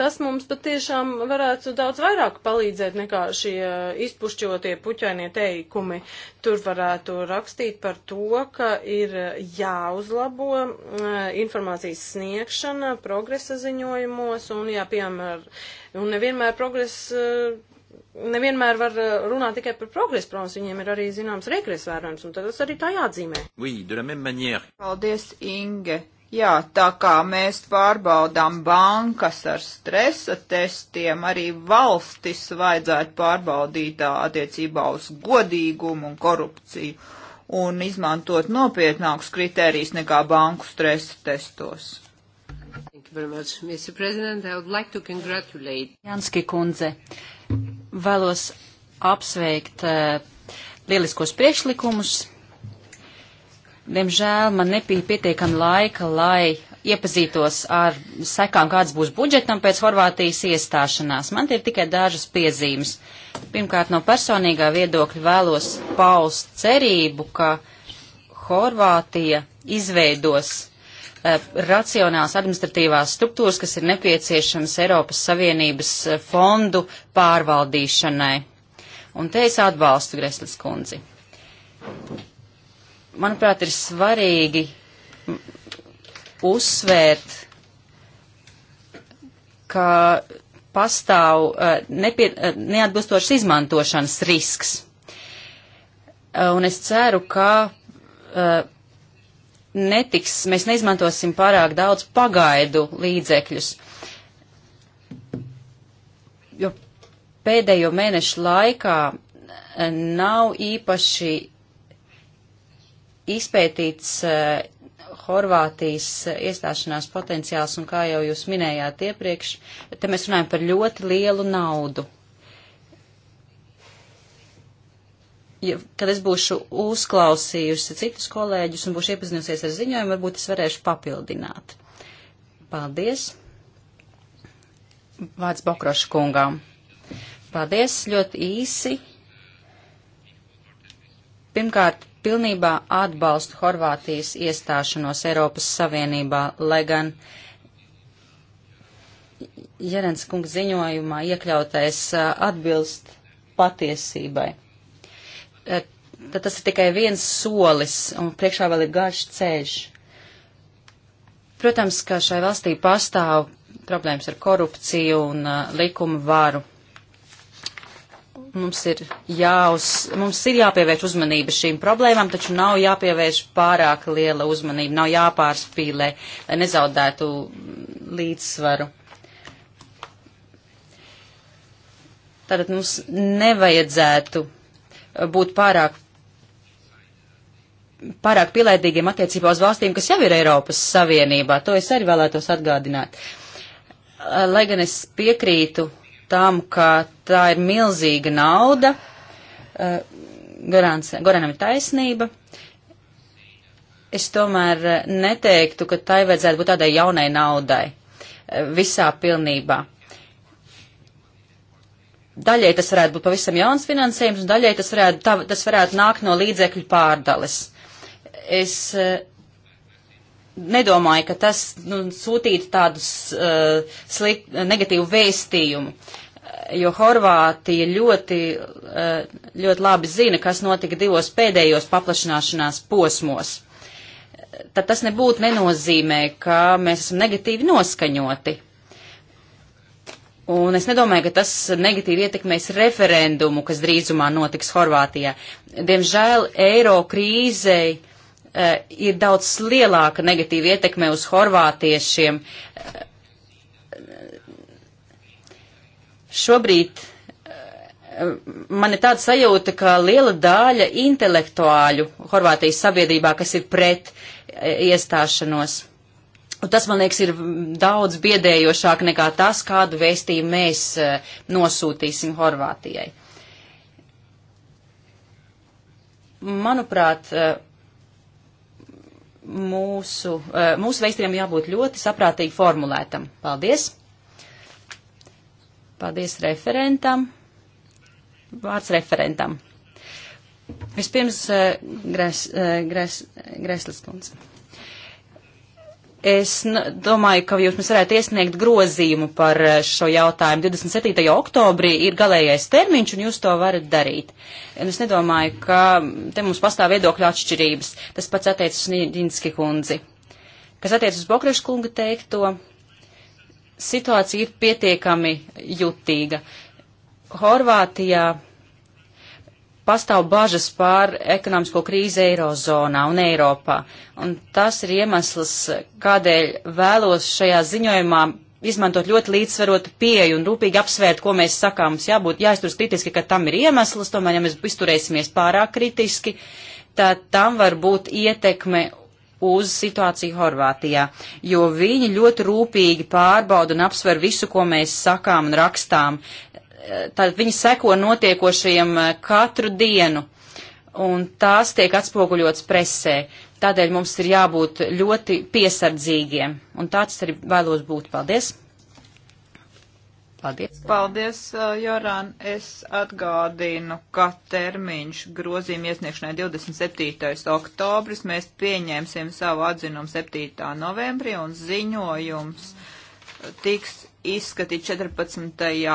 tas mums patiešām varētu daudz vairāk palīdzēt nekā šie izpušķotie puķainie teikumi. Tur varētu rakstīt par to, ka ir jāuzlabo mm, informācijas sniegšana progresa ziņojumos un, jā, piemēram, un nevienmēr progresa. Mm, nevienmēr var runāt tikai par progresu, protams, viņiem ir arī zināms regresvērojums, un tad tas arī tā jāatzīmē. Oui, de la même manière. Paldies, Inge. Jā, tā kā mēs pārbaudām bankas ar stresa testiem, arī valstis vajadzētu pārbaudīt attiecībā uz godīgumu un korupciju un izmantot nopietnākus kritērijus nekā banku stresa testos. Much, like Janski kundze, vēlos apsveikt uh, lieliskos priekšlikumus, Diemžēl man nebija pietiekami laika, lai iepazītos ar sekām, kāds būs budžetam pēc Horvātijas iestāšanās. Man ir tikai dažas piezīmes. Pirmkārt, no personīgā viedokļa vēlos paust cerību, ka Horvātija izveidos eh, racionāls administratīvās struktūras, kas ir nepieciešams Eiropas Savienības eh, fondu pārvaldīšanai. Un te es atbalstu Greslis kundzi manuprāt, ir svarīgi uzsvērt, ka pastāv uh, nepie, uh, neatbilstošs izmantošanas risks. Uh, un es ceru, ka netiks, mēs neizmantosim pārāk daudz pagaidu līdzekļus. Jo pēdējo mēnešu laikā nav īpaši izpētīts eh, Horvātijas eh, iestāšanās potenciāls, un kā jau jūs minējāt iepriekš, te mēs runājam par ļoti lielu naudu. Ja, kad es būšu uzklausījusi citus kolēģus un būšu iepazinusies ar ziņojumu, varbūt es varēšu papildināt. Paldies. Vārds Bokroša kungām. Paldies, ļoti īsi. Pirmkārt, pilnībā atbalstu Horvātijas iestāšanos Eiropas Savienībā, lai gan Jerens kungs ziņojumā iekļautais atbilst patiesībai. Tad tas ir tikai viens solis, un priekšā vēl ir garš ceļš. Protams, ka šai valstī pastāv problēmas ar korupciju un uh, likumu varu mums ir, jāuz, mums ir jāpievērš uzmanība šīm problēmām, taču nav jāpievērš pārāk liela uzmanība, nav jāpārspīlē, lai nezaudētu līdzsvaru. Tātad mums nevajadzētu būt pārāk, pārāk pielēdīgiem attiecībā uz valstīm, kas jau ir Eiropas Savienībā. To es arī vēlētos atgādināt. Lai gan es piekrītu tam, ka tā ir milzīga nauda. Eh, Gorans, Goranam ir taisnība. Es tomēr eh, neteiktu, ka tai vajadzētu būt tādai jaunai naudai eh, visā pilnībā. Daļai tas varētu būt pavisam jauns finansējums, un daļai tas varētu, tā, tas varētu nākt no līdzekļu pārdales. Es nedomāju, ka tas nu, sūtītu tādus uh, slik, negatīvu vēstījumu jo Horvātija ļoti, eh, ļoti labi zina, kas notika divos pēdējos paplašanāšanās posmos. Tad tas nebūtu nenozīmē, ka mēs esam negatīvi noskaņoti. Un es nedomāju, ka tas negatīvi ietekmēs referendumu, kas drīzumā notiks Horvātijā. Diemžēl eiro krīzei uh, ir daudz lielāka negatīva ietekme uz horvātiešiem uh, Šobrīd eh, man ir tāda sajūta, ka liela daļa intelektuāļu Horvātijas sabiedrībā, kas ir pret eh, iestāšanos. Un tas, man liekas, ir daudz biedējošāk nekā tas, kādu vēstījumu mēs eh, nosūtīsim Horvātijai. Manuprāt, mūsu, mūsu vēstījumam jābūt ļoti saprātīgi formulētam. Paldies! Paldies referentam. Vārds referentam. Vispirms eh, Gres, eh, Gres, Greslis kundze. Es domāju, ka jūs mums varētu iesniegt grozījumu par eh, šo jautājumu. 27. oktobrī ir galējais termiņš, un jūs to varat darīt. Un es nedomāju, ka te mums pastāv viedokļu atšķirības. Tas pats attiecas uz Nīdinski kundzi. Kas attiecas uz Bokrešu kunga teikto, situācija ir pietiekami jutīga. Horvātijā pastāv bažas pār ekonomisko krīzi Eirozonā un Eiropā, un tas ir iemesls, kādēļ vēlos šajā ziņojumā izmantot ļoti līdzsvarotu pieeju un rūpīgi apsvērt, ko mēs sakām. Mums jābūt jāizturas kritiski, ka tam ir iemesls, tomēr, ja mēs izturēsimies pārāk kritiski, tad tam var būt ietekme uz situāciju Horvātijā, jo viņi ļoti rūpīgi pārbauda un apsver visu, ko mēs sakām un rakstām. Tad viņi seko notiekošajiem eh, katru dienu, un tās tiek atspoguļotas presē. Tādēļ mums ir jābūt ļoti piesardzīgiem, un tāds arī vēlos būt. Paldies! Paldies. Paldies, uh, Joran. Es atgādinu, ka termiņš grozījuma iesniegšanai 27. oktobris. Mēs pieņemsim savu atzinumu 7. novembrī un ziņojums tiks izskatīt 14.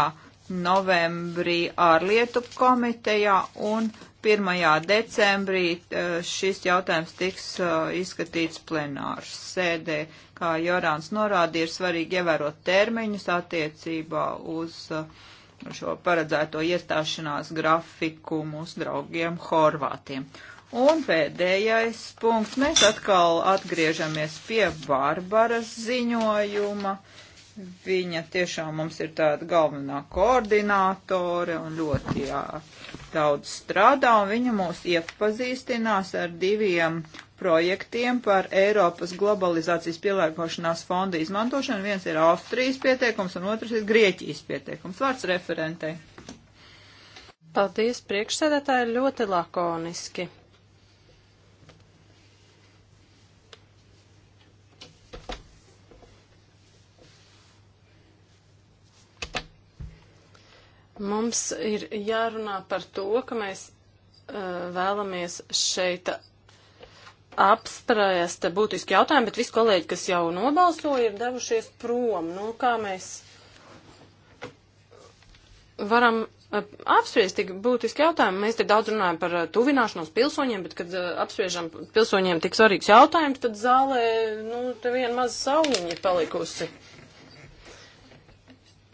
novembrī ārlietu komitejā un 1. decembrī uh, šis jautājums tiks uh, izskatīts plenārs sēdē. Kā Jorāns norādīja, ir svarīgi ievērot termiņus attiecībā uz uh, šo paredzēto iestāšanās grafiku mūsu draugiem Horvātiem. Un pēdējais punkts. Mēs atkal atgriežamies pie Barbaras ziņojuma. Viņa tiešām mums ir tāda galvenā koordinātore un ļoti jā, daudz strādā, un viņa mūs iepazīstinās ar diviem projektiem par Eiropas globalizācijas pielāgošanās fonda izmantošanu. Viens ir Austrijas pieteikums, un otrs ir Grieķijas pieteikums. Vārds referentei. Paldies, priekšsēdētāji, ļoti lakoniski. Mums ir jārunā par to, ka mēs uh, vēlamies šeit apspriest būtiski jautājumu, bet visi kolēģi, kas jau nobalsoja, ir devušies prom. Nu, kā mēs varam uh, apspriest tik būtiski jautājumu? Mēs te daudz runājam par uh, tuvināšanos pilsoņiem, bet kad uh, apspriežam pilsoņiem tik svarīgs jautājums, tad zālē, nu, te viena maza sauliņa palikusi. Uh,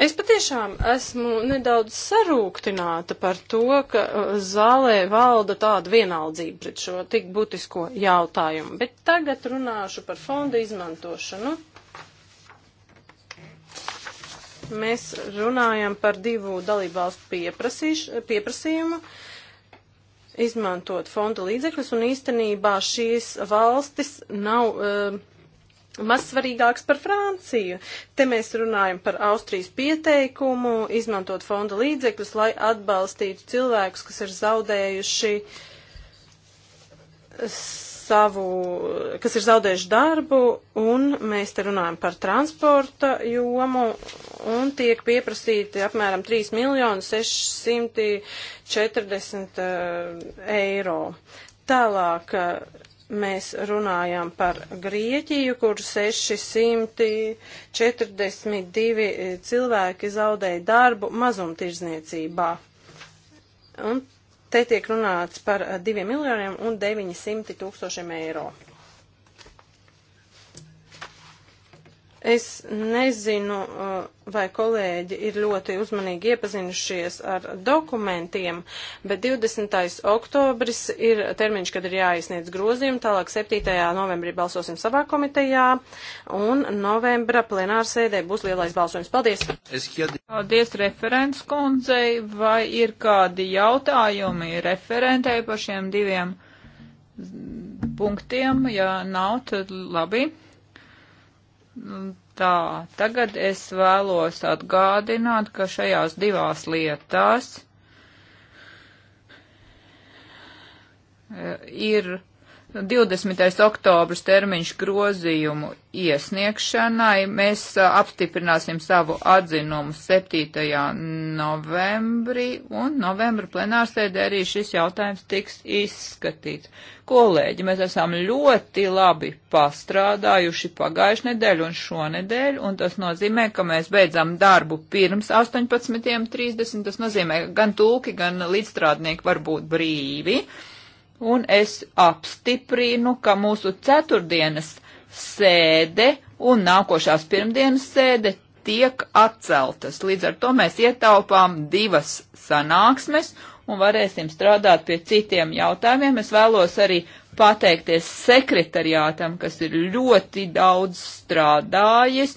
Es patiešām esmu nedaudz sarūktināta par to, ka uh, zālē valda tāda vienaldzība pret šo tik būtisko jautājumu, bet tagad runāšu par fondu izmantošanu. Mēs runājam par divu dalībvalstu pieprasījumu izmantot fonda līdzekļus, un īstenībā šīs valstis nav. Uh, maz svarīgāks par Franciju. Te mēs runājam par Austrijas pieteikumu, izmantot fonda līdzekļus, lai atbalstītu cilvēkus, kas ir zaudējuši savu, kas ir zaudējuši darbu, un mēs te runājam par transporta jomu, un tiek pieprasīti apmēram 3 miljonu 640 eiro. Tālāk, mēs runājam par Grieķiju, kur 642 e, cilvēki zaudēja darbu mazumtirdzniecībā. Un te tiek runāts par 2 e, miljoniem un 900 tūkstošiem eiro. Es nezinu, uh, vai kolēģi ir ļoti uzmanīgi iepazinušies ar dokumentiem, bet 20. oktobris ir termiņš, kad ir jāiesniedz grozījumi, tālāk 7. novembrī balsosim savā komitejā, un novembra plenārsēdē būs lielais balsojums. Paldies! Paldies referents kundzei, vai ir kādi jautājumi referentei par šiem diviem punktiem? Ja nav, tad labi. Tā, tagad es vēlos atgādināt, ka šajās divās lietās e, ir 20. oktobrs termiņš grozījumu iesniegšanai. Mēs apstiprināsim savu atzinumu 7. novembrī, un novembra plenārsēdē arī šis jautājums tiks izskatīts. Kolēģi, mēs esam ļoti labi pastrādājuši pagājušajā nedēļu un šonedēļ, un tas nozīmē, ka mēs beidzam darbu pirms 18.30. Tas nozīmē, ka gan tulki, gan līdzstrādnieki var būt brīvi un es apstiprinu, ka mūsu ceturtdienas sēde un nākošās pirmdienas sēde tiek atceltas. Līdz ar to mēs ietaupām divas sanāksmes un varēsim strādāt pie citiem jautājumiem. Es vēlos arī pateikties sekretariātam, kas ir ļoti daudz strādājis,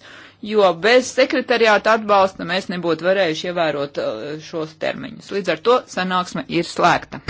jo bez sekretariāta atbalsta mēs nebūtu varējuši ievērot uh, šos termiņus. Līdz ar to sanāksme ir slēgta.